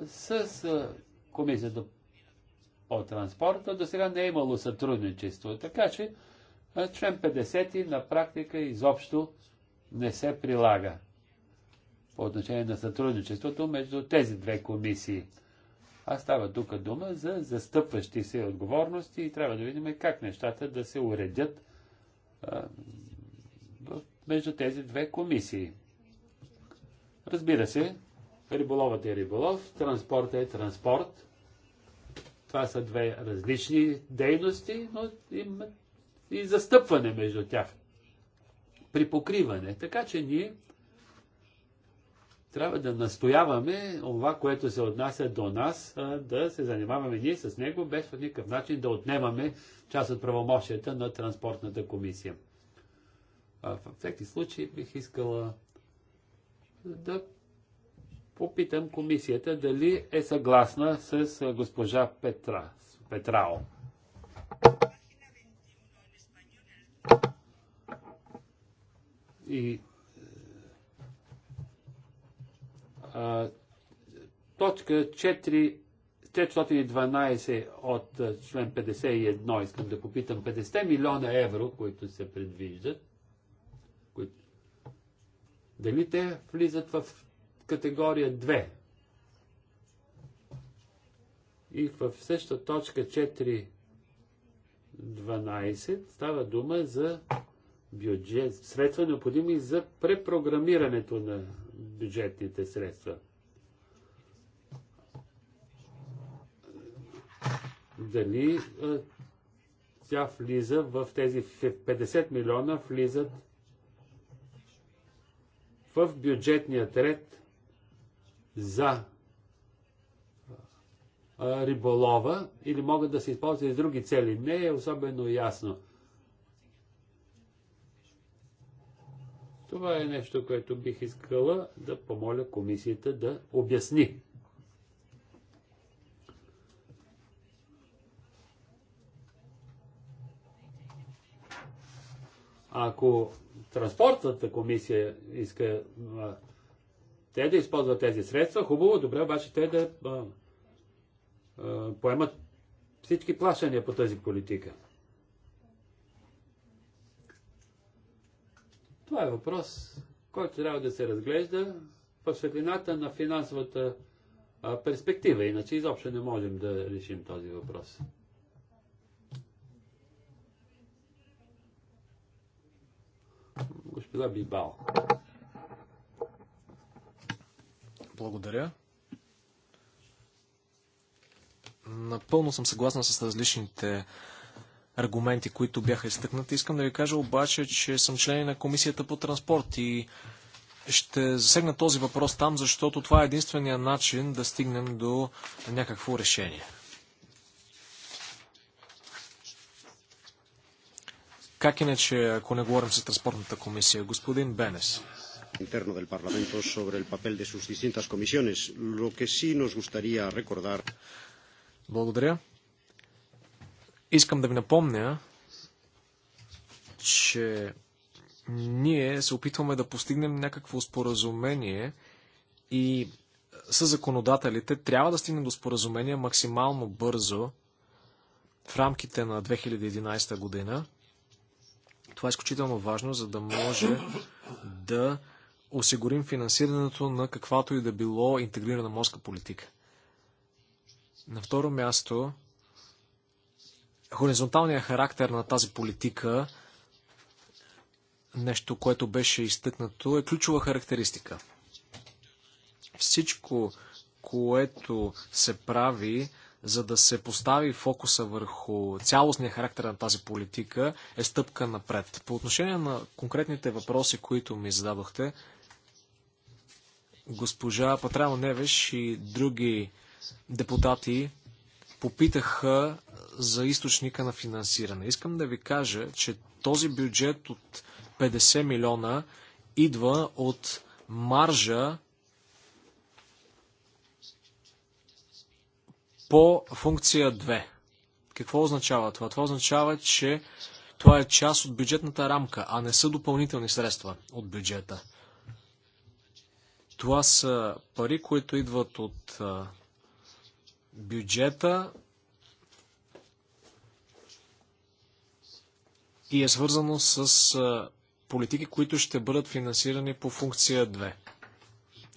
с комисията по транспорта до сега не е имало сътрудничество. Така че член 50 на практика изобщо не се прилага по отношение на сътрудничеството между тези две комисии. А става тук дума за застъпващи се отговорности и трябва да видим как нещата да се уредят а, между тези две комисии. Разбира се, риболовът е риболов, транспортът е транспорт. Това са две различни дейности, но имат и застъпване между тях, при покриване. Така че ние трябва да настояваме това, което се отнася до нас, да се занимаваме ние с него, без по никакъв начин да отнемаме част от правомощията на Транспортната комисия. В всеки случай бих искала да попитам комисията дали е съгласна с госпожа Петра, Петрао. И а, точка 4, 412 от член 51, искам да попитам, 50 милиона евро, които се предвиждат, които, дали те влизат в категория 2? И в същата точка 4.12 става дума за бюджет, средства необходими за препрограмирането на бюджетните средства. Дали тя влиза в тези 50 милиона, влизат в бюджетният ред за риболова или могат да се използват и други цели. Не е особено ясно. Това е нещо, което бих искала да помоля комисията да обясни. Ако транспортната комисия иска а, те да използват тези средства, хубаво, добре, обаче те да а, а, поемат всички плащания по тази политика. Това е въпрос, който трябва да се разглежда в светлината на финансовата перспектива, иначе изобщо не можем да решим този въпрос. Господа Бибал. Благодаря. Напълно съм съгласна с различните аргументи, които бяха изтъкнати. Искам да ви кажа обаче, че съм член на Комисията по транспорт и ще засегна този въпрос там, защото това е единствения начин да стигнем до някакво решение. Как иначе, ако не говорим с Транспортната комисия? Господин Бенес. Interno del Parlamento sobre el papel de sus distintas comisiones. Lo que sí nos gustaría recordar. Благодаря. Искам да ви напомня, че ние се опитваме да постигнем някакво споразумение и с законодателите трябва да стигнем до споразумение максимално бързо в рамките на 2011 година. Това е изключително важно, за да може да осигурим финансирането на каквато и да било интегрирана морска политика. На второ място, хоризонталния характер на тази политика, нещо, което беше изтъкнато, е ключова характеристика. Всичко, което се прави, за да се постави фокуса върху цялостния характер на тази политика, е стъпка напред. По отношение на конкретните въпроси, които ми зададохте, госпожа Патрано Невеш и други депутати попитаха за източника на финансиране. Искам да ви кажа, че този бюджет от 50 милиона идва от маржа по функция 2. Какво означава това? Това означава, че това е част от бюджетната рамка, а не са допълнителни средства от бюджета. Това са пари, които идват от бюджета и е свързано с политики, които ще бъдат финансирани по функция 2.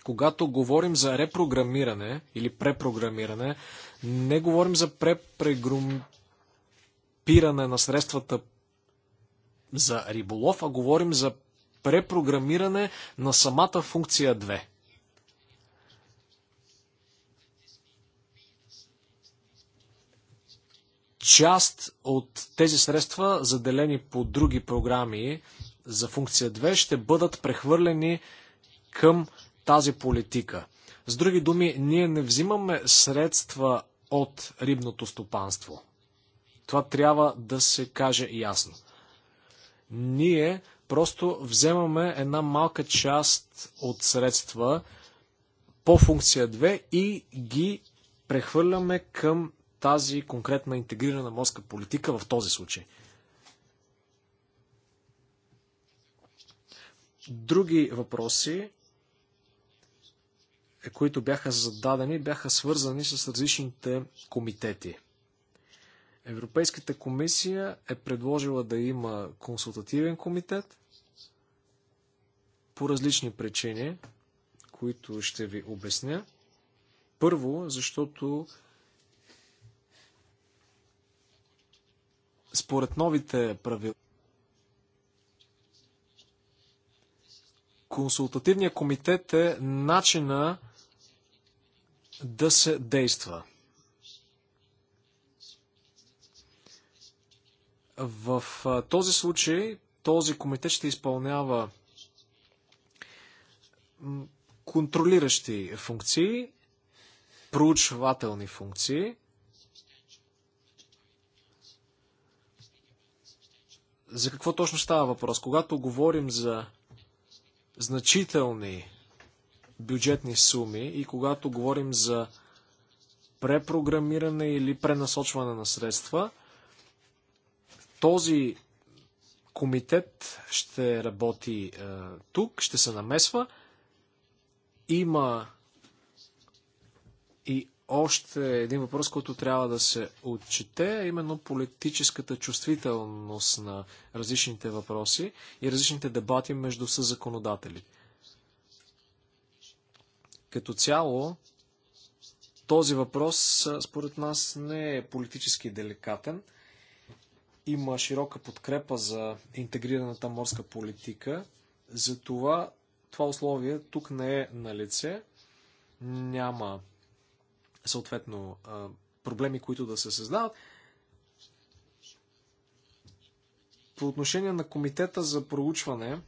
Когато говорим за репрограмиране или препрограмиране, не говорим за препрегрупиране на средствата за риболов, а говорим за препрограмиране на самата функция 2. част от тези средства, заделени по други програми за функция 2, ще бъдат прехвърлени към тази политика. С други думи, ние не взимаме средства от рибното стопанство. Това трябва да се каже ясно. Ние просто вземаме една малка част от средства по функция 2 и ги прехвърляме към тази конкретна интегрирана морска политика в този случай? Други въпроси, е, които бяха зададени, бяха свързани с различните комитети. Европейската комисия е предложила да има консултативен комитет по различни причини, които ще ви обясня. Първо, защото Според новите правила, консултативният комитет е начина да се действа. В този случай този комитет ще изпълнява контролиращи функции, проучвателни функции. За какво точно става въпрос? Когато говорим за значителни бюджетни суми и когато говорим за препрограмиране или пренасочване на средства, този комитет ще работи е, тук, ще се намесва. Има още един въпрос, който трябва да се отчете, е именно политическата чувствителност на различните въпроси и различните дебати между съзаконодатели. Като цяло, този въпрос, според нас, не е политически деликатен. Има широка подкрепа за интегрираната морска политика. Затова това условие тук не е на лице. Няма съответно проблеми, които да се създават. По отношение на комитета за проучване,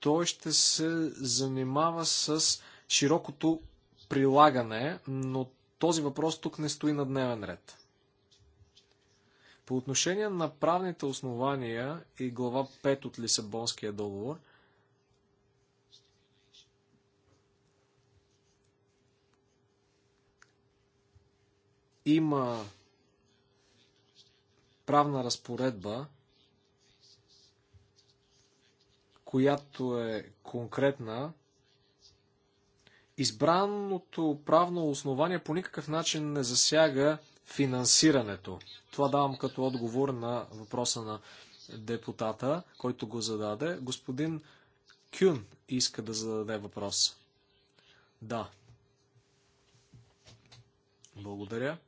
той ще се занимава с широкото прилагане, но този въпрос тук не стои на дневен ред. По отношение на правните основания и глава 5 от Лисабонския договор – има правна разпоредба, която е конкретна, избраното правно основание по никакъв начин не засяга финансирането. Това давам като отговор на въпроса на депутата, който го зададе. Господин Кюн иска да зададе въпрос. Да. Благодаря.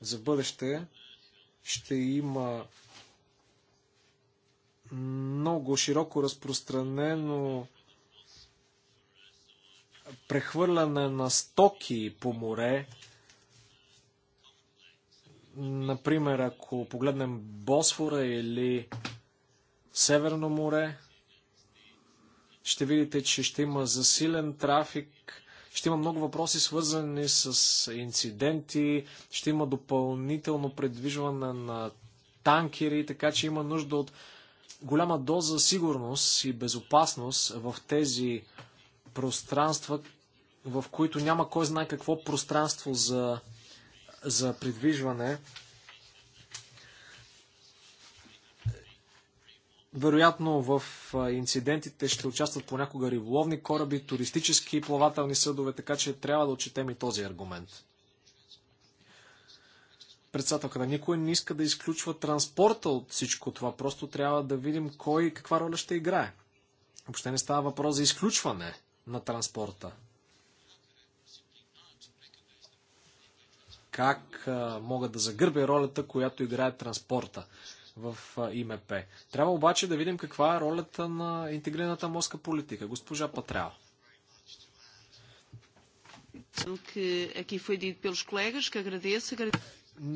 за бъдеще ще има много широко разпространено прехвърляне на стоки по море. Например, ако погледнем Босфора или Северно море, ще видите, че ще има засилен трафик ще има много въпроси свързани с инциденти, ще има допълнително предвижване на танкери, така че има нужда от голяма доза сигурност и безопасност в тези пространства, в които няма кой знае какво пространство за, за придвижване. Вероятно в инцидентите ще участват понякога риболовни кораби, туристически и плавателни съдове, така че трябва да отчетем и този аргумент. Председателката, никой не иска да изключва транспорта от всичко това, просто трябва да видим кой и каква роля ще играе. Въобще не става въпрос за изключване на транспорта. Как а, мога да загърбя ролята, която играе транспорта? в ИМП. Трябва обаче да видим каква е ролята на интегрираната морска политика. Госпожа Патрял.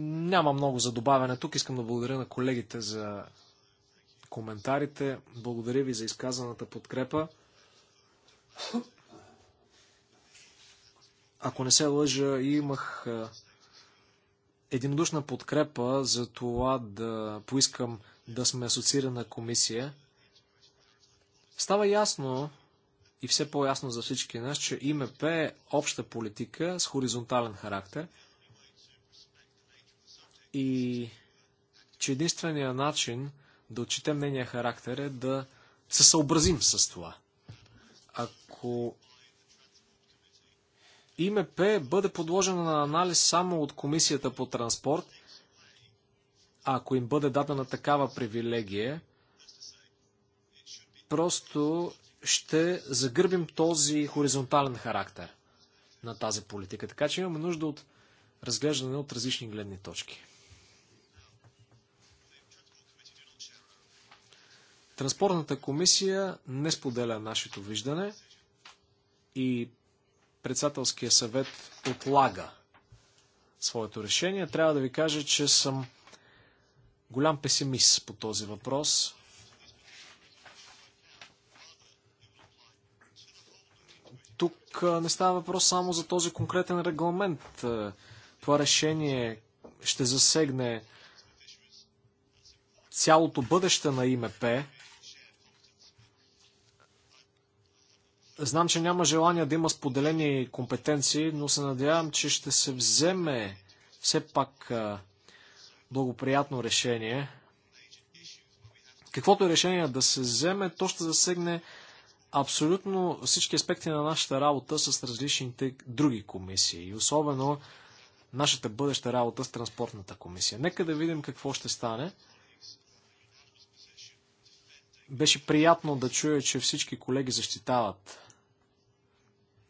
Няма много за добавяне. Тук искам да благодаря на колегите за коментарите. Благодаря ви за изказаната подкрепа. Ако не се лъжа, имах единодушна подкрепа за това да поискам да сме асоциирана комисия. Става ясно и все по-ясно за всички нас, че ИМП е обща политика с хоризонтален характер и че единствения начин да отчетем нейния характер е да се съобразим с това. Ако ИМП бъде подложена на анализ само от Комисията по транспорт, ако им бъде дадена такава привилегия, просто ще загърбим този хоризонтален характер на тази политика. Така че имаме нужда от разглеждане от различни гледни точки. Транспортната комисия не споделя нашето виждане и председателския съвет отлага своето решение. Трябва да ви кажа, че съм голям песимист по този въпрос. Тук не става въпрос само за този конкретен регламент. Това решение ще засегне цялото бъдеще на ИМП, Знам, че няма желание да има споделени компетенции, но се надявам, че ще се вземе все пак благоприятно решение. Каквото е решение да се вземе, то ще засегне абсолютно всички аспекти на нашата работа с различните други комисии. И особено нашата бъдеща работа с Транспортната комисия. Нека да видим какво ще стане. Беше приятно да чуя, че всички колеги защитават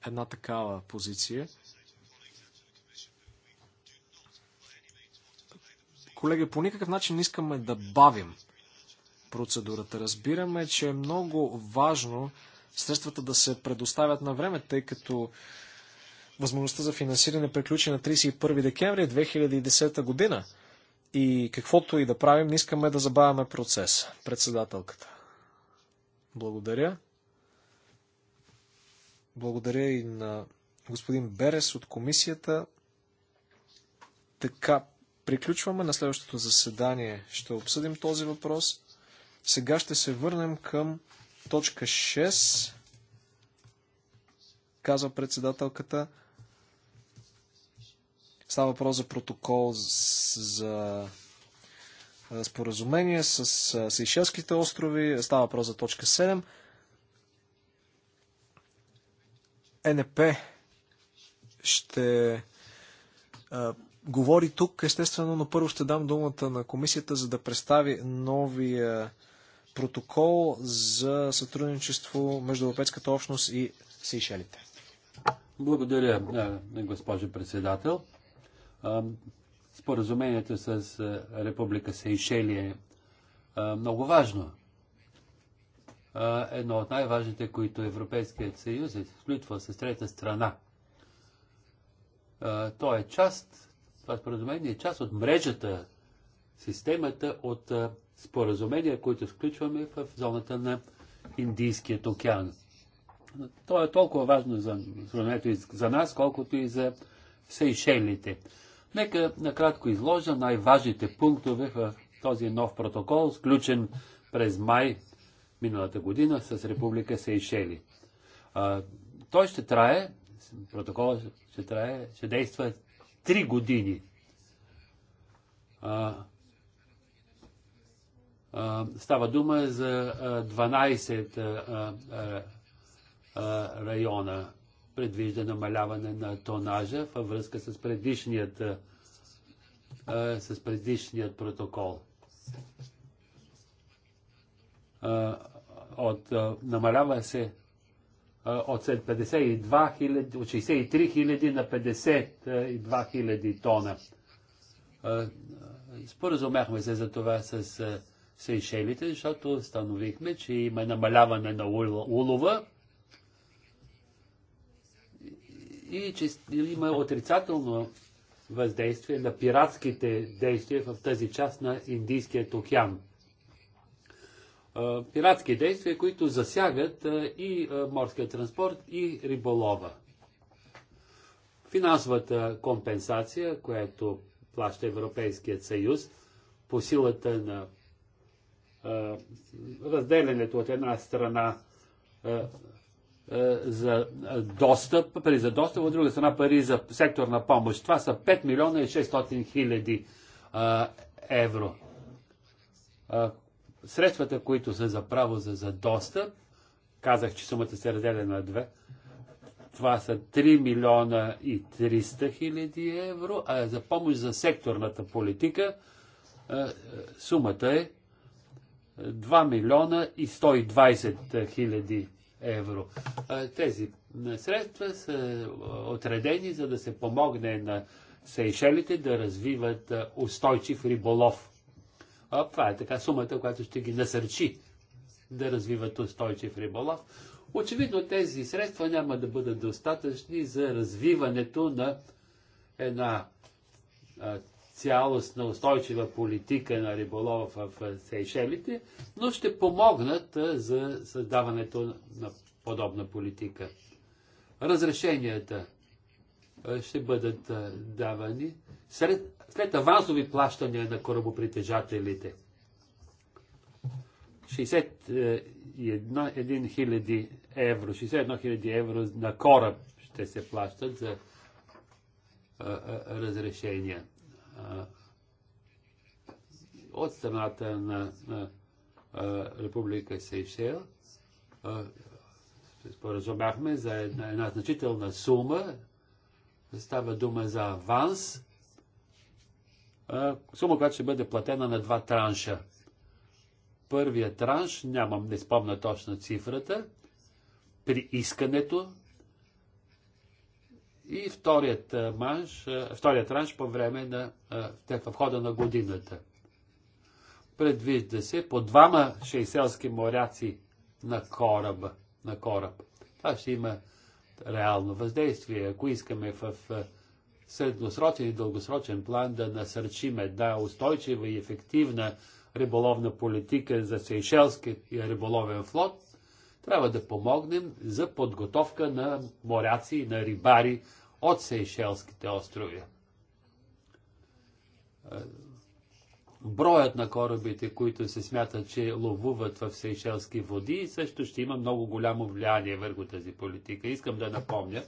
една такава позиция. Колеги, по никакъв начин не искаме да бавим процедурата. Разбираме, че е много важно средствата да се предоставят на време, тъй като възможността за финансиране приключи на 31 декември 2010 година. И каквото и да правим, не искаме да забавяме процеса. Председателката. Благодаря. Благодаря и на господин Берес от комисията. Така, приключваме на следващото заседание. Ще обсъдим този въпрос. Сега ще се върнем към точка 6, казва председателката. Става въпрос за протокол за споразумение с Сейшелските острови. Става въпрос за точка 7. НП ще а, говори тук, естествено, но първо ще дам думата на комисията, за да представи новия протокол за сътрудничество между Европейската общност и Сейшелите. Благодаря, госпожо председател. Споразумението с Република Сейшели е много важно. Едно от най-важните, които Европейският съюз е сключвал с трета страна. То е част, това споразумение е част от мрежата, системата от споразумения, които включваме в зоната на Индийският океан. То е толкова важно за, за нас, колкото и за Сейшелите. Нека накратко изложа най-важните пунктове в този нов протокол, сключен през май миналата година с Република Сейшели. А, той ще трае, протоколът ще трае, ще действа три години. А, а, става дума за 12 района предвижда намаляване на тонажа във връзка с предишният, а, с предишният протокол. А, от, а, намалява се а, от 52 хиляди, от 63 000 на 52 хиляди тона. Споразумяхме се за това с Сейшелите, защото установихме, че има намаляване на улова и че има отрицателно въздействие на пиратските действия в тази част на Индийският океан. Пиратски действия, които засягат и морския транспорт, и риболова. Финансовата компенсация, която плаща Европейският съюз по силата на разделянето от една страна е, за достъп, пари за достъп, от друга страна пари за секторна помощ. Това са 5 милиона и 600 хиляди е, евро. Е, средствата, които са за право за, за достъп, казах, че сумата се разделя на две, това са 3 милиона и 300 хиляди евро, а за помощ за секторната политика сумата е 2 милиона и 120 хиляди евро. Тези средства са отредени за да се помогне на Сейшелите да развиват устойчив риболов. това е така сумата, която ще ги насърчи да развиват устойчив риболов. Очевидно тези средства няма да бъдат достатъчни за развиването на една цялостна устойчива политика на риболова в Сейшелите, но ще помогнат за създаването на подобна политика. Разрешенията ще бъдат давани сред, след авансови плащания на корабопритежателите. 61 хиляди евро, 61 евро на кораб ще се плащат за а, а, разрешения от страната на, Република Сейшел споразумяхме за една, една значителна сума. Става дума за аванс. сума, която ще бъде платена на два транша. Първият транш, нямам, не спомна точно цифрата, при искането и вторият, манш, вторият транш по време на в хода на годината. Предвижда се по двама шейселски моряци на кораб. На кораб. Това ще има реално въздействие. Ако искаме в средносрочен и дългосрочен план да насърчиме да устойчива и ефективна риболовна политика за Сейшелския риболовен флот, трябва да помогнем за подготовка на моряци и на рибари от Сейшелските острови. Броят на корабите, които се смятат, че ловуват в Сейшелски води, също ще има много голямо влияние върху тази политика. Искам да напомня,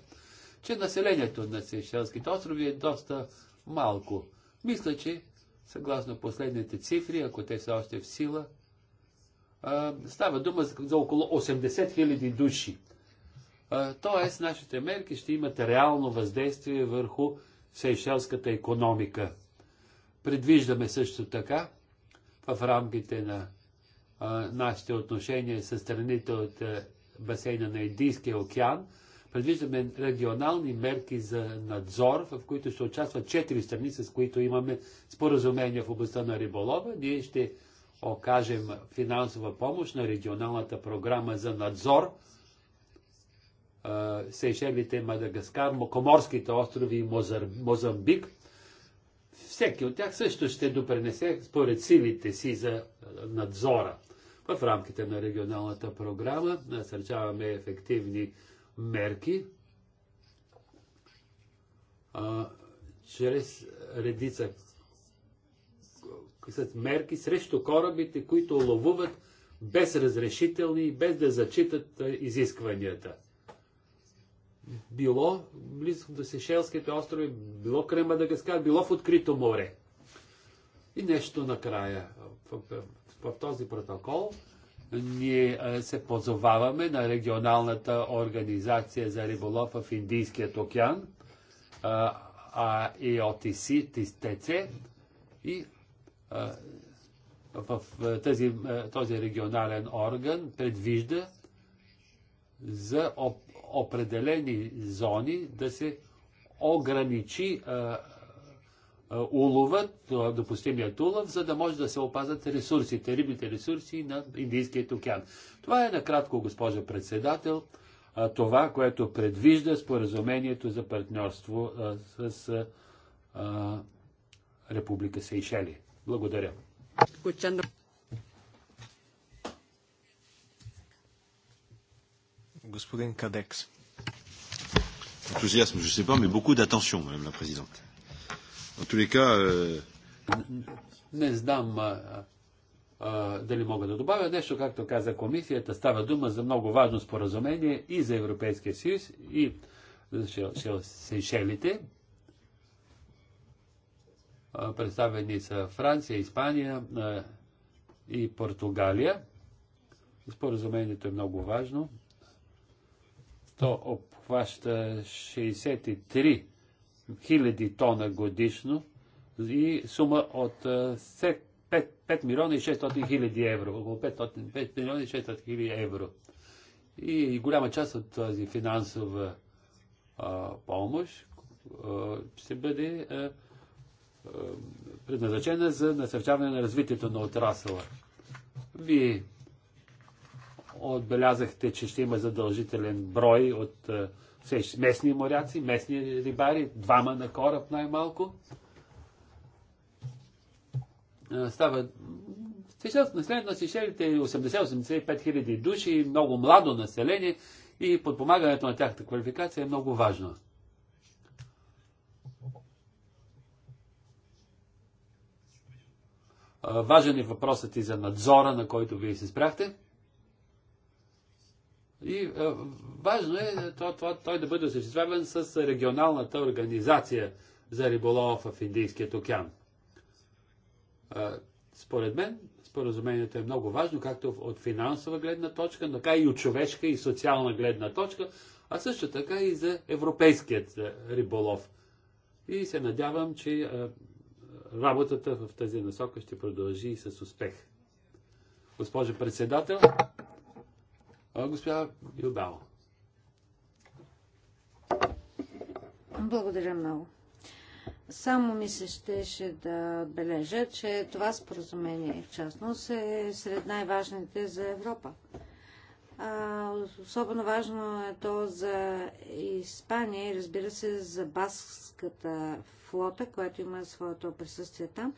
че населението на Сейшелските острови е доста малко. Мисля, че съгласно последните цифри, ако те са още в сила, става дума за около 80 000 души. Тоест, нашите мерки ще имат реално въздействие върху сейшелската економика. Предвиждаме също така в рамките на нашите отношения с страните от басейна на Индийския океан, предвиждаме регионални мерки за надзор, в които ще участват четири страни, с които имаме споразумения в областта на риболова. Ние ще окажем финансова помощ на регионалната програма за надзор, Сейшелите, Мадагаскар, Коморските острови и Мозамбик. Всеки от тях също ще допренесе според силите си за надзора. В рамките на регионалната програма насърчаваме ефективни мерки а, чрез редица с мерки срещу корабите, които ловуват без разрешителни и без да зачитат изискванията било близо до Сешелските острови, било край Мадагаскар, било в открито море. И нещо накрая. В, в, в, този протокол ние се позоваваме на регионалната организация за риболов в Индийският океан, а, а и ОТС, ТИСТЦ, и в тази, този регионален орган предвижда за оп определени зони да се ограничи а, а, уловът, допустимият улов, за да може да се опазят ресурсите, рибните ресурси на Индийският океан. Това е накратко, госпожа председател, а, това, което предвижда споразумението за партньорство а, с а, Република Сейшели. Благодаря. Господин Кадекс. Ентузиазъм, не знам, но много внимание, d'attention, madame la euh, Не знам дали мога да добавя нещо, както каза комисията, става дума за много важно споразумение и за Европейския съюз, и за Сейшелите. Представени са Франция, Испания и Португалия. Споразумението е много важно. То обхваща 63 хиляди тона годишно и сума от 5, милиона и 600 хиляди евро. Около 5 милиона и 600 хиляди евро. И голяма част от тази финансова а, помощ а, ще бъде а, предназначена за насърчаване на развитието на отрасъла. Вие отбелязахте, че ще има задължителен брой от е, местни моряци, местни рибари, двама на кораб най-малко. Е, става... Населението на Сишелите е 80-85 хиляди души, много младо население и подпомагането на тяхната квалификация е много важно. Е, важен е въпросът и за надзора, на който вие се спряхте. И а, е, важно е то, то, той да бъде осъществяван с регионалната организация за риболов в Индийският океан. А, е, според мен, споразумението е много важно, както от финансова гледна точка, така и от човешка и социална гледна точка, а също така и за европейският е, риболов. И се надявам, че а, работата в тази насока ще продължи и с успех. Госпожо председател, Госпожа Билбао. Благодаря много. Само ми се щеше да отбележа, че това споразумение в частност е сред най-важните за Европа. А, особено важно е то за Испания и разбира се за баската флота, която има своето присъствие там.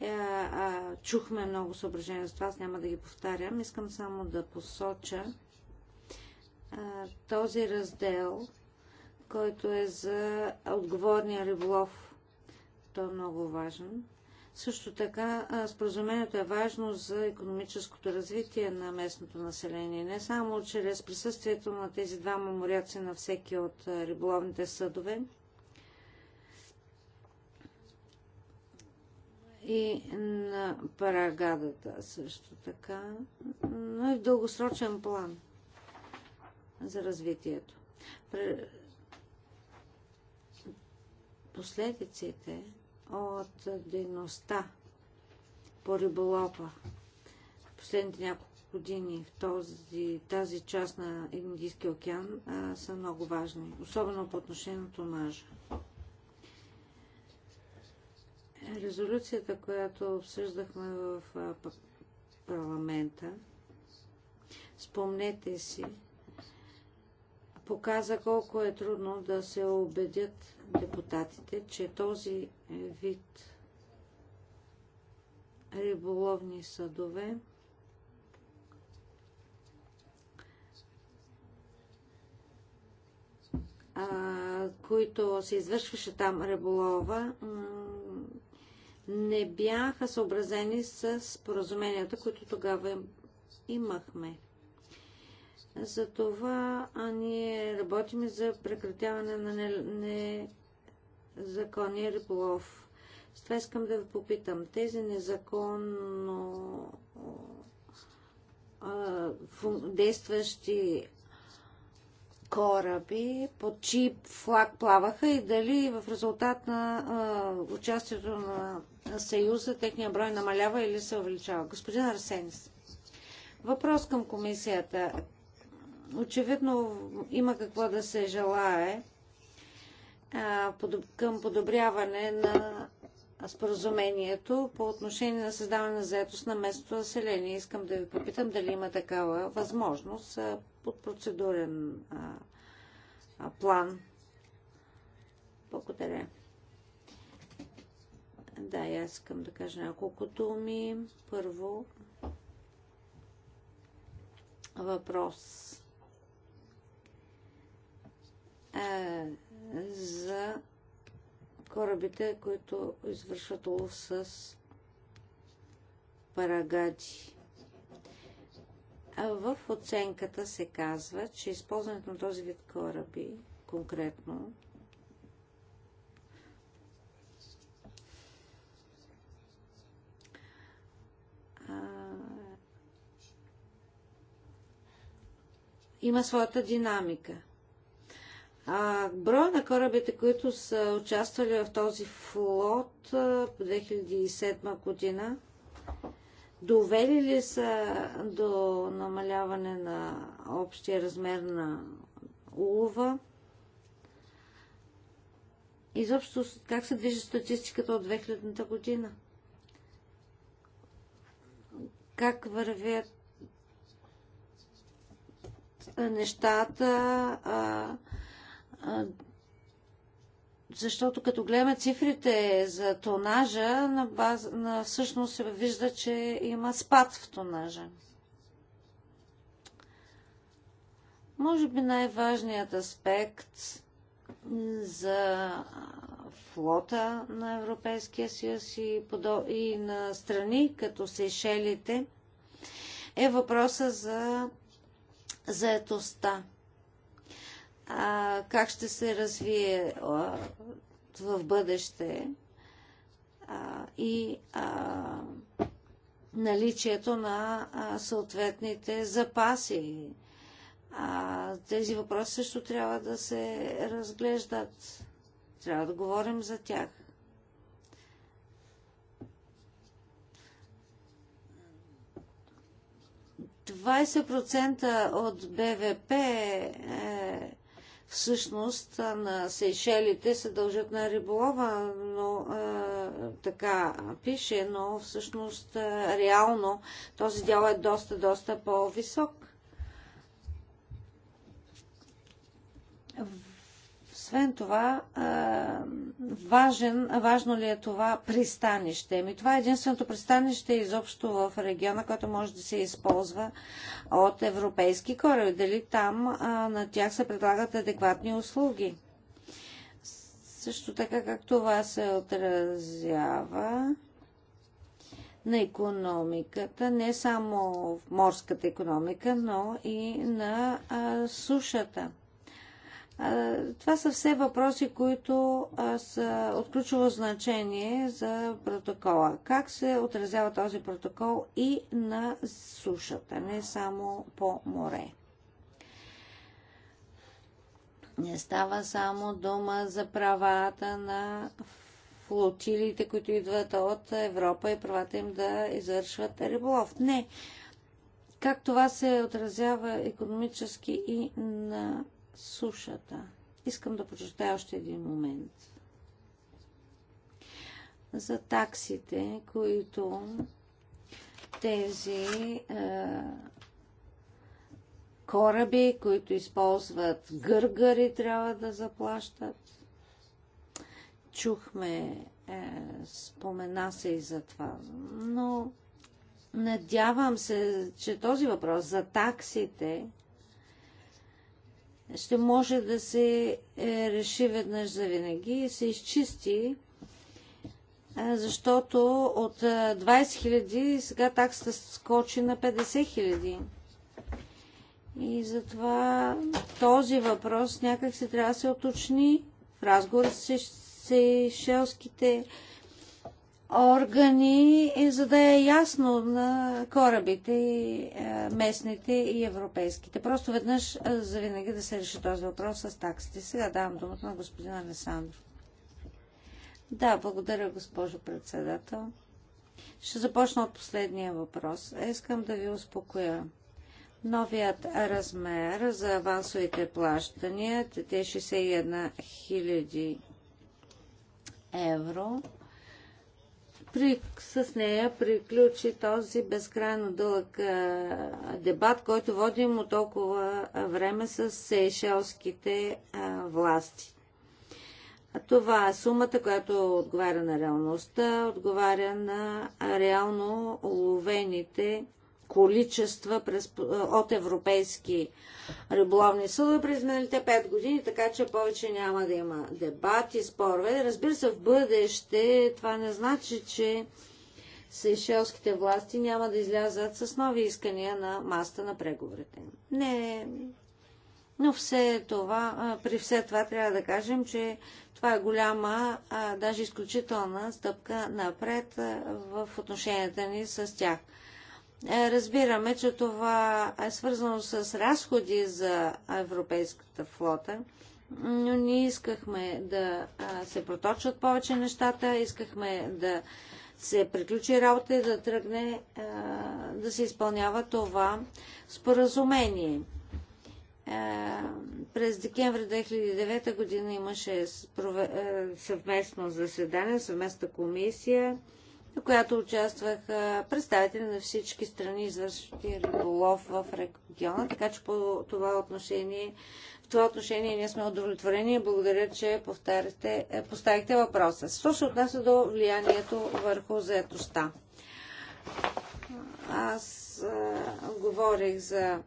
А, е, а, чухме много съображения за това, аз няма да ги повтарям. Искам само да посоча, този раздел, който е за отговорния риболов. То е много важен. Също така, споразумението е важно за економическото развитие на местното население. Не само чрез присъствието на тези двама моряци на всеки от риболовните съдове. И на парагадата също така, но и в дългосрочен план за развитието. Последиците от дейността по риболова последните няколко години в този, тази част на Индийския океан а, са много важни, особено по отношение на тонажа. Резолюцията, която обсъждахме в парламента, спомнете си, показа колко е трудно да се убедят депутатите, че този вид риболовни съдове а, които се извършваше там риболова, не бяха съобразени с поразуменията, които тогава имахме това а ние работим за прекратяване на незаконния риболов. С това искам да ви попитам. Тези незаконно а, действащи кораби, под чий флаг плаваха и дали в резултат на а, участието на Съюза техния брой намалява или се увеличава. Господин Арсенис, въпрос към комисията очевидно има какво да се желае към подобряване на споразумението по отношение на създаване на заетост на местното население. Искам да ви попитам дали има такава възможност под процедурен план. Благодаря. Да, аз искам да кажа няколко думи. Първо, въпрос е, за корабите, които извършват лов с парагади. В оценката се казва, че използването на този вид кораби, конкретно, има своята динамика – а, броя на корабите, които са участвали в този флот по 2007 година, довели ли са до намаляване на общия размер на улова? Изобщо как се движи статистиката от 2000-та година? Как вървят нещата? А, защото като гледаме цифрите за тонажа, на база, на всъщност се вижда, че има спад в тонажа. Може би най-важният аспект за флота на Европейския съюз и, подо... и на страни, като Сейшелите, е въпроса за заетостта а, как ще се развие а, в бъдеще а, и а, наличието на а, съответните запаси. А, тези въпроси също трябва да се разглеждат. Трябва да говорим за тях. Двадесет процента от БВП е, всъщност на Сейшелите се дължат на риболова, но а, така пише, но всъщност а, реално този дял е доста, доста по-висок. Освен това, важен, важно ли е това пристанище? Ми това е единственото пристанище изобщо в региона, което може да се използва от европейски кораби. Дали там на тях се предлагат адекватни услуги? Също така, как това се отразява на економиката, не само в морската економика, но и на а, сушата. Това са все въпроси, които са от ключово значение за протокола. Как се отразява този протокол и на сушата, не само по море? Не става само дума за правата на флотилите, които идват от Европа и правата им да извършват риболов. Не. Как това се отразява економически и на сушата. Искам да прочетая още един момент. За таксите, които тези е, кораби, които използват гъргари, трябва да заплащат. Чухме, е, спомена се и за това. Но надявам се, че този въпрос за таксите ще може да се е, реши веднъж за винаги и се изчисти, защото от 20 000 сега таксата скочи на 50 000. И затова този въпрос някак се трябва да се оточни в разговор с сейшелските органи, за да е ясно на корабите, и е, местните и европейските. Просто веднъж е, за винаги да се реши този въпрос с таксите. Сега давам думата на господин Александров. Да, благодаря, госпожо председател. Ще започна от последния въпрос. Искам да ви успокоя. Новият размер за авансовите плащания, те 61 000 евро, при, с нея приключи този безкрайно дълъг а, дебат, който водим от толкова време с сейшелските а, власти. А това е сумата, която отговаря на реалността, отговаря на реално уловените а, количества през, от европейски риболовни съдове през миналите 5 години, така че повече няма да има дебати, спорове. Разбира се, в бъдеще това не значи, че сейшелските власти няма да излязат с нови искания на маста на преговорите. Не, но все това, при все това трябва да кажем, че това е голяма, а, даже изключителна стъпка напред в отношенията ни с тях. Е, разбираме, че това е свързано с разходи за европейската флота, но ние искахме да се проточат повече нещата, искахме да се приключи работа и да тръгне да се изпълнява това споразумение. Е, през декември 2009 година имаше е, съвместно заседание, съвместна комисия на която участваха представители на всички страни, извършващи риболов в региона, така че по това отношение, в това отношение ние сме удовлетворени и благодаря, че е, поставихте въпроса. Що се отнася до влиянието върху заетостта? Аз а, говорих за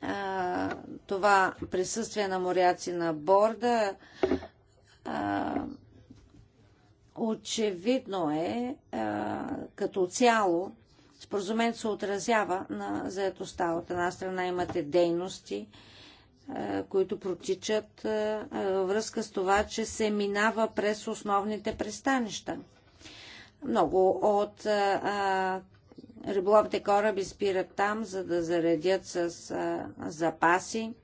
а, това присъствие на моряци на борда. А, Очевидно е, като цяло, споразумението се отразява на заедостта. От една страна имате дейности, които протичат във връзка с това, че се минава през основните пристанища. Много от риболовните кораби спират там, за да заредят с запаси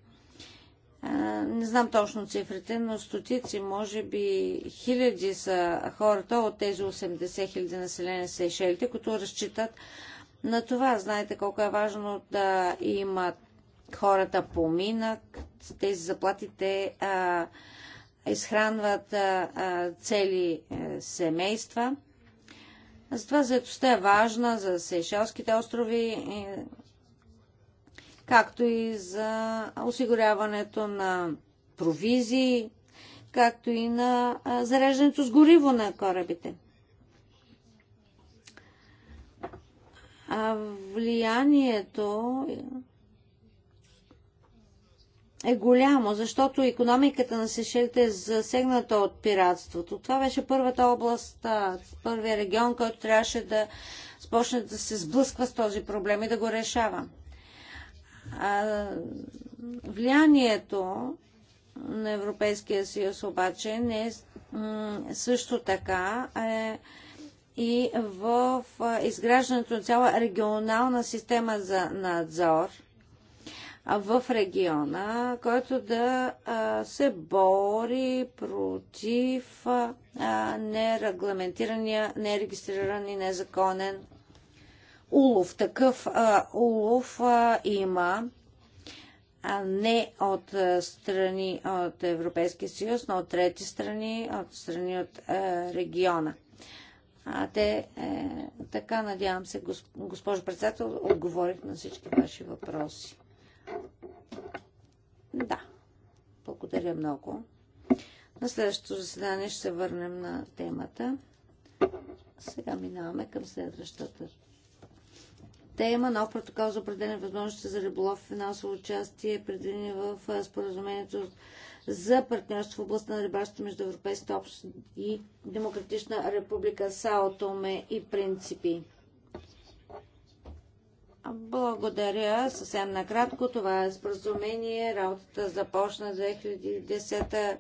не знам точно цифрите, но стотици, може би хиляди са хората от тези 80 хиляди населени на Сейшелите, които разчитат на това. Знаете колко е важно да имат хората поминък, тези заплатите а, изхранват а, цели а, е, семейства. Затова заедостта е важна за Сейшелските острови. И, както и за осигуряването на провизии, както и на зареждането с гориво на корабите. А влиянието е голямо, защото економиката на Сешелите е засегната от пиратството. Това беше първата област, първия регион, който трябваше да започне да се сблъсква с този проблем и да го решава влиянието на Европейския съюз обаче не е също така е и в изграждането на цяла регионална система за надзор в региона, който да се бори против нерегламентирания, нерегистриран и незаконен улов. Такъв а, улов а, има а не от страни от Европейския съюз, но от трети страни, от страни от региона. А те, е, така надявам се, госпожо председател, отговорих на всички ваши въпроси. Да, благодаря много. На следващото заседание ще се върнем на темата. Сега минаваме към следващата те има нов протокол за определен възможности за риболов и финансово участие предвидени в споразумението за партньорство в областта на рибарството между Европейската общност и Демократична република Сао Томе и Принципи. Благодаря. Съвсем накратко това е споразумение. Работата започна 2010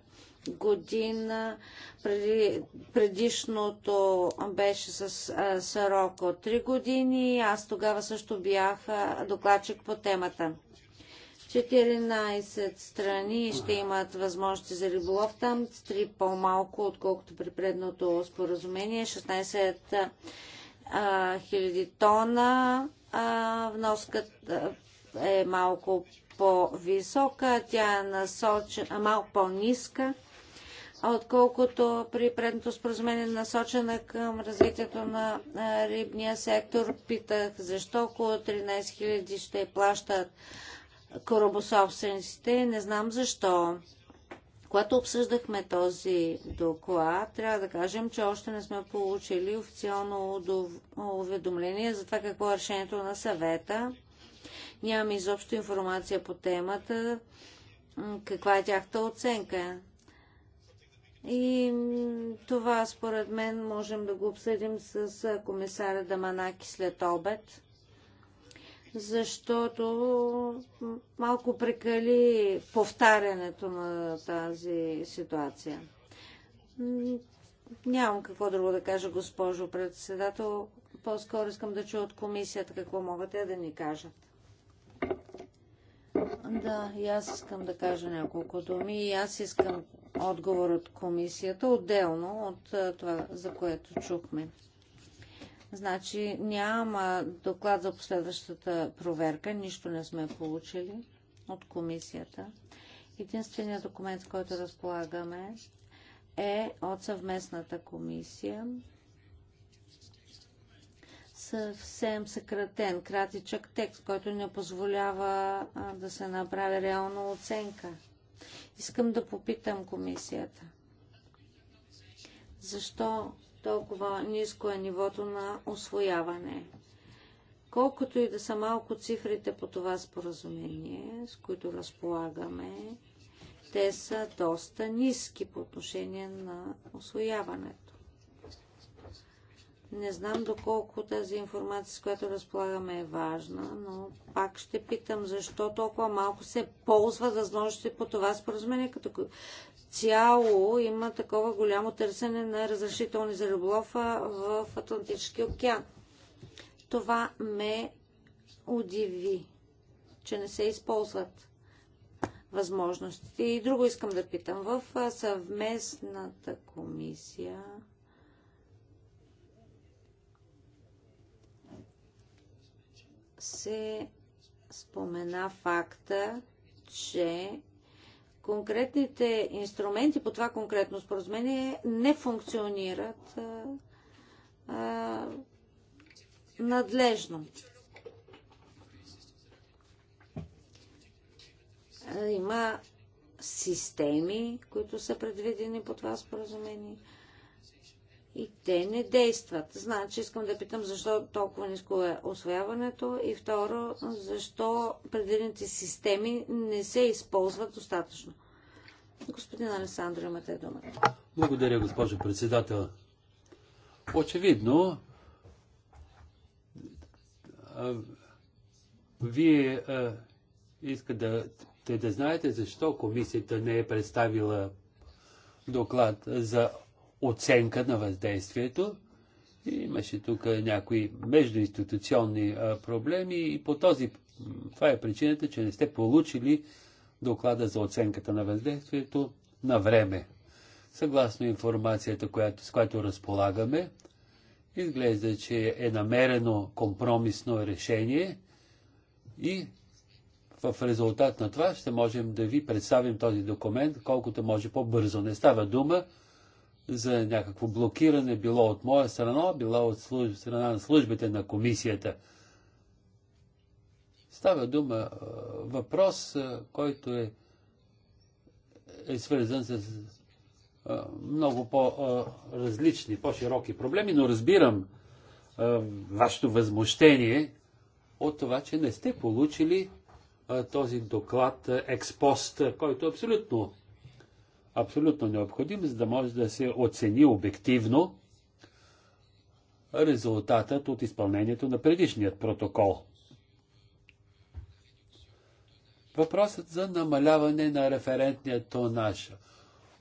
година. Преди, предишното беше с а, срок от 3 години. Аз тогава също бях а, докладчик по темата. 14 страни ще имат възможности за риболов там, 3 по-малко, отколкото при предното споразумение. 16 а, хиляди тона а, вноската е малко по-висока, тя е насочена, малко по-ниска отколкото при предното споразумение насочена към развитието на рибния сектор. Питах защо около 13 000 ще плащат корабособствениците. Не знам защо. Когато обсъждахме този доклад, трябва да кажем, че още не сме получили официално уведомление за това какво е решението на съвета. Нямаме изобщо информация по темата, каква е тяхта оценка. И това според мен можем да го обсъдим с комисаря Даманаки след обед, защото малко прекали повтарянето на тази ситуация. Нямам какво друго да кажа, госпожо председател. По-скоро искам да чуя от комисията какво могат те да ни кажат. Да, и аз искам да кажа няколко думи. И аз искам отговор от комисията, отделно от това, за което чухме. Значи няма доклад за последващата проверка, нищо не сме получили от комисията. Единственият документ, с който разполагаме, е от съвместната комисия. Съвсем съкратен, кратичък текст, който не позволява да се направи реална оценка – Искам да попитам комисията. Защо толкова ниско е нивото на освояване? Колкото и да са малко цифрите по това споразумение, с които разполагаме, те са доста ниски по отношение на освояването. Не знам доколко тази информация, с която разполагаме, е важна, но пак ще питам защо толкова малко се ползва възможности по това споразумение, като цяло има такова голямо търсене на разрешителни за риболов в Атлантическия океан. Това ме удиви, че не се използват възможностите. И друго искам да питам. В съвместната комисия се спомена факта, че конкретните инструменти по това конкретно споразумение не функционират а, а, надлежно. Има системи, които са предвидени по това споразумение и те не действат. Значи искам да питам защо толкова ниско е освояването и второ, защо предвидените системи не се използват достатъчно. Господин Александър, имате думата. Благодаря, госпожо председател. Очевидно, вие искате да, да знаете защо комисията не е представила доклад за оценка на въздействието. И имаше тук някои междуинституционни проблеми и по този, това е причината, че не сте получили доклада за оценката на въздействието на време. Съгласно информацията, която, с която разполагаме, изглежда, че е намерено компромисно решение и в резултат на това ще можем да ви представим този документ колкото може по-бързо. Не става дума за някакво блокиране, било от моя страна, било от страна на службите на комисията. Става дума въпрос, който е, е свързан с много по-различни, по-широки проблеми, но разбирам вашето възмущение от това, че не сте получили този доклад експост, който е абсолютно абсолютно необходим, за да може да се оцени обективно резултатът от изпълнението на предишният протокол. Въпросът за намаляване на референтния тонаж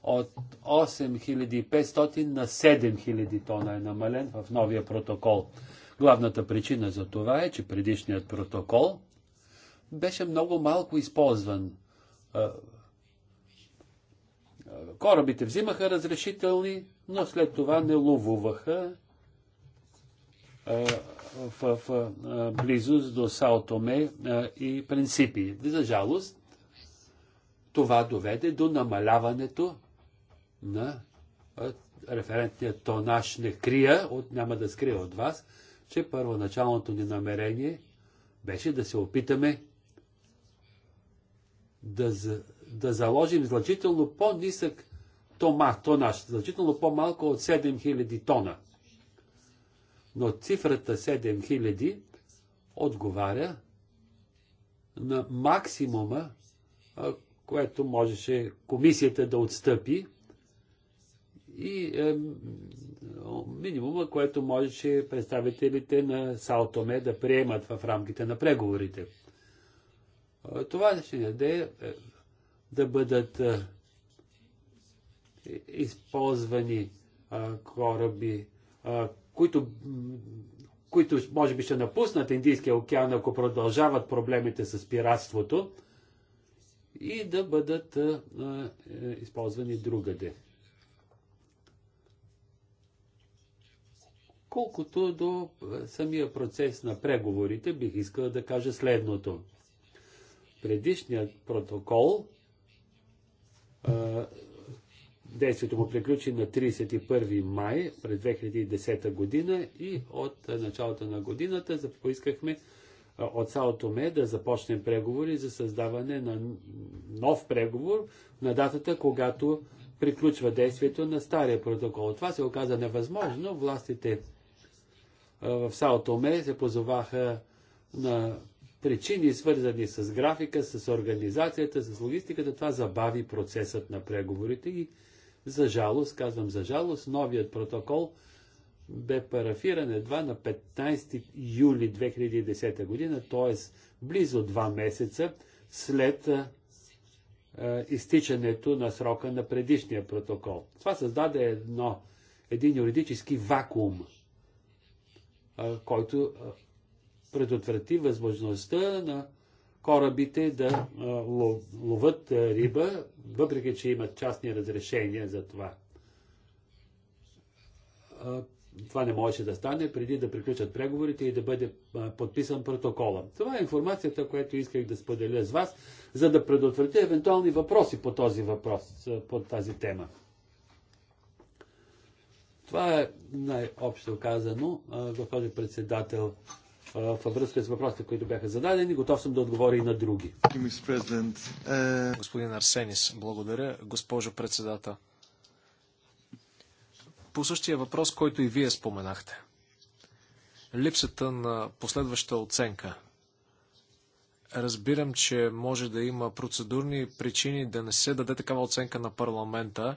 от 8500 на 7000 тона е намален в новия протокол. Главната причина за това е, че предишният протокол беше много малко използван Корабите взимаха разрешителни, но след това не ловуваха в, в близост до Саотоме и Принципи. За жалост, това доведе до намаляването на референтния тонаж. Не крия, от, няма да скрия от вас, че първоначалното ни намерение беше да се опитаме да да заложим значително по-нисък тонаж, значително по-малко от 7000 тона. Но цифрата 7000 отговаря на максимума, което можеше комисията да отстъпи и е, минимума, което можеше представителите на Салтоме да приемат в рамките на преговорите. Това ще даде е, да бъдат използвани кораби, които, които може би ще напуснат Индийския океан, ако продължават проблемите с пиратството и да бъдат а, а, използвани другаде. Колкото до самия процес на преговорите, бих искал да кажа следното. Предишният протокол Действието му приключи на 31 май през 2010 година и от началото на годината поискахме от Саотоме да започнем преговори за създаване на нов преговор на датата, когато приключва действието на стария протокол. Това се оказа невъзможно. Властите в Саотоме се позоваха на причини, свързани с графика, с организацията, с логистиката, това забави процесът на преговорите и за жалост, казвам за жалост, новият протокол бе парафиран едва на 15 юли 2010 година, т.е. близо два месеца след изтичането на срока на предишния протокол. Това създаде едно, един юридически вакуум, който предотврати възможността на корабите да ловат риба, въпреки че имат частни разрешения за това. Това не можеше да стане преди да приключат преговорите и да бъде подписан протокола. Това е информацията, която исках да споделя с вас, за да предотвратя евентуални въпроси по този въпрос, по тази тема. Това е най-общо казано, господин председател във връзка с въпросите, които бяха зададени. Готов съм да отговоря и на други. Господин Арсенис, благодаря. Госпожо председател, по същия въпрос, който и вие споменахте. Липсата на последваща оценка. Разбирам, че може да има процедурни причини да не се даде такава оценка на парламента,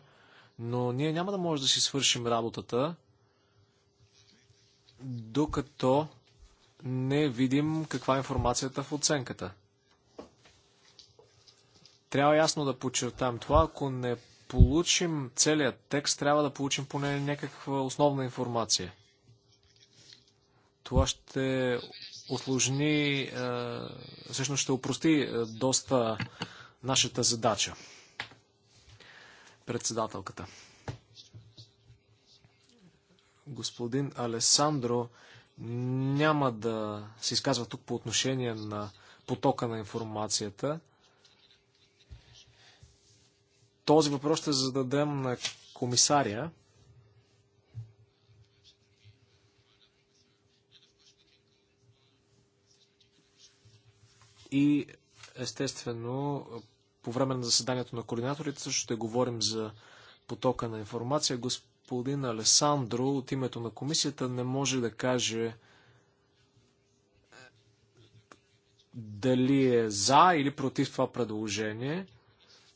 но ние няма да може да си свършим работата, докато не видим каква е информацията в оценката. Трябва ясно да подчертаем това. Ако не получим целият текст, трябва да получим поне някаква основна информация. Това ще осложни, е, всъщност ще упрости е, доста нашата задача. Председателката. Господин Алесандро няма да се изказва тук по отношение на потока на информацията. Този въпрос ще зададем на комисаря. И естествено, по време на заседанието на координаторите също ще говорим за потока на информация. Господин господин Алесандро от името на комисията не може да каже е, дали е за или против това предложение.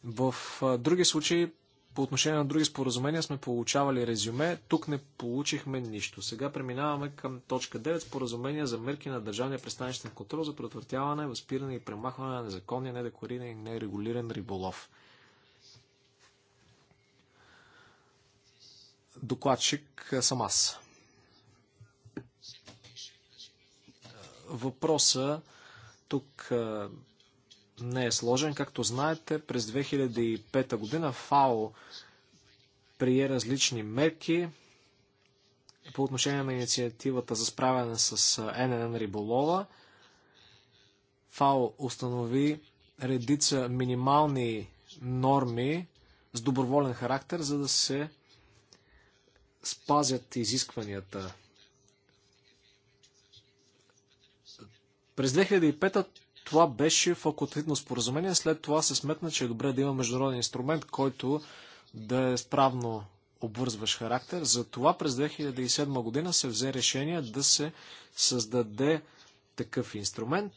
В е, други случаи, по отношение на други споразумения, сме получавали резюме. Тук не получихме нищо. Сега преминаваме към точка 9. Споразумение за мерки на държавния пристанищен контрол за предотвратяване, възпиране и премахване на незаконния, недекориран и нерегулиран риболов. Докладчик е, съм аз. Въпроса тук е, не е сложен. Както знаете, през 2005 година ФАО прие различни мерки по отношение на инициативата за справяне с ННН е, риболова. ФАО установи редица минимални норми с доброволен характер, за да се спазят изискванията. През 2005 това беше факултативно споразумение, след това се сметна, че е добре да има международен инструмент, който да е справно обвързващ характер. Затова през 2007 година се взе решение да се създаде такъв инструмент.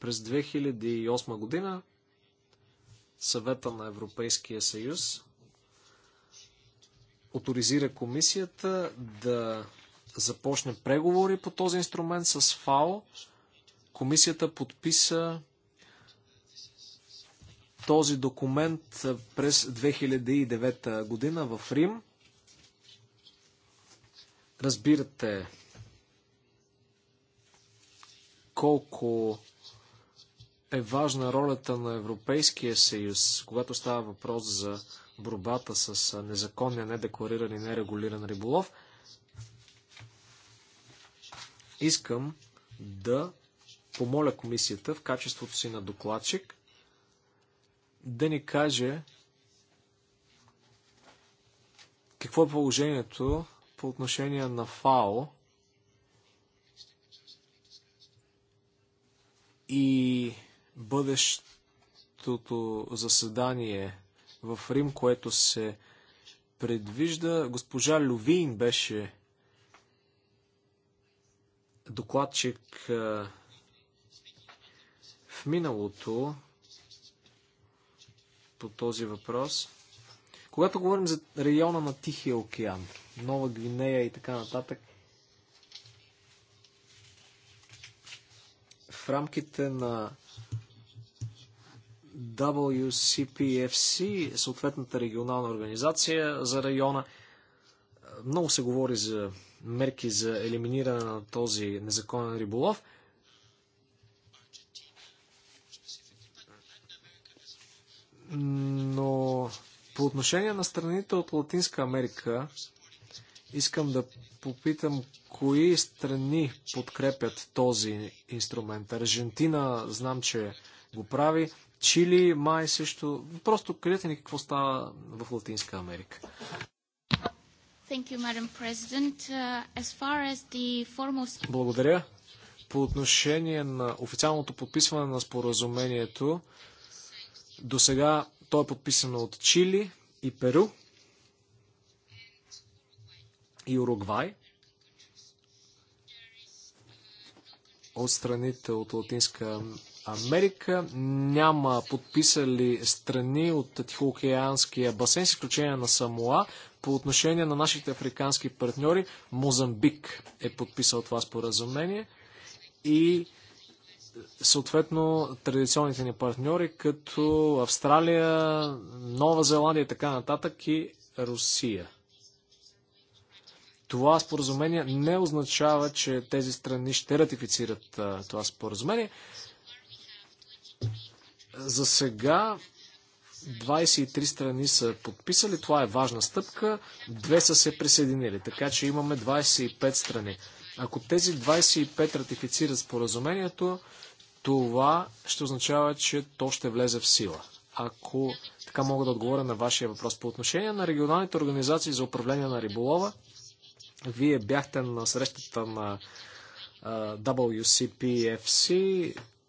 През 2008 година съвета на Европейския съюз авторизира комисията да започне преговори по този инструмент с ФАО. Комисията подписа този документ през 2009 година в Рим. Разбирате колко е важна ролята на Европейския съюз, когато става въпрос за борбата с незаконния, недеклариран и нерегулиран риболов, искам да помоля комисията в качеството си на докладчик да ни каже какво е положението по отношение на ФАО и бъдещото заседание в Рим, което се предвижда. Госпожа Лювин беше докладчик в миналото по този въпрос. Когато говорим за района на Тихия океан, Нова Гвинея и така нататък, в рамките на WCPFC, съответната регионална организация за района. Много се говори за мерки за елиминиране на този незаконен риболов. Но по отношение на страните от Латинска Америка, искам да попитам кои страни подкрепят този инструмент. Аржентина знам, че го прави. Чили, май също. Просто кажете ни какво става в Латинска Америка. Uh, Благодаря. По отношение на официалното подписване на споразумението, до сега то е подписано от Чили и Перу и Уругвай. От страните от Латинска Америка. Няма подписали страни от Тихоокеанския басейн, с изключение на Самоа. По отношение на нашите африкански партньори, Мозамбик е подписал това споразумение и съответно традиционните ни партньори, като Австралия, Нова Зеландия и така нататък и Русия. Това споразумение не означава, че тези страни ще ратифицират а, това споразумение. За сега 23 страни са подписали, това е важна стъпка, две са се присъединили, така че имаме 25 страни. Ако тези 25 ратифицират споразумението, това ще означава, че то ще влезе в сила. Ако така мога да отговоря на вашия въпрос по отношение на регионалните организации за управление на риболова, вие бяхте на срещата на WCPFC,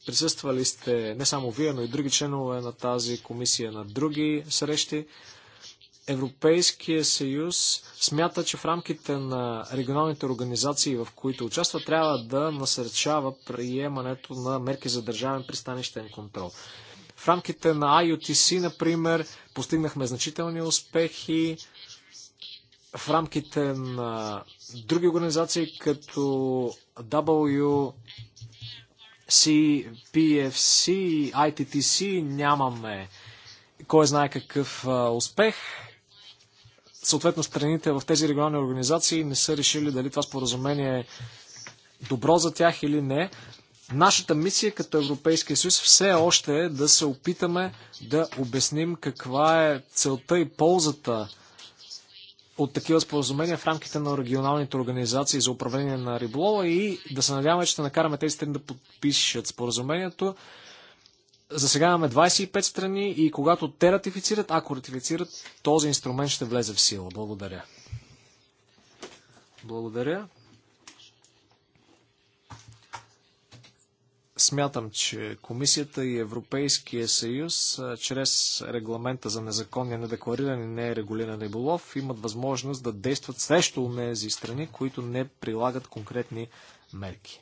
Присъствали сте не само вие, но и други членове на тази комисия на други срещи. Европейския съюз смята, че в рамките на регионалните организации, в които участва, трябва да насърчава приемането на мерки за държавен пристанищен контрол. В рамките на IOTC, например, постигнахме значителни успехи в рамките на други организации, като W CPFC PFC, ITTC нямаме кой знае какъв а, успех. Съответно, страните в тези регионални организации не са решили дали това споразумение е добро за тях или не. Нашата мисия като Европейския съюз все още е да се опитаме да обясним каква е целта и ползата от такива споразумения в рамките на регионалните организации за управление на риболова и да се надяваме, че ще накараме тези страни да подпишат споразумението. За сега имаме 25 страни и когато те ратифицират, ако ратифицират, този инструмент ще влезе в сила. Благодаря. Благодаря. Смятам, че Комисията и Европейския съюз, чрез регламента за незаконния, недеклариран и нерегулиран риболов, имат възможност да действат срещу тези страни, които не прилагат конкретни мерки.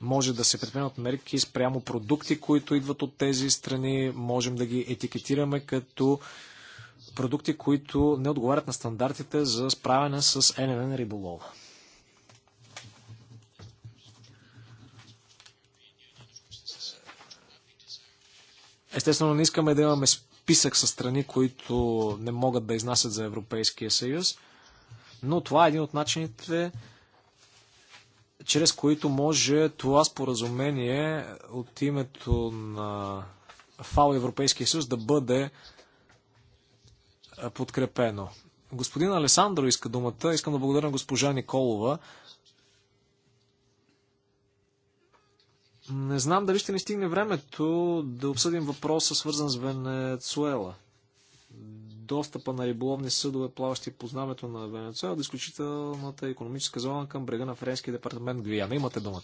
може да се предприемат мерки спрямо продукти, които идват от тези страни. Можем да ги етикетираме като продукти, които не отговарят на стандартите за справяне с ННН риболова. Естествено, не искаме да имаме списък с страни, които не могат да изнасят за Европейския съюз, но това е един от начините, чрез които може това споразумение от името на ФАО Европейския съюз да бъде подкрепено. Господин Алесандро иска думата. Искам да благодаря госпожа Николова Не знам дали ще ни стигне времето да обсъдим въпроса, свързан с Венецуела. Достъпа на риболовни съдове, плаващи по знамето на Венецуела, до изключителната економическа зона към брега на Френския департамент Гвиана. Имате думата.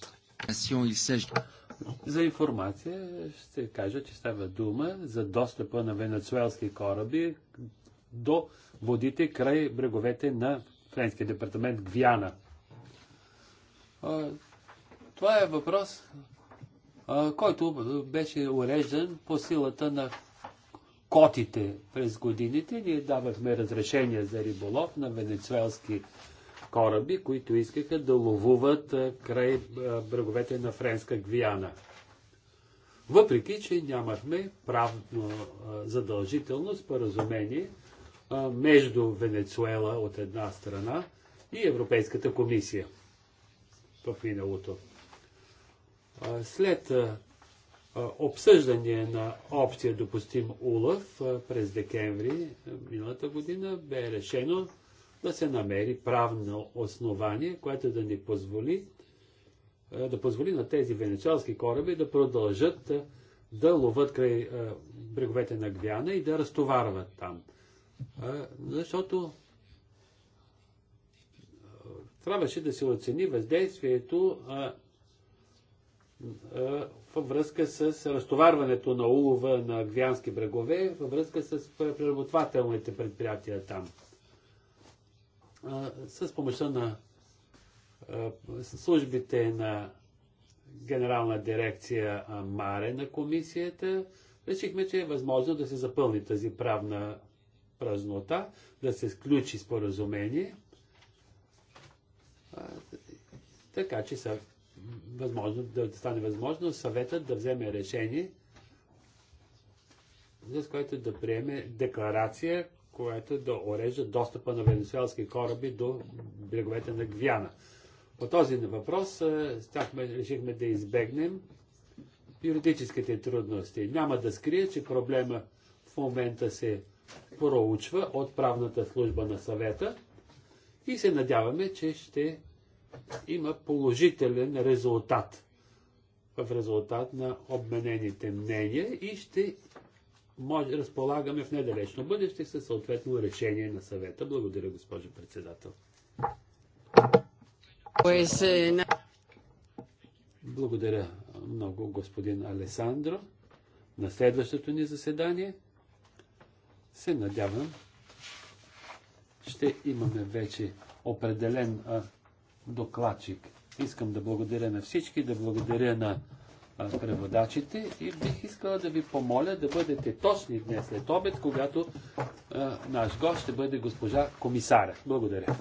За информация ще кажа, че става дума за достъпа на венецуелски кораби до водите край бреговете на Френския департамент Гвиана. Това е въпрос, който беше уреждан по силата на котите през годините. Ние давахме разрешение за риболов на венецуелски кораби, които искаха да ловуват край бреговете на Френска Гвиана. Въпреки, че нямахме правно задължително споразумение между Венецуела от една страна и Европейската комисия в миналото. След обсъждане на общия допустим улов през декември миналата година бе решено да се намери правно основание, което да ни позволи да позволи на тези венецуелски кораби да продължат да ловат край бреговете на Гвяна и да разтоварват там. Защото трябваше да се оцени въздействието във връзка с разтоварването на улова на гвиански брегове, във връзка с преработвателните предприятия там. С помощта на службите на Генерална дирекция Маре на комисията, решихме, че е възможно да се запълни тази правна празнота, да се сключи споразумение, така че възможно, да стане възможно съветът да вземе решение, с което да приеме декларация, която да орежда достъпа на венесуелски кораби до бреговете на Гвиана. По този въпрос стяхме, решихме да избегнем юридическите трудности. Няма да скрия, че проблема в момента се проучва от правната служба на съвета и се надяваме, че ще има положителен резултат в резултат на обменените мнения и ще може, разполагаме в недалечно бъдеще със съответно решение на съвета. Благодаря, госпожо председател. Е, Благодаря много, господин Алесандро. На следващото ни заседание се надявам ще имаме вече определен докладчик. Искам да благодаря на всички, да благодаря на преводачите и бих искала да ви помоля да бъдете точни днес след обед, когато наш гост ще бъде госпожа комисаря. Благодаря.